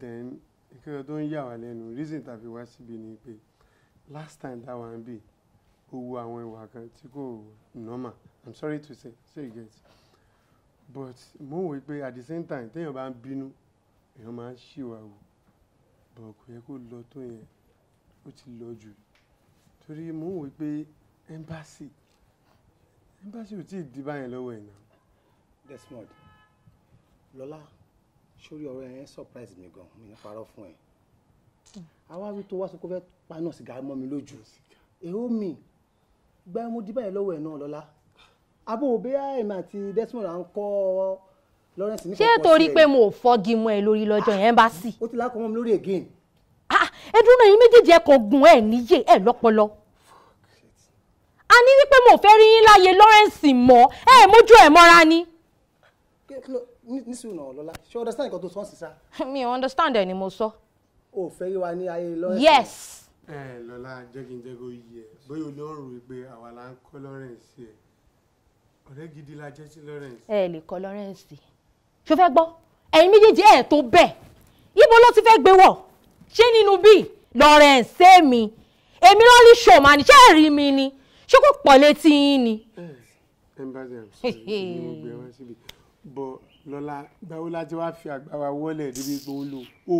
[SPEAKER 6] then ìkẹ́kọ̀ọ́ tó ń yà wá lẹ́nu reason tàbí wá síbi ni pé last time that one be ó wo àwọn ìwà kan tí kò normal i'm sorry to say say you but mo wò pé at the same time téèyàn bá ń bínú èèyàn máa ń ṣìwà wò bọ̀ kò yẹ kó lọ tó yẹn ó ti lọ jù torí mo wò pé embassy embassy ò tí ì di báyẹn lọ́wọ́ ẹ̀ náà. Desmond lọ́lá sórí ọ̀rọ̀ yẹn surprise mi
[SPEAKER 5] gan mi ní parọ́ fún ẹ àwa wí tó wá sọ pé fẹ́ paná sìgá mọ́ mi lójú èrò mi gbá mo di báyẹn lọ́wọ́ ẹ̀ náà lọ́lá abo bẹ́ẹ̀ èmi àti Desmond à ń kọ́ Lawrence ní kọ́kọ́ ṣé torí pé mo
[SPEAKER 2] fọ́gi mọ́ ẹ lórí lọ́jọ́ yẹn bá sì. ó ti lákọ̀ọ́ mọ́ mi lórí again. Ah, ẹ dúró náà yín méjèèjì ẹ kàn gun ẹ níyè ẹ lọ́pọlọ a ní wípé mo fẹ́ rí yín láyé Lawrence mọ́ ẹ mójú ẹ
[SPEAKER 5] mọ́ra ni. nísìnyí náà lọ́la ṣé o understand nǹkan tó sọ ọ́n sì sá. mi ò
[SPEAKER 2] understand ẹ ni mo sọ. o
[SPEAKER 5] fẹ́ yí wa ní ayé
[SPEAKER 2] Lawrence. yes.
[SPEAKER 6] ẹ lọ́la jẹ́ kí n jẹ́ kó yí ẹ bóyá olóòrùn wípé àwa la ń kọ́ Lawrence yẹn ọ̀rẹ́ gidi la jẹ́ sí
[SPEAKER 2] Lawrence. ẹ lè kọ Lawrence ṣó fẹ́ gbọ́ ẹ̀yin méjèèjì ẹ̀ tó bẹ̀ ibo ló ti fẹ́ gbé wọ̀ ṣé nínú bíi Lawrence mi èmi ló lè ṣòmọ àní ṣé ẹ̀rí mi ni ṣé kò pọ̀ létí yín ni. ẹ ń bá dẹ̀ ṣe
[SPEAKER 6] mo gbé wá síbi bọ lọ́la gbàwó láti wá fi àgbà wa wọlé níbi gbòó lò ó.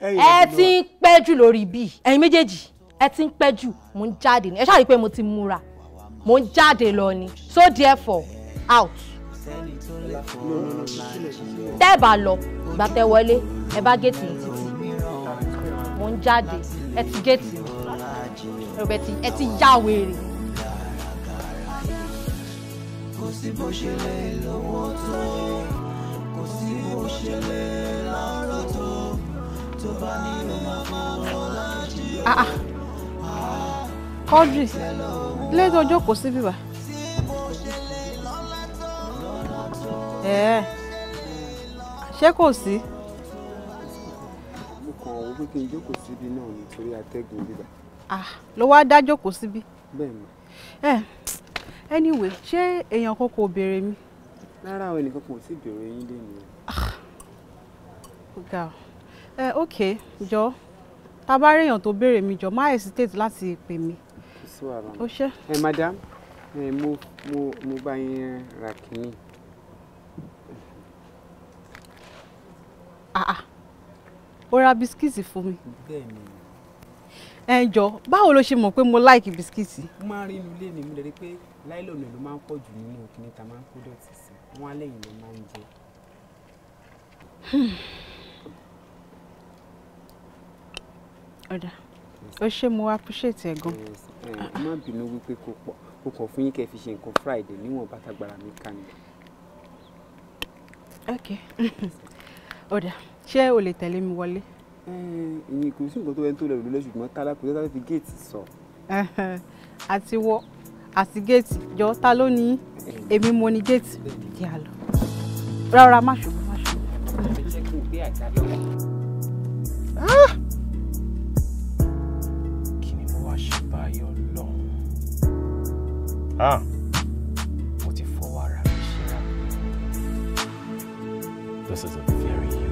[SPEAKER 6] ẹ ti
[SPEAKER 2] ń pẹ́ jù lórí bíi ẹ̀yin méjèèjì ẹ ti ń pẹ́ jù mò ń jáde ni ẹ ṣáà rí i pé mo ti múra mo ń jáde lọ ni so therefore out. tẹ́ ẹ bá lọ ìgbà tẹ́ wọlé ẹ bá géètì yìí títì mo ń jáde ẹ ti géètì mi ẹ ti yá wèrè.
[SPEAKER 1] kò sí bó ṣe lè lówó tó kò sí bó ṣe lè lárò tó tó bá nílò máa bọ̀ ọ́ lájú.
[SPEAKER 2] kọ́dùrì lẹ́jọ́ ọjọ́ kò sí bíbà. ṣé kò sí.
[SPEAKER 6] mo kàn wọ́n pé kí n jókòó síbi náà nítorí atẹ́gùn bíbà.
[SPEAKER 2] Ah, ló wá dá jókòó síbi. bẹ́ẹ̀ni. ẹ anyway ṣé èèyàn kan kò béèrè mi.
[SPEAKER 6] rárá o ẹnìkan kò sí béèrè yín lẹ́nu.
[SPEAKER 2] ọ̀gá ah, ẹ ok jọ tá a bá rí èèyàn tó béèrè mi jọ má hesitate láti pè mí
[SPEAKER 6] sí wàhálà. ṣe. Eh, ẹ madam ẹ eh, mo mo mo bá yín ra kínní.
[SPEAKER 2] àà ah, ah. ó ra bisikíìtì fún mi. bẹ́ẹ̀ni. ẹ jọ báwo ló ṣe mọ̀ pé mo láìkì bisikíìtì. mo máa ń rí inú ilé ni mo lè rí i pé láìlọ́nà ló máa ń pọ̀ jù nínú òkè níta máa ń kó dọ̀tí sí wọn á lẹ́yìn ló máa ń jẹ. ọ̀dà hmm. ó ṣe mo appreciate ẹ̀ gan. Yes má bínú wípé kò pọ̀ kò kàn fún yín kẹ́ fi ṣe nǹkan friday níwọ̀n bàtàgbára mi ká ni. ok ọ̀dà ṣé o lè tẹ̀lé mi wọlé. ìyìn kò sí nǹkan tó ẹni tó lè lò lóṣù ṣùgbọ́n tálá kò tẹ́tà fi géètì sọ. àti wọ àti géètì jọ ta ló ní èmi mo ní géètì jẹ́ àlọ́ rárá má ṣubú má ṣubú. Ah!
[SPEAKER 3] kí ni mo wá ṣe báyọ̀. ah mo this
[SPEAKER 4] is a very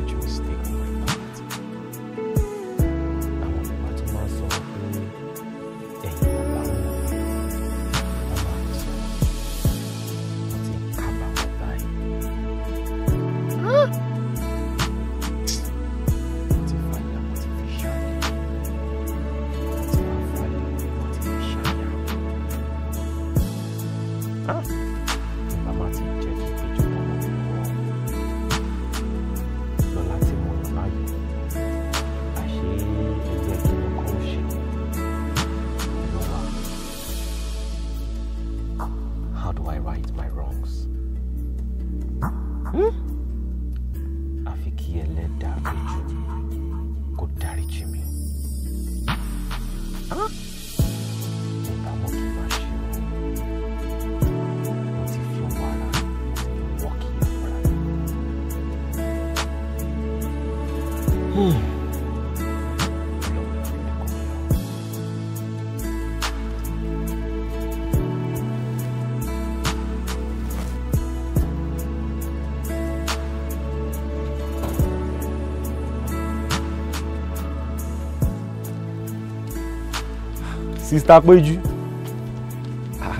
[SPEAKER 7] sista péjú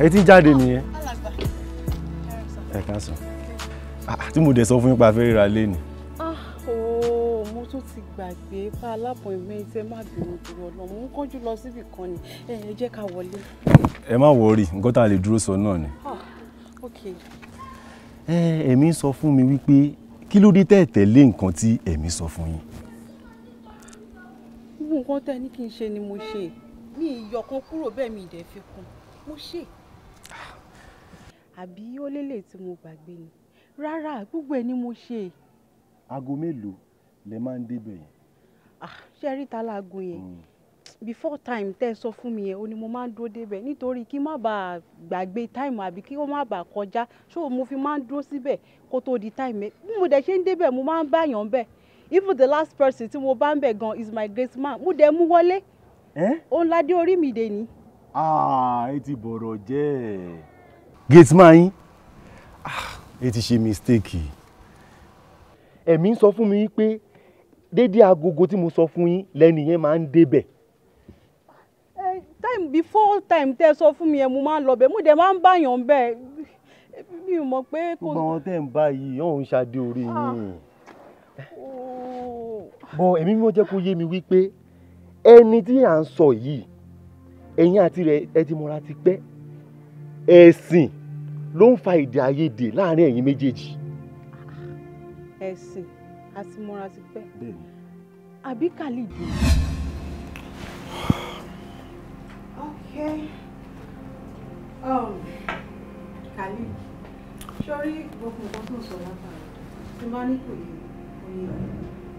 [SPEAKER 7] etí ń jáde nìyẹn ẹ ká sọ ah, tí mo dẹ̀ sọ fún yín pa fẹ́ẹ́ ra lé ni.
[SPEAKER 2] Ah, mo tún ti gbàgbé bá alábọ̀ ìwé iṣẹ́ má bínú dúró ọ̀nà mo ń kánjú lọ síbì kan ni ẹ jẹ́ ká wọlé.
[SPEAKER 7] ẹ má wọrí nǹkan tá a lè dúró sọ náà ni. Ah, ẹ̀mí sọ fún mi wípé kí ló dé tẹ́ ẹ̀ tẹ̀lé nǹkan tí ẹ̀mí sọ fún yín.
[SPEAKER 2] gbogbo nǹkan tẹ́ ẹ ní kí n ṣe ni mo ṣe mi ìyọ̀ kan kúrò bẹ́ẹ̀ mi ìdẹ̀ fi kún mo ṣe. àbí ó lélẹ̀ tí mo gbàgbé ni rárá gbogbo ẹ ni mo ṣe.
[SPEAKER 7] aago mélòó lẹ máa ń débẹ̀ yẹn.
[SPEAKER 2] Ah, ṣé rí ta láago yẹn hmm. before time tẹ́ ẹ sọ fún mi yẹn o ni mo máa ń dúró débẹ̀ nítorí kí má bàa gbàgbé time àbí kí ó má bàa kọjá ṣó mo fi máa ń dúró síbẹ̀ kó tó di time ẹ bí mo dẹ̀ ṣe ń débẹ̀ mo máa ń báyàn bẹ́ẹ̀ even the last person tí mo bá ń bẹ̀ gan is my great man mo dẹ̀ mú wọlé. Eh? ó ń ládé orí mi dé ni.
[SPEAKER 7] Ah, ẹ ti bọ̀rọ̀ jẹ́ gate man yín ah,
[SPEAKER 2] ẹ ti ṣe mistake.
[SPEAKER 6] ẹ̀mí ń sọ fún mi pé dédé
[SPEAKER 7] agogo tí mo sọ fún yín lẹ́nu yẹn máa ń débẹ̀.
[SPEAKER 2] Eh, time before time tẹ́ ẹ sọ fún mi yẹn mo máa ń lọ bẹ́ẹ̀ mo dẹ̀ máa ń báyàn bẹ́ẹ̀ mi ò mọ̀ pé. gbogbo
[SPEAKER 5] àwọn tẹ́ ń bá yìí ọ̀hún ṣáde orí yín. Ah. Oh. bọ̀ ẹ̀mí mi ò jẹ́ kó yé mi wípé ẹni tí à ń sọ yìí ẹ̀yin àti rẹ̀
[SPEAKER 7] ẹ ti mọra ti pẹ́ ẹ̀sìn ló ń fa èdè àìyedè láàrin ẹ̀yin méjèèjì.
[SPEAKER 2] ẹ̀sìn àti mọra ti pẹ́ àbí kàlídì. okay um, khalid sori gbogbo nǹkan tó ń sọ látara tí n bá ní kò yé kò yé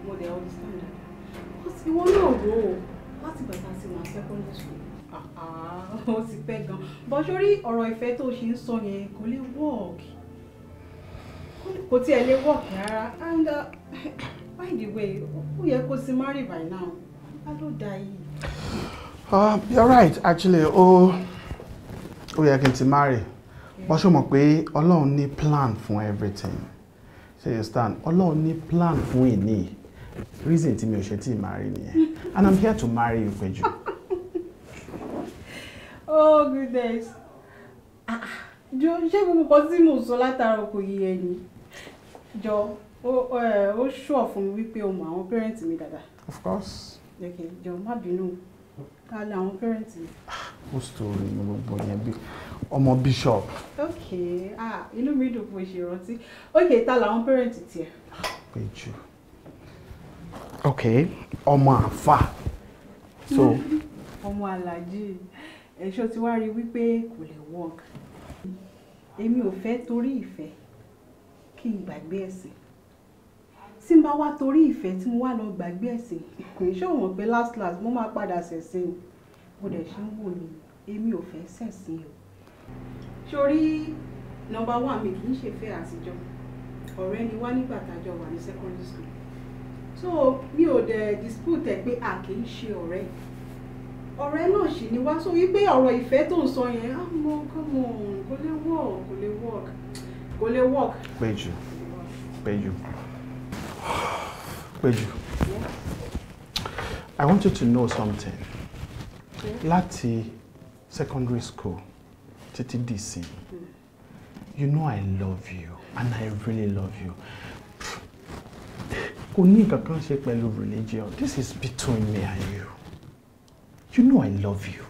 [SPEAKER 2] mo dẹ̀ understand dáadáa ó sì wọ́n náà wò ó láti bàtà sí wọn secondary school. ó ti pẹ́ gan-an bó ṣe rí ọ̀rọ̀ ìfẹ́ tó ṣe ń sọ yẹn kò lè work kò tiẹ̀ lè work rárá and uh, by the way ó yẹ kó ti marry by now bá ló da yìí.
[SPEAKER 6] Uh, you're right actually ó ó yẹ kí n ti marry wọ́n ṣó mọ̀ pé Ọlọ́run ní plan fún everything ṣe you understand Ọlọ́run ní plan fún ìní yìí reason tí mi ò ṣe tí marry nìyẹn and i'm here to marry you Peju.
[SPEAKER 2] oh goodness ah, ah. jọ ṣé gbogbo kan tí mò ń sọ látara kò yí ẹ ni jọ ó ṣùọ fún mi wípé o mọ àwọn pẹrẹǹtì mi dáadáa.
[SPEAKER 8] of course.
[SPEAKER 2] okay jo má bínú ká lè àwọn pẹrẹǹtì mi.
[SPEAKER 8] ó sọ̀rọ̀ ní gbogbo yẹn bí ọmọ bishop.
[SPEAKER 2] ok ah inú mi dùn fún ìṣèrántí ok ta làwọn pẹrẹǹtì tiẹ̀.
[SPEAKER 6] Péjú ok
[SPEAKER 2] ọmọ àfà so. ọmọ alájí ẹ̀ṣọ́ ti wá rí wípé kò lè work èmi ò fẹ́ torí ìfẹ́ kí n gbàgbé ẹ̀sìn tí n bá wá torí ìfẹ́ tí mo wá lọ gbàgbé ẹ̀sìn ṣé o mọ̀ pé last last mo máa padà ṣẹ̀sìn o bó dẹ̀ ṣe ń wò mí èmi ò fẹ́ ṣẹ̀sìn o. sórí nọ́mbà one mi kì í ṣe fẹ́ àtijọ́ ọ̀rẹ́ ni wá nígbà tájọ wà ní secondary school so mi ò dẹ̀ dispute ẹ̀ pé a kì í ṣe ọ̀rẹ́ ọ̀rẹ́ náà sì ni wá sọ wípé ọ̀rọ̀ ìfẹ́ tó ń sọ yẹn á ah, mọ come on kò lè work kò lè work kò lè work.
[SPEAKER 7] Péjú Péjú Péjú I want you to know something yeah. láti secondary school títí dìsín you know I love you
[SPEAKER 6] and I really love you kò ní nǹkan kan ṣe pẹ̀lú religion
[SPEAKER 2] this is between me and you you know I love you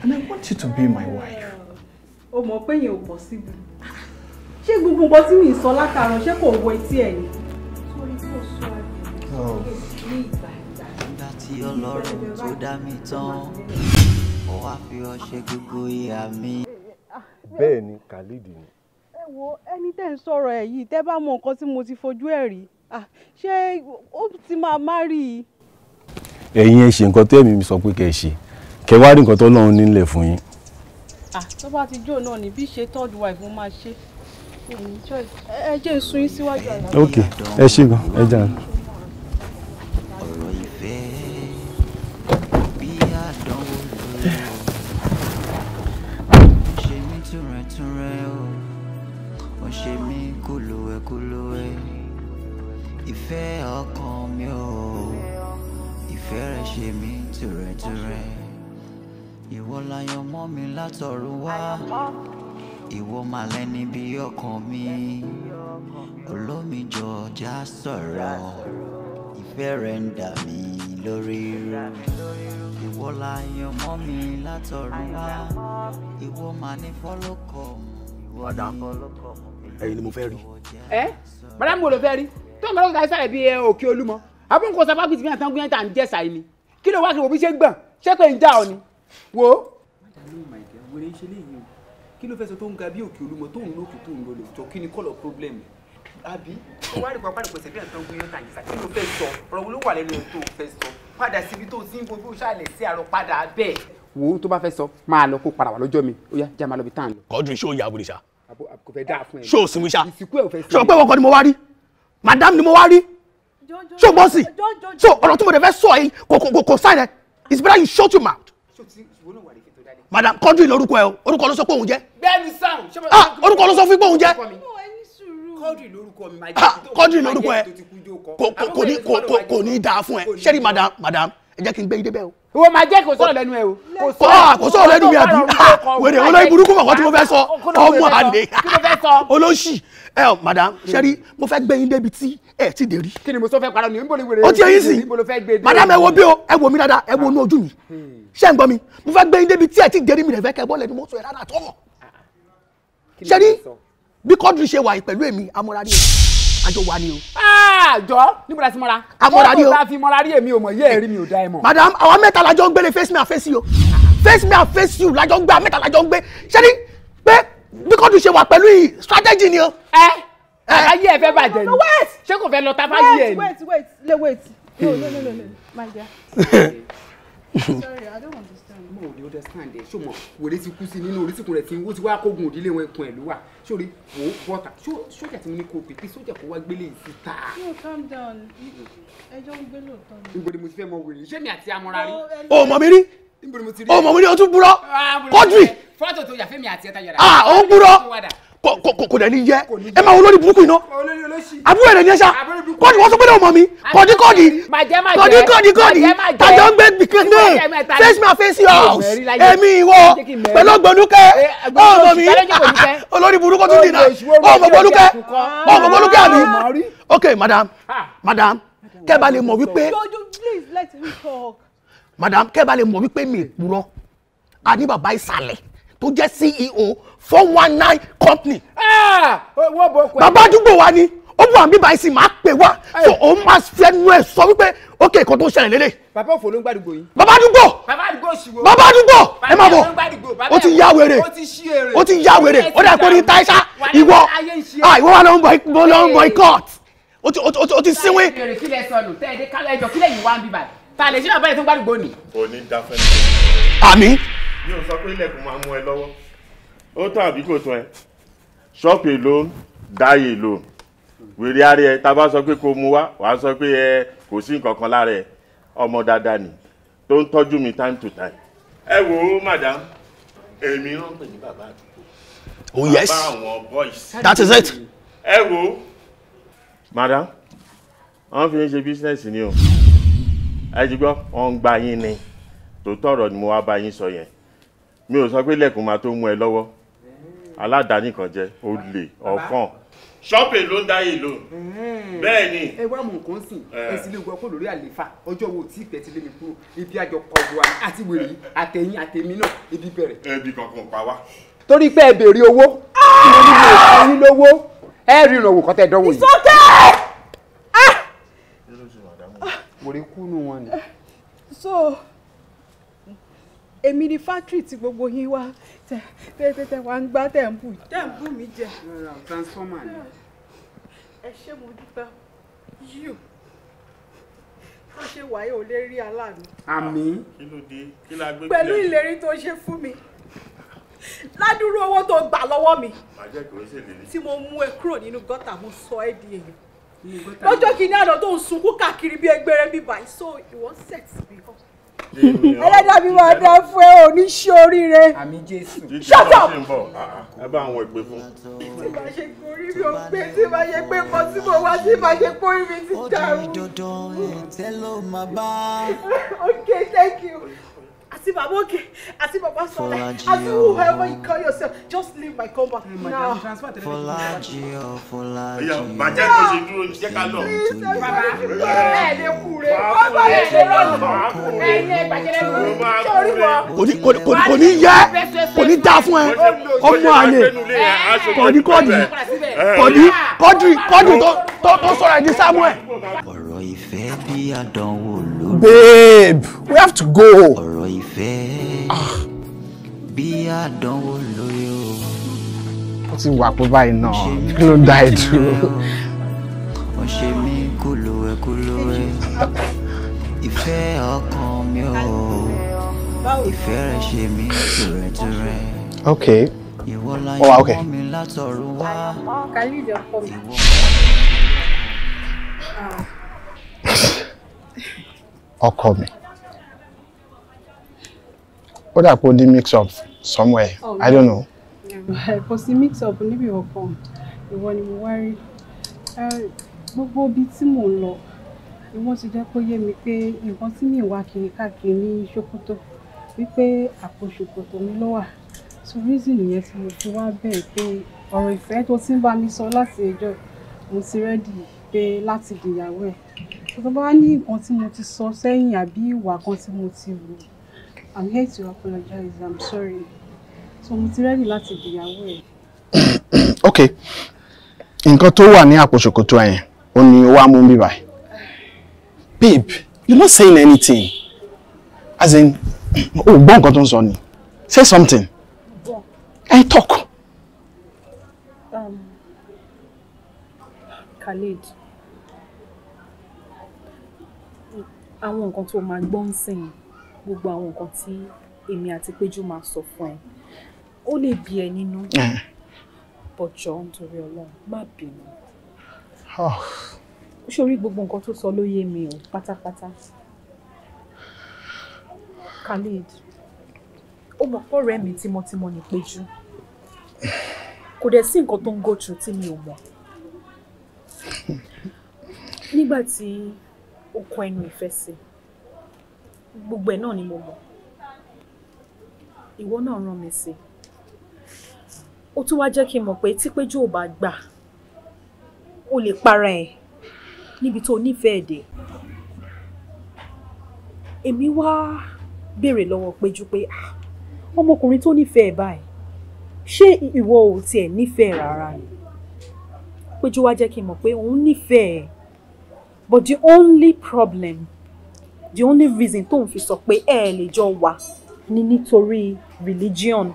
[SPEAKER 2] and I want you to be my wife. o mọ̀ pé yẹn ò possible ṣé gbogbo nǹkan tí mi sọ látàárọ̀ ṣé kò wọ etí ẹ̀ ni. torí kò sọ ẹ̀ oh. ní ìgbà ìgbà.
[SPEAKER 4] nígbà tí
[SPEAKER 1] ọlọ́run tó dá mi tán ó wá fi ọṣẹ gbogbo ìhà mi. bẹ́ẹ̀ ni Khalid ni
[SPEAKER 2] wo ẹni tẹ́ ń sọ̀rọ̀ ẹ̀ yìí tẹ́ bá mọ nǹkan tí mo ti fojú ẹ̀ rí ṣé ó ti máa má rí i.
[SPEAKER 7] ẹ̀yin ẹ ṣe nǹkan tó ẹ̀mí mi sọ pé kẹ́ ẹ ṣe kẹ́ wá rí nǹkan tó lọ́run nílẹ̀ fún yín.
[SPEAKER 2] tó bá ti jó náà ní bí ṣe third wife mo máa ṣe ẹ jẹ́ ìsún yín síwájú àlàyé. ok ẹ ṣe gan ẹ
[SPEAKER 7] jẹun.
[SPEAKER 1] wọ́n ṣe mí kúlùwẹ kúlùwẹ ìfẹ́ ọkàn mi ò ìfẹ́ rẹ ṣe mí tìrẹtìrẹ ìwọ láyọ̀ mọ́ mi látọ̀run wá ìwọ máa lẹ́ni bí ọkàn mi olómijọ já sọ̀rọ̀ ìfẹ́ rẹ ń dà mí lórí rẹ ìwọ láyọ̀ mọ́ mi látọ̀run wá ìwọ máa ní fọ́lọ́kọ̀ mọ́. Ọ̀dà fọ́lọ́kọ̀ mọ́ ẹ̀yin ni mo fẹ́ rí.
[SPEAKER 2] ẹ bàdá mi wo ló fẹ́ rí tó ń bá lọ́kọ̀ káyọ̀ sáré bíi òkè olúmọ abúnkọ sábà pìtì bí àtàwọn gbìyànjú à ń jẹ́ sàyè ni kí ló wá kí wo bí ṣe ń gbọ̀n ṣé pé ń já ọ ni wò. kí ló fẹ́ sọ tó ń ga bí òkè olúmọ tó ń lókè tó ń lọ lòótọ́ kí ni kọ́lọ̀ pọ́blẹ́mù àbí wọ́n á rí pàápàá ìpèsè bí àtàwọn gbìyànjú à ń jẹ́ sàyè kí ló fẹ́ sọ ọ̀rọ̀ wo ló wà lẹ́nu ẹ̀ tó fẹ́ sọ padà síbi tó ti ń bo bí o ṣàlẹ̀ sí àrò padà bẹ́ẹ̀. wo tó bá fẹ́ sọ máa lọ kó para wà lọ́jọ́ mi ó yá jẹ́ máa lọ bí tá à ń lọ. kọ́dún iṣẹ́ ó yà wòlíṣà kò fẹ́ dáa fún ẹ. ṣó o sinmi ṣá ṣó o pé wọkọ ni mo wá rí madam ni mo wá rí ṣó o gbọ́ sí so ọ̀rọ̀ tí mo dẹ̀ fẹ́ sọ yìí kò kò kò sáyẹn it's better you shut your mouth. madam kọ́ńtì lórúkọ ẹ o orúkọ ló sọ pé òun jẹ́. bẹ́ẹ̀ni sáà ṣé mo. ah orúkọ ló sọ fún pé òun jẹ́ kọ́ọ̀dì lórúkọ mi máa jẹ́ kọ́ọ̀dì lórúkọ ẹ kò ní dáa fún ẹ ṣé ni madam madam ẹ jẹ́ kí n gbé yín débẹ̀ o. ìwọ máa jẹ́ kò sọ̀rọ̀ lẹ́nu ẹ o. kò ah, sọ̀rọ̀ lẹ́nu mi àbí ah, wèrè olóyìn burúkú mọ̀kọ́ tí mo fẹ́ sọ ọmọ àlè olóṣì ẹ ọ madam sẹ́rí mo fẹ́ gbé yín débi tí ẹ ti dé rí. kí ni mo sọ fẹ́ parọ́ ni n bolo wèrè. o ti yẹn sìn madam ẹ wo bí o ẹ wo mi dáadáa ẹ wo inú ojú mi ṣé ń gbọ́ mi mo fẹ́ gbé yín débi tí ẹ ti dé rí mi rẹ̀ fẹ́ kẹ́ bọ́ lẹ́nu mọ́tò ẹ̀ rárá tọ́ sẹ́rí ah, bí kọ́dùn ṣe wà pẹ̀lú èmi amúra ni àjọ wa ni o. àjọ ah, níbo la ti mọ́ra. amọ̀ra ni o mọ́tò ta fi mọ́ra rí èmi ò mọ̀ yé ẹ̀rí mi ò dá ẹ mọ̀. madam àwa mẹ́ta lajọ ń gbélé face me and face you face me and face you lajọ ń gbé àmẹ́ta lajọ ń gbé ṣé ni pé bí kọ́ńtù ṣe wà pẹ̀lú strategy ni o. ẹ ayé ẹ fẹ́ bàjẹ́ ni ṣé kò fẹ́ lọ ta bá yé ẹ ni. wait wait wait wait no no no no my dear sorry i don't want to mọ̀ òde understand ẹ̀ ṣó mọ̀ wòlé ti kú sí nínú orísìkún rẹ̀ tí ó ti wá kógun òdílé wọn ẹkùn ẹ̀ ló wà sórí wò ó bọ́ta sójà tí mo ní kó pèpè sójà kó wá gbélé yìí síta. no calm down ẹjọ́ ń gbé lóòótọ́ ni. níbo ni mo ti fẹ́ mọ wèrè ṣé mi àti amọ̀ra rí. Oh, o mọ̀ mi rí o mọ̀ mi rí o tún búrọ́ kọ́dùrì. Ah, fọ́tò tó yà fẹ́mi àti ẹ̀ta yàrá. ah òun búrọ́ kò
[SPEAKER 8] dẹ̀ ní yẹ ẹ máa olórí burúkú iná àbúrò rẹ̀ ní ẹ̀ṣá kọ́ọ̀dì wọ́n sọ pé náà mọ̀ mi kọ́ọ̀dì kọ́ọ̀dì kọ́ọ̀dì kọ́ọ̀dì kọ́ọ̀dì tàjọ́ ń gbé gbìkéndé face my face yours
[SPEAKER 2] èmi ìwọ pẹ̀lú ọgbọ̀nukẹ́ ọmọ mi ah, olórí burúkú tún dì náà ọmọ gbọ́lúkẹ́ ọmọ ah, gbọ́lúkẹ́ àmì ok madam ah. madam kẹ́ bá lè mọ̀ wípé madam kẹ́ bá lè mọ̀ wípé mi ìpurọ́ àní bàbá ìsàlẹ̀ tó jẹ́ CEO four one nine company. Ah! bàbá àdúgbò
[SPEAKER 8] wa ni ó wà mí báyìí sì máa pè wá so òun máa fi ẹnu ẹ sọ wípé ó kè nǹkan tó ń ṣẹlẹ̀ lélẹ̀.
[SPEAKER 2] bàbá òfò ló ń gbàdúgbò yìí. bàbá àdúgbò bàbá àdúgbò ẹ máa bọ̀ ó ti ya wèrè ó ti ya wèrè ó dà pé ní taisa ìwọ ìwọ wa ló ń bọ ikọ́t ó ti ah, sínwín. kílẹ̀ sọnù tẹ́ ẹ dé kálẹ̀ ẹjọ́ kílẹ̀ yìí wá ń bíbà ta lè ṣe bàbá yẹn tó ń gbàdúgbò ni.
[SPEAKER 7] òní dáfẹ́ ni. àmì. mi ò sọ pé ilẹ̀kùn máa mú ẹ lọ́wọ́ ó tán àbí kò tán ẹ ṣọ́ọ̀pù èlò dáyé èlò wèrè ara ẹ tá a bá sọ pé kó mu wá wàá sọ pé ẹ kò sí nǹkan kan lára ẹ ọmọ dáadáa ni tó ń tọ́jú mi time to time. ẹ wo madam èmi rán pè ní bàbá àdúgbò. Oh, yes bàbá àwọn boys. that is it. ẹ wo madam wọ́n fi ń ṣe business ni o ẹ ti gbọ́ wọ́n ń gba yín ni tòótọ́ ọ̀rọ̀ ni mo wá bá yín sọ yẹn mi ò sọ pé lẹ́kùn máa tó mú ẹ lọ́wọ́ aládàáni kan jẹ́ olè ọ̀kan ṣọ́ọ̀pì ló ń dáyé lò bẹ́ẹ̀ ni.
[SPEAKER 2] ẹ wá mú nǹkan sìn ẹsìn ilé ìgbọ́kọ̀ lórí àlééfà ọjọ́ wo tí ìfẹ́ ti lé mi kúrò ibi àjọ kọlu wa àti wèrè yìí àtẹ̀yìn àtẹ̀mí náà ibi bẹ̀rẹ̀. ẹbí kankan pa wá. torí pé ẹ béèrè owó ìwọ ni mo fún yín lówó ẹ rí ìrànwọ́ kọ́tẹ́ ìdánwò yìí. ìsọtẹ́. Ah! mo rí kúnnù wọn ni. so èmi ni fátírì tí gbogbo yín wá tẹ tẹ tẹ wá ń gbá tẹ ń bù jẹ. transformer ni. ẹ ṣé mo dúpẹ́ yíò tó ṣe wáyé ò lè rí aláàánú.
[SPEAKER 7] àmín. kí ló dé kí la gbé. pẹ̀lú ìlérí
[SPEAKER 2] tó ṣe fún mi ládùúrú owó tó gbà lọ́wọ́ mi tí mo mú ẹ kúrò nínú gọ́tà mo sọ ẹ́ di èèyàn lọ́jọ́ kìíní àná tó ń sunkún káàkiri bí ẹgbẹ́rẹ́ bíbá ìṣó ìwọ́n sẹ̀tì mi ẹlẹ́dàá máa dá fún ẹ oníṣẹ́ oríire. àmì jésù. shut up.
[SPEAKER 7] ẹ bá àwọn ìpè fún. tí
[SPEAKER 2] màá ṣe kórí mi ò gbé tí màá ṣe pé kan tí mo wá tí màá ṣe kórí mi ti dàrú. ó thank you àti bàbá òkè àti bàbá sọlẹ àti whoever you call yourself just leave my compound now.
[SPEAKER 1] fọlájì ọ fọlájì ọ bàjẹ́ kò ṣe dúró jẹ́ ká lọ. ẹ
[SPEAKER 7] lè
[SPEAKER 2] kú rẹ ọgbà
[SPEAKER 7] lè ṣe lọ́rùn ẹ̀yìn ẹgbàjẹ́ lẹ́nu sórí
[SPEAKER 2] wọn. kò ní yẹ kò ní dá fún ẹ ọmọ àlè
[SPEAKER 1] kò ní kọ́dì kò ní kọ́dì kọ́dì tó sọ̀rọ̀ ẹ̀ ní Samuel. ọ̀rọ̀ ìfẹ́
[SPEAKER 2] bí àdánwò ló. babe we have to go. ọ̀rọ̀ ìfẹ́ ah. bí àdánwò lóyò. ó ti wà pé báyìí náà kí ló dá ẹ dúró.
[SPEAKER 1] ó ṣe mí kúlùwẹ̀ kúlùwẹ̀ ìfẹ́ ọkàn mi ò ìfẹ́ rẹ̀ ṣe mí tùrẹ̀tùrẹ̀. okay ó wà okay.
[SPEAKER 2] Khalid ọkọ mi. ọkọ mi ó
[SPEAKER 7] dà pé ó di mix up somewhere oh, i don't know.
[SPEAKER 2] kò sí mix up níbi ọ̀kan ìwọ ni mo wá rí gbogbo ibi tí mò ń lọ ìwọ ti jẹ́ kó yé mi pé nǹkan tí mi wá kiri káàkiri ní ṣòkòtò wípé àpò ṣòkòtò mi ló wà so reason yẹn tí mo fi wá bẹ̀rẹ̀ pé ọ̀rọ̀ ìfẹ́ tó ti ń bá mi sọ láti ẹjọ́ mo ti rẹ́dì pé láti dìyàwó ẹ̀ tó bá ní nǹkan tí mo ti sọ sẹ́yìn àbí ìwà kan tí mo ti rò I'm here to apologize. I'm sorry. So mo ti ready láti dìyàwó ẹ̀. Okay. Nǹkan tó wà ní àpò ṣòkòtò ẹ̀yìn, ó ní wá mú mi báyìí. Babe, you're not saying anything. As in, oh, gbọ́ nǹkan tó ń Say something. Yeah. I talk. Um, Khalid. I won't tó máa gbọ́ ń sìn gbogbo àwọn nǹkan tí èmi àti Péjú máa sọ fún ẹ ó lè bí ẹ nínú eh. bọjọ nítorí Ọlọ́run má bínú ah. ó ṣorí gbogbo nǹkan tó sọ ló yé mi o pátápátá Khalid ó mọ̀ pọ̀ rẹ̀ mi tímọ́tímọ́ ni Péjú kò dẹ̀ sí nǹkan tó ń go through tí mi ò mọ̀ nígbà tí ó kọ ẹnu ìfẹ́ sí i gbogbo ẹ̀ náà ni mo mọ̀ ìwọ náà rán mi sí ó tún wá jẹ́ kí n mọ̀ pé tí péjú ò bá gbà o lè para ẹ̀ níbi tó nífẹ̀ẹ́ dé èmi wá béèrè lọ́wọ́ péjú pé ọmọkùnrin tó nífẹ̀ẹ́ báyìí ṣé ìwọ ò tiẹ̀ nífẹ̀ẹ́ rárá ni péjú wá jẹ́ kí n mọ̀ pé òun nífẹ̀ẹ́ but the only problem the only reason tóun fi sọ pé ẹ lè jọ wà ni nítorí religion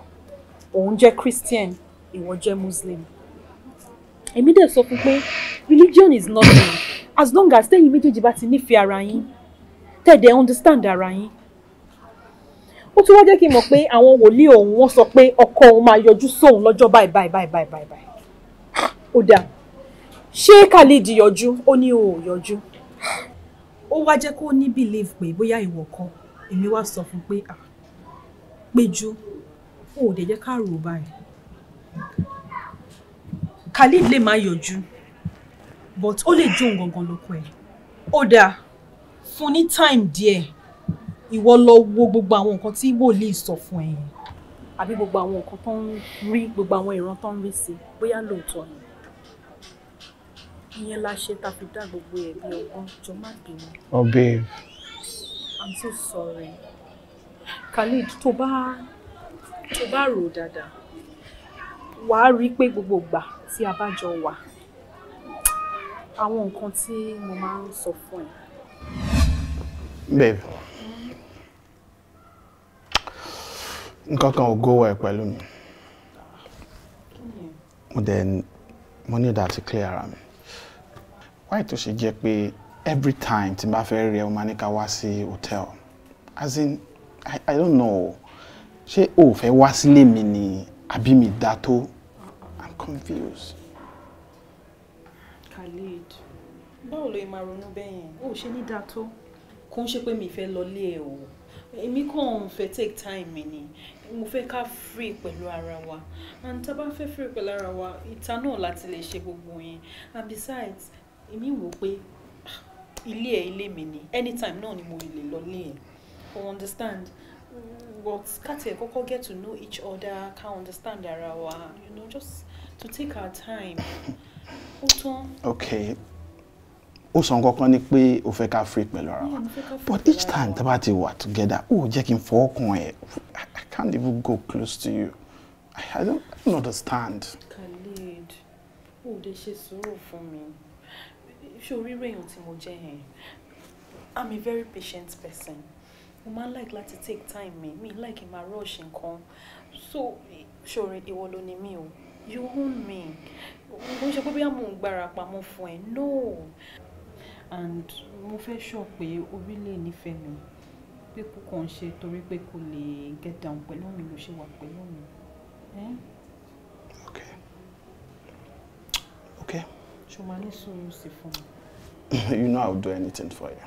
[SPEAKER 2] òun jẹ́ christian ìwọ jẹ́ muslim èmi dẹ̀ sọ fún pé religion is nothing as long as tẹ́yìn méjèèjì bá ti nífẹ̀ẹ́ ara yín tẹ̀dẹ̀ understand ara yín ó tún wá jẹ́ kí n mọ̀ pé àwọn wòlíì òun wọ́n sọ pé ọkọ òun máa yọjú sóun lọ́jọ́ báyìí báyìí báyìí báyìí báyìí báyìí ó dáa ṣé Khalid yọjú ó ní òun yọjú ó wá jẹ́ kó ní belief pé bóyá ìwọ kan èmi wá sọ fún pé à ah, péjú ó ò jẹ́ ká rò báyìí Khalid lè má yọjú but ó lè jó gangan lóko ẹ̀ ó dáa fún ní time díẹ̀ ìwọ lọ wo gbogbo àwọn nǹkan tí wòlíì sọ fún ẹ yẹn àbí gbogbo àwọn nǹkan tó ń rí gbogbo àwọn ìran tó ń rí sí bóyá lóòótọ́ ni ìyẹn la ṣe ta fi dá gbogbo ẹ̀bi ọgbọ́n jọ má bínú. oh babe. i'm so sorry khalid tó bá tó bá rò dáadáa wàá rí i pé gbogbo ìgbà tí a bá jọ wà àwọn nǹkan tí mo máa ń sọ fún ẹ.
[SPEAKER 6] babe nǹkan kan ò gówó ẹ pẹ̀lú mi mo dẹ̀ mo ní ìdá àti clear ara mi wáyé tó ṣe jẹ́ pé every time tí n
[SPEAKER 7] bá fẹ́ rí ẹ o máa ní ká wá sí hotel as in i, I don't know
[SPEAKER 2] ṣé o ò fẹ́ wá sílé mi ni àbí mi dá tó i'm confused. Khalid báwo ló máa ronú bẹ́ẹ̀ yẹn o ò ṣe ní dá tó kò ń ṣe pé mi fẹ́ lọ ẹ o èmi kàn fẹ́ take time mi ni mo fẹ́ ká free pẹ̀lú ara wa and tá a bá fẹ́ free pẹ̀lú ara wa ìta náà láti lè ṣe gbogbo yẹn and besides èmi wò pé ah, ilé ẹ ilé mi ni anytime náà ni mo lè lọ lé ẹ o understand mm, but káti ẹ kọ́kọ́ get to know each other ká understand ara wa you know just to take our time ó tán. okay ó sọ kankan ni pé o fẹ́ ká free pẹ̀lú ara wa but each time tá bá ti wà together ó jẹ́ kí n fọwọ́ kan ẹ̀ i can't even go close to you i, don't, understand. Khalid o ò ṣe sùúrù fún mi ṣé orí rèèyàn tí mo jẹ́ yẹn i'm a very patient person mo máa ń like láti take time mi mi like máa rush nǹkan so ṣòro ìwọ ló ni mí o you own me mo ṣe pé bí àmọ́ ń gbára pamọ́ fún ẹ no and mo fẹ́ sọ pé orílẹ̀ nífẹ̀ẹ́ mi pé kò kàn ṣe torí pé kò lè get down pẹ̀lú mi ló ṣe wà pẹ̀lú mi.
[SPEAKER 1] Eh? ok
[SPEAKER 2] ok. ṣùgbọ́n ní sùúrù sí fún mi.
[SPEAKER 7] you know I'll do anything for you.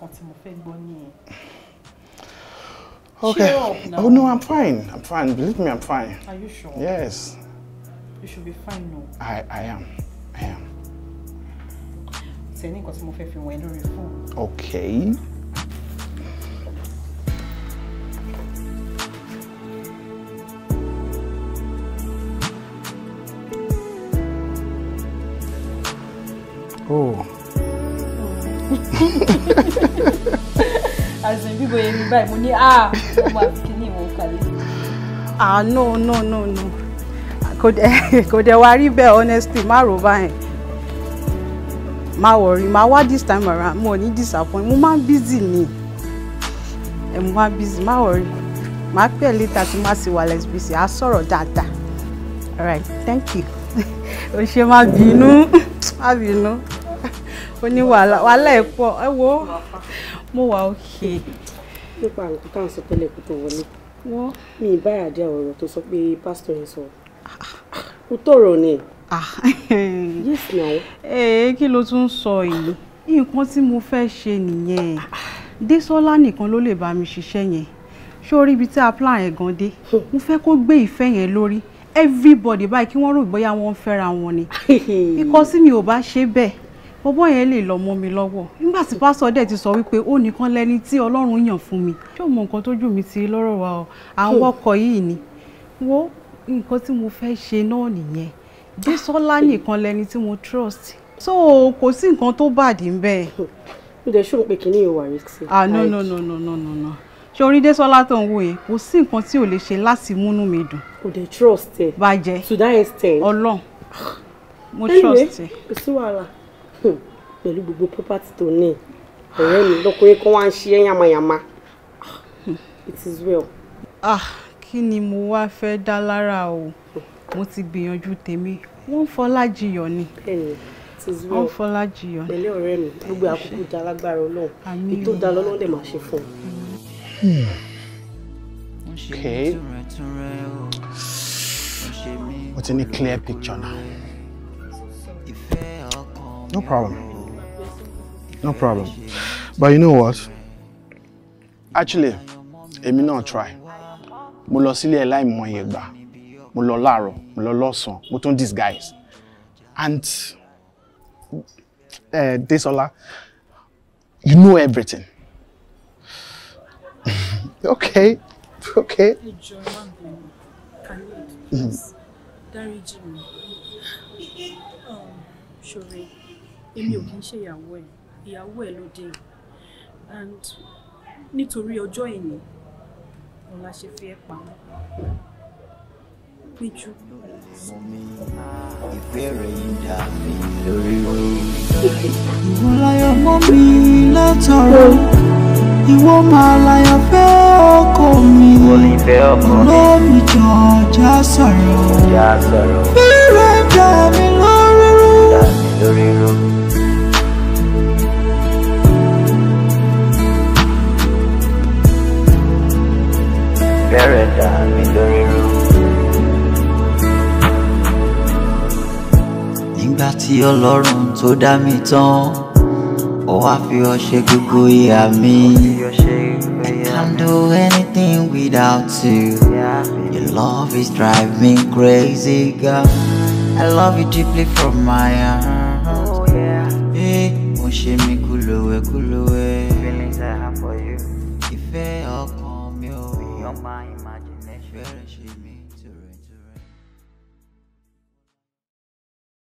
[SPEAKER 2] Ọtí mo fẹ́ gbọ́ Okay. Oh no, I'm
[SPEAKER 7] fine. I'm fine. Believe me, I'm fine. Are you sure? Yes.
[SPEAKER 2] You should be fine now.
[SPEAKER 7] I I am. I am.
[SPEAKER 2] Okay. oh. As bíbo yẹn mi báyìí mo ní ah mo máa fi kíní ah no no no no kò could, kò dẹ̀ wá rí bẹ́ẹ̀ honestly má rò báyìí má wọrí má this time around money ní disappoint mo máa busy ni ẹ mo busy má worry. má pẹ́ later tí má sì wà less busy á sọ̀rọ̀ dáadáa all right thank you o ṣe má bínú má bínú ó ní wàhálà wàhálà ẹ̀ pọ̀ ẹ wo mo wà òkè. nípa nǹkan kan sọ tẹ́lẹ̀ kó tó wọlé mi ìbáyà dé ọ̀rọ̀ tó sọ pé pásítọ̀ yẹn sọ kó tọ̀rọ̀ ni. Ah. yes na. ẹ kí ló tún sọ yìí nǹkan tí mo fẹ́ ṣe nìyẹn Désọ́lá nìkan ló lè bá mi ṣiṣẹ́ yẹn sórí ibi tí a plan yẹn gan dé hmm. mo fẹ́ kó gbé ìfẹ́ yẹn lórí everybody báyìí kí wọ́n rò bóyá wọ́n ń fẹ́ra wọn ni ikọ́ sí mi ò bá ṣe bẹ́ẹ̀ ọwọ́ yẹn lè lọ mọ́ mi lọ́wọ́ nígbà tí pásítọ̀ dẹ̀ ti sọ wípé ó nìkan lẹni tí ọlọ́run yàn fún mi ṣé o mọ nǹkan tójú mi ti lọ́rọ̀ wa o àwọn ọkọ̀ yìí ni wo nǹkan tí mo fẹ́ ṣe náà nìyẹn Désọ́lá nìkan lẹni tí mo trust so kò sí nǹkan tó bàdí ń bẹ́ẹ̀. ó hmm. dẹ̀ ṣùgbọ́n pé kínní ìwà rẹ̀ sí. ah no no no no no no no ṣé orí Désọ́lá tó ń wò yẹn kò sí nǹkan tí ò lè ṣe láti múnú mi dùn. kò dẹ̀ trust ẹ. bàjẹ́ to that extent. ọlọ́run ah. mo trust ẹ. kò sí wàhálà. Hmm, pẹ̀lú gbogbo property tó ní ọ̀rẹ́ mi lọ́kùnrin kan wá ń ṣe yamayama ah, it is well. ah kí ni mo wá fẹ́ dá lára o hmm. mo ti gbìyànjú tèmi wọ́n fọlá jiyàn ni wọ́n fọlá jiyàn ni. pẹ̀lẹ́ ọ̀rẹ́ mi gbogbo àkókò dá lágbára ọlọ́run èyí tó dá lọ́lọ́run dẹ̀ máa ṣe fún un.
[SPEAKER 1] Hmm. okay. What's in a clear picture now?
[SPEAKER 6] No problem. No problem. But you know what? Actually, èmi
[SPEAKER 2] not try. Mo lọ sílé ẹ láìmọye ìgbà. Mo lọ láàárọ̀, mo lọ lọ́sàn-án, mo tún disguise. And uh, Desola, you know everything. okay, okay. Dáríjì mi. Ṣòro èmi ò kì í ṣe ìyàwó ẹ̀ ìyàwó ẹ̀ ló dé and nítorí ọjọ́ ìní òun la ṣe fi ẹ́ pamọ́ péjú. mo mi
[SPEAKER 1] ìfẹ́ rẹ̀ yìí dà mí lórí orí. ìwọ láyọ̀ mọ́ mi látọ̀rọ̀ ìwọ máa láyọ̀ fẹ́ ọkọ mi lómi jọ já sọ̀rọ̀
[SPEAKER 4] dà mí lórí.
[SPEAKER 1] dirty room Paradise in dirty room Nígbà tí Ọlọ́run tó dá mi tán Ó wá fi ọṣẹ gbogbo ìhà mi can't do anything without you Your love is driving me crazy girl I love you deeply from my heart mushe mikulo weku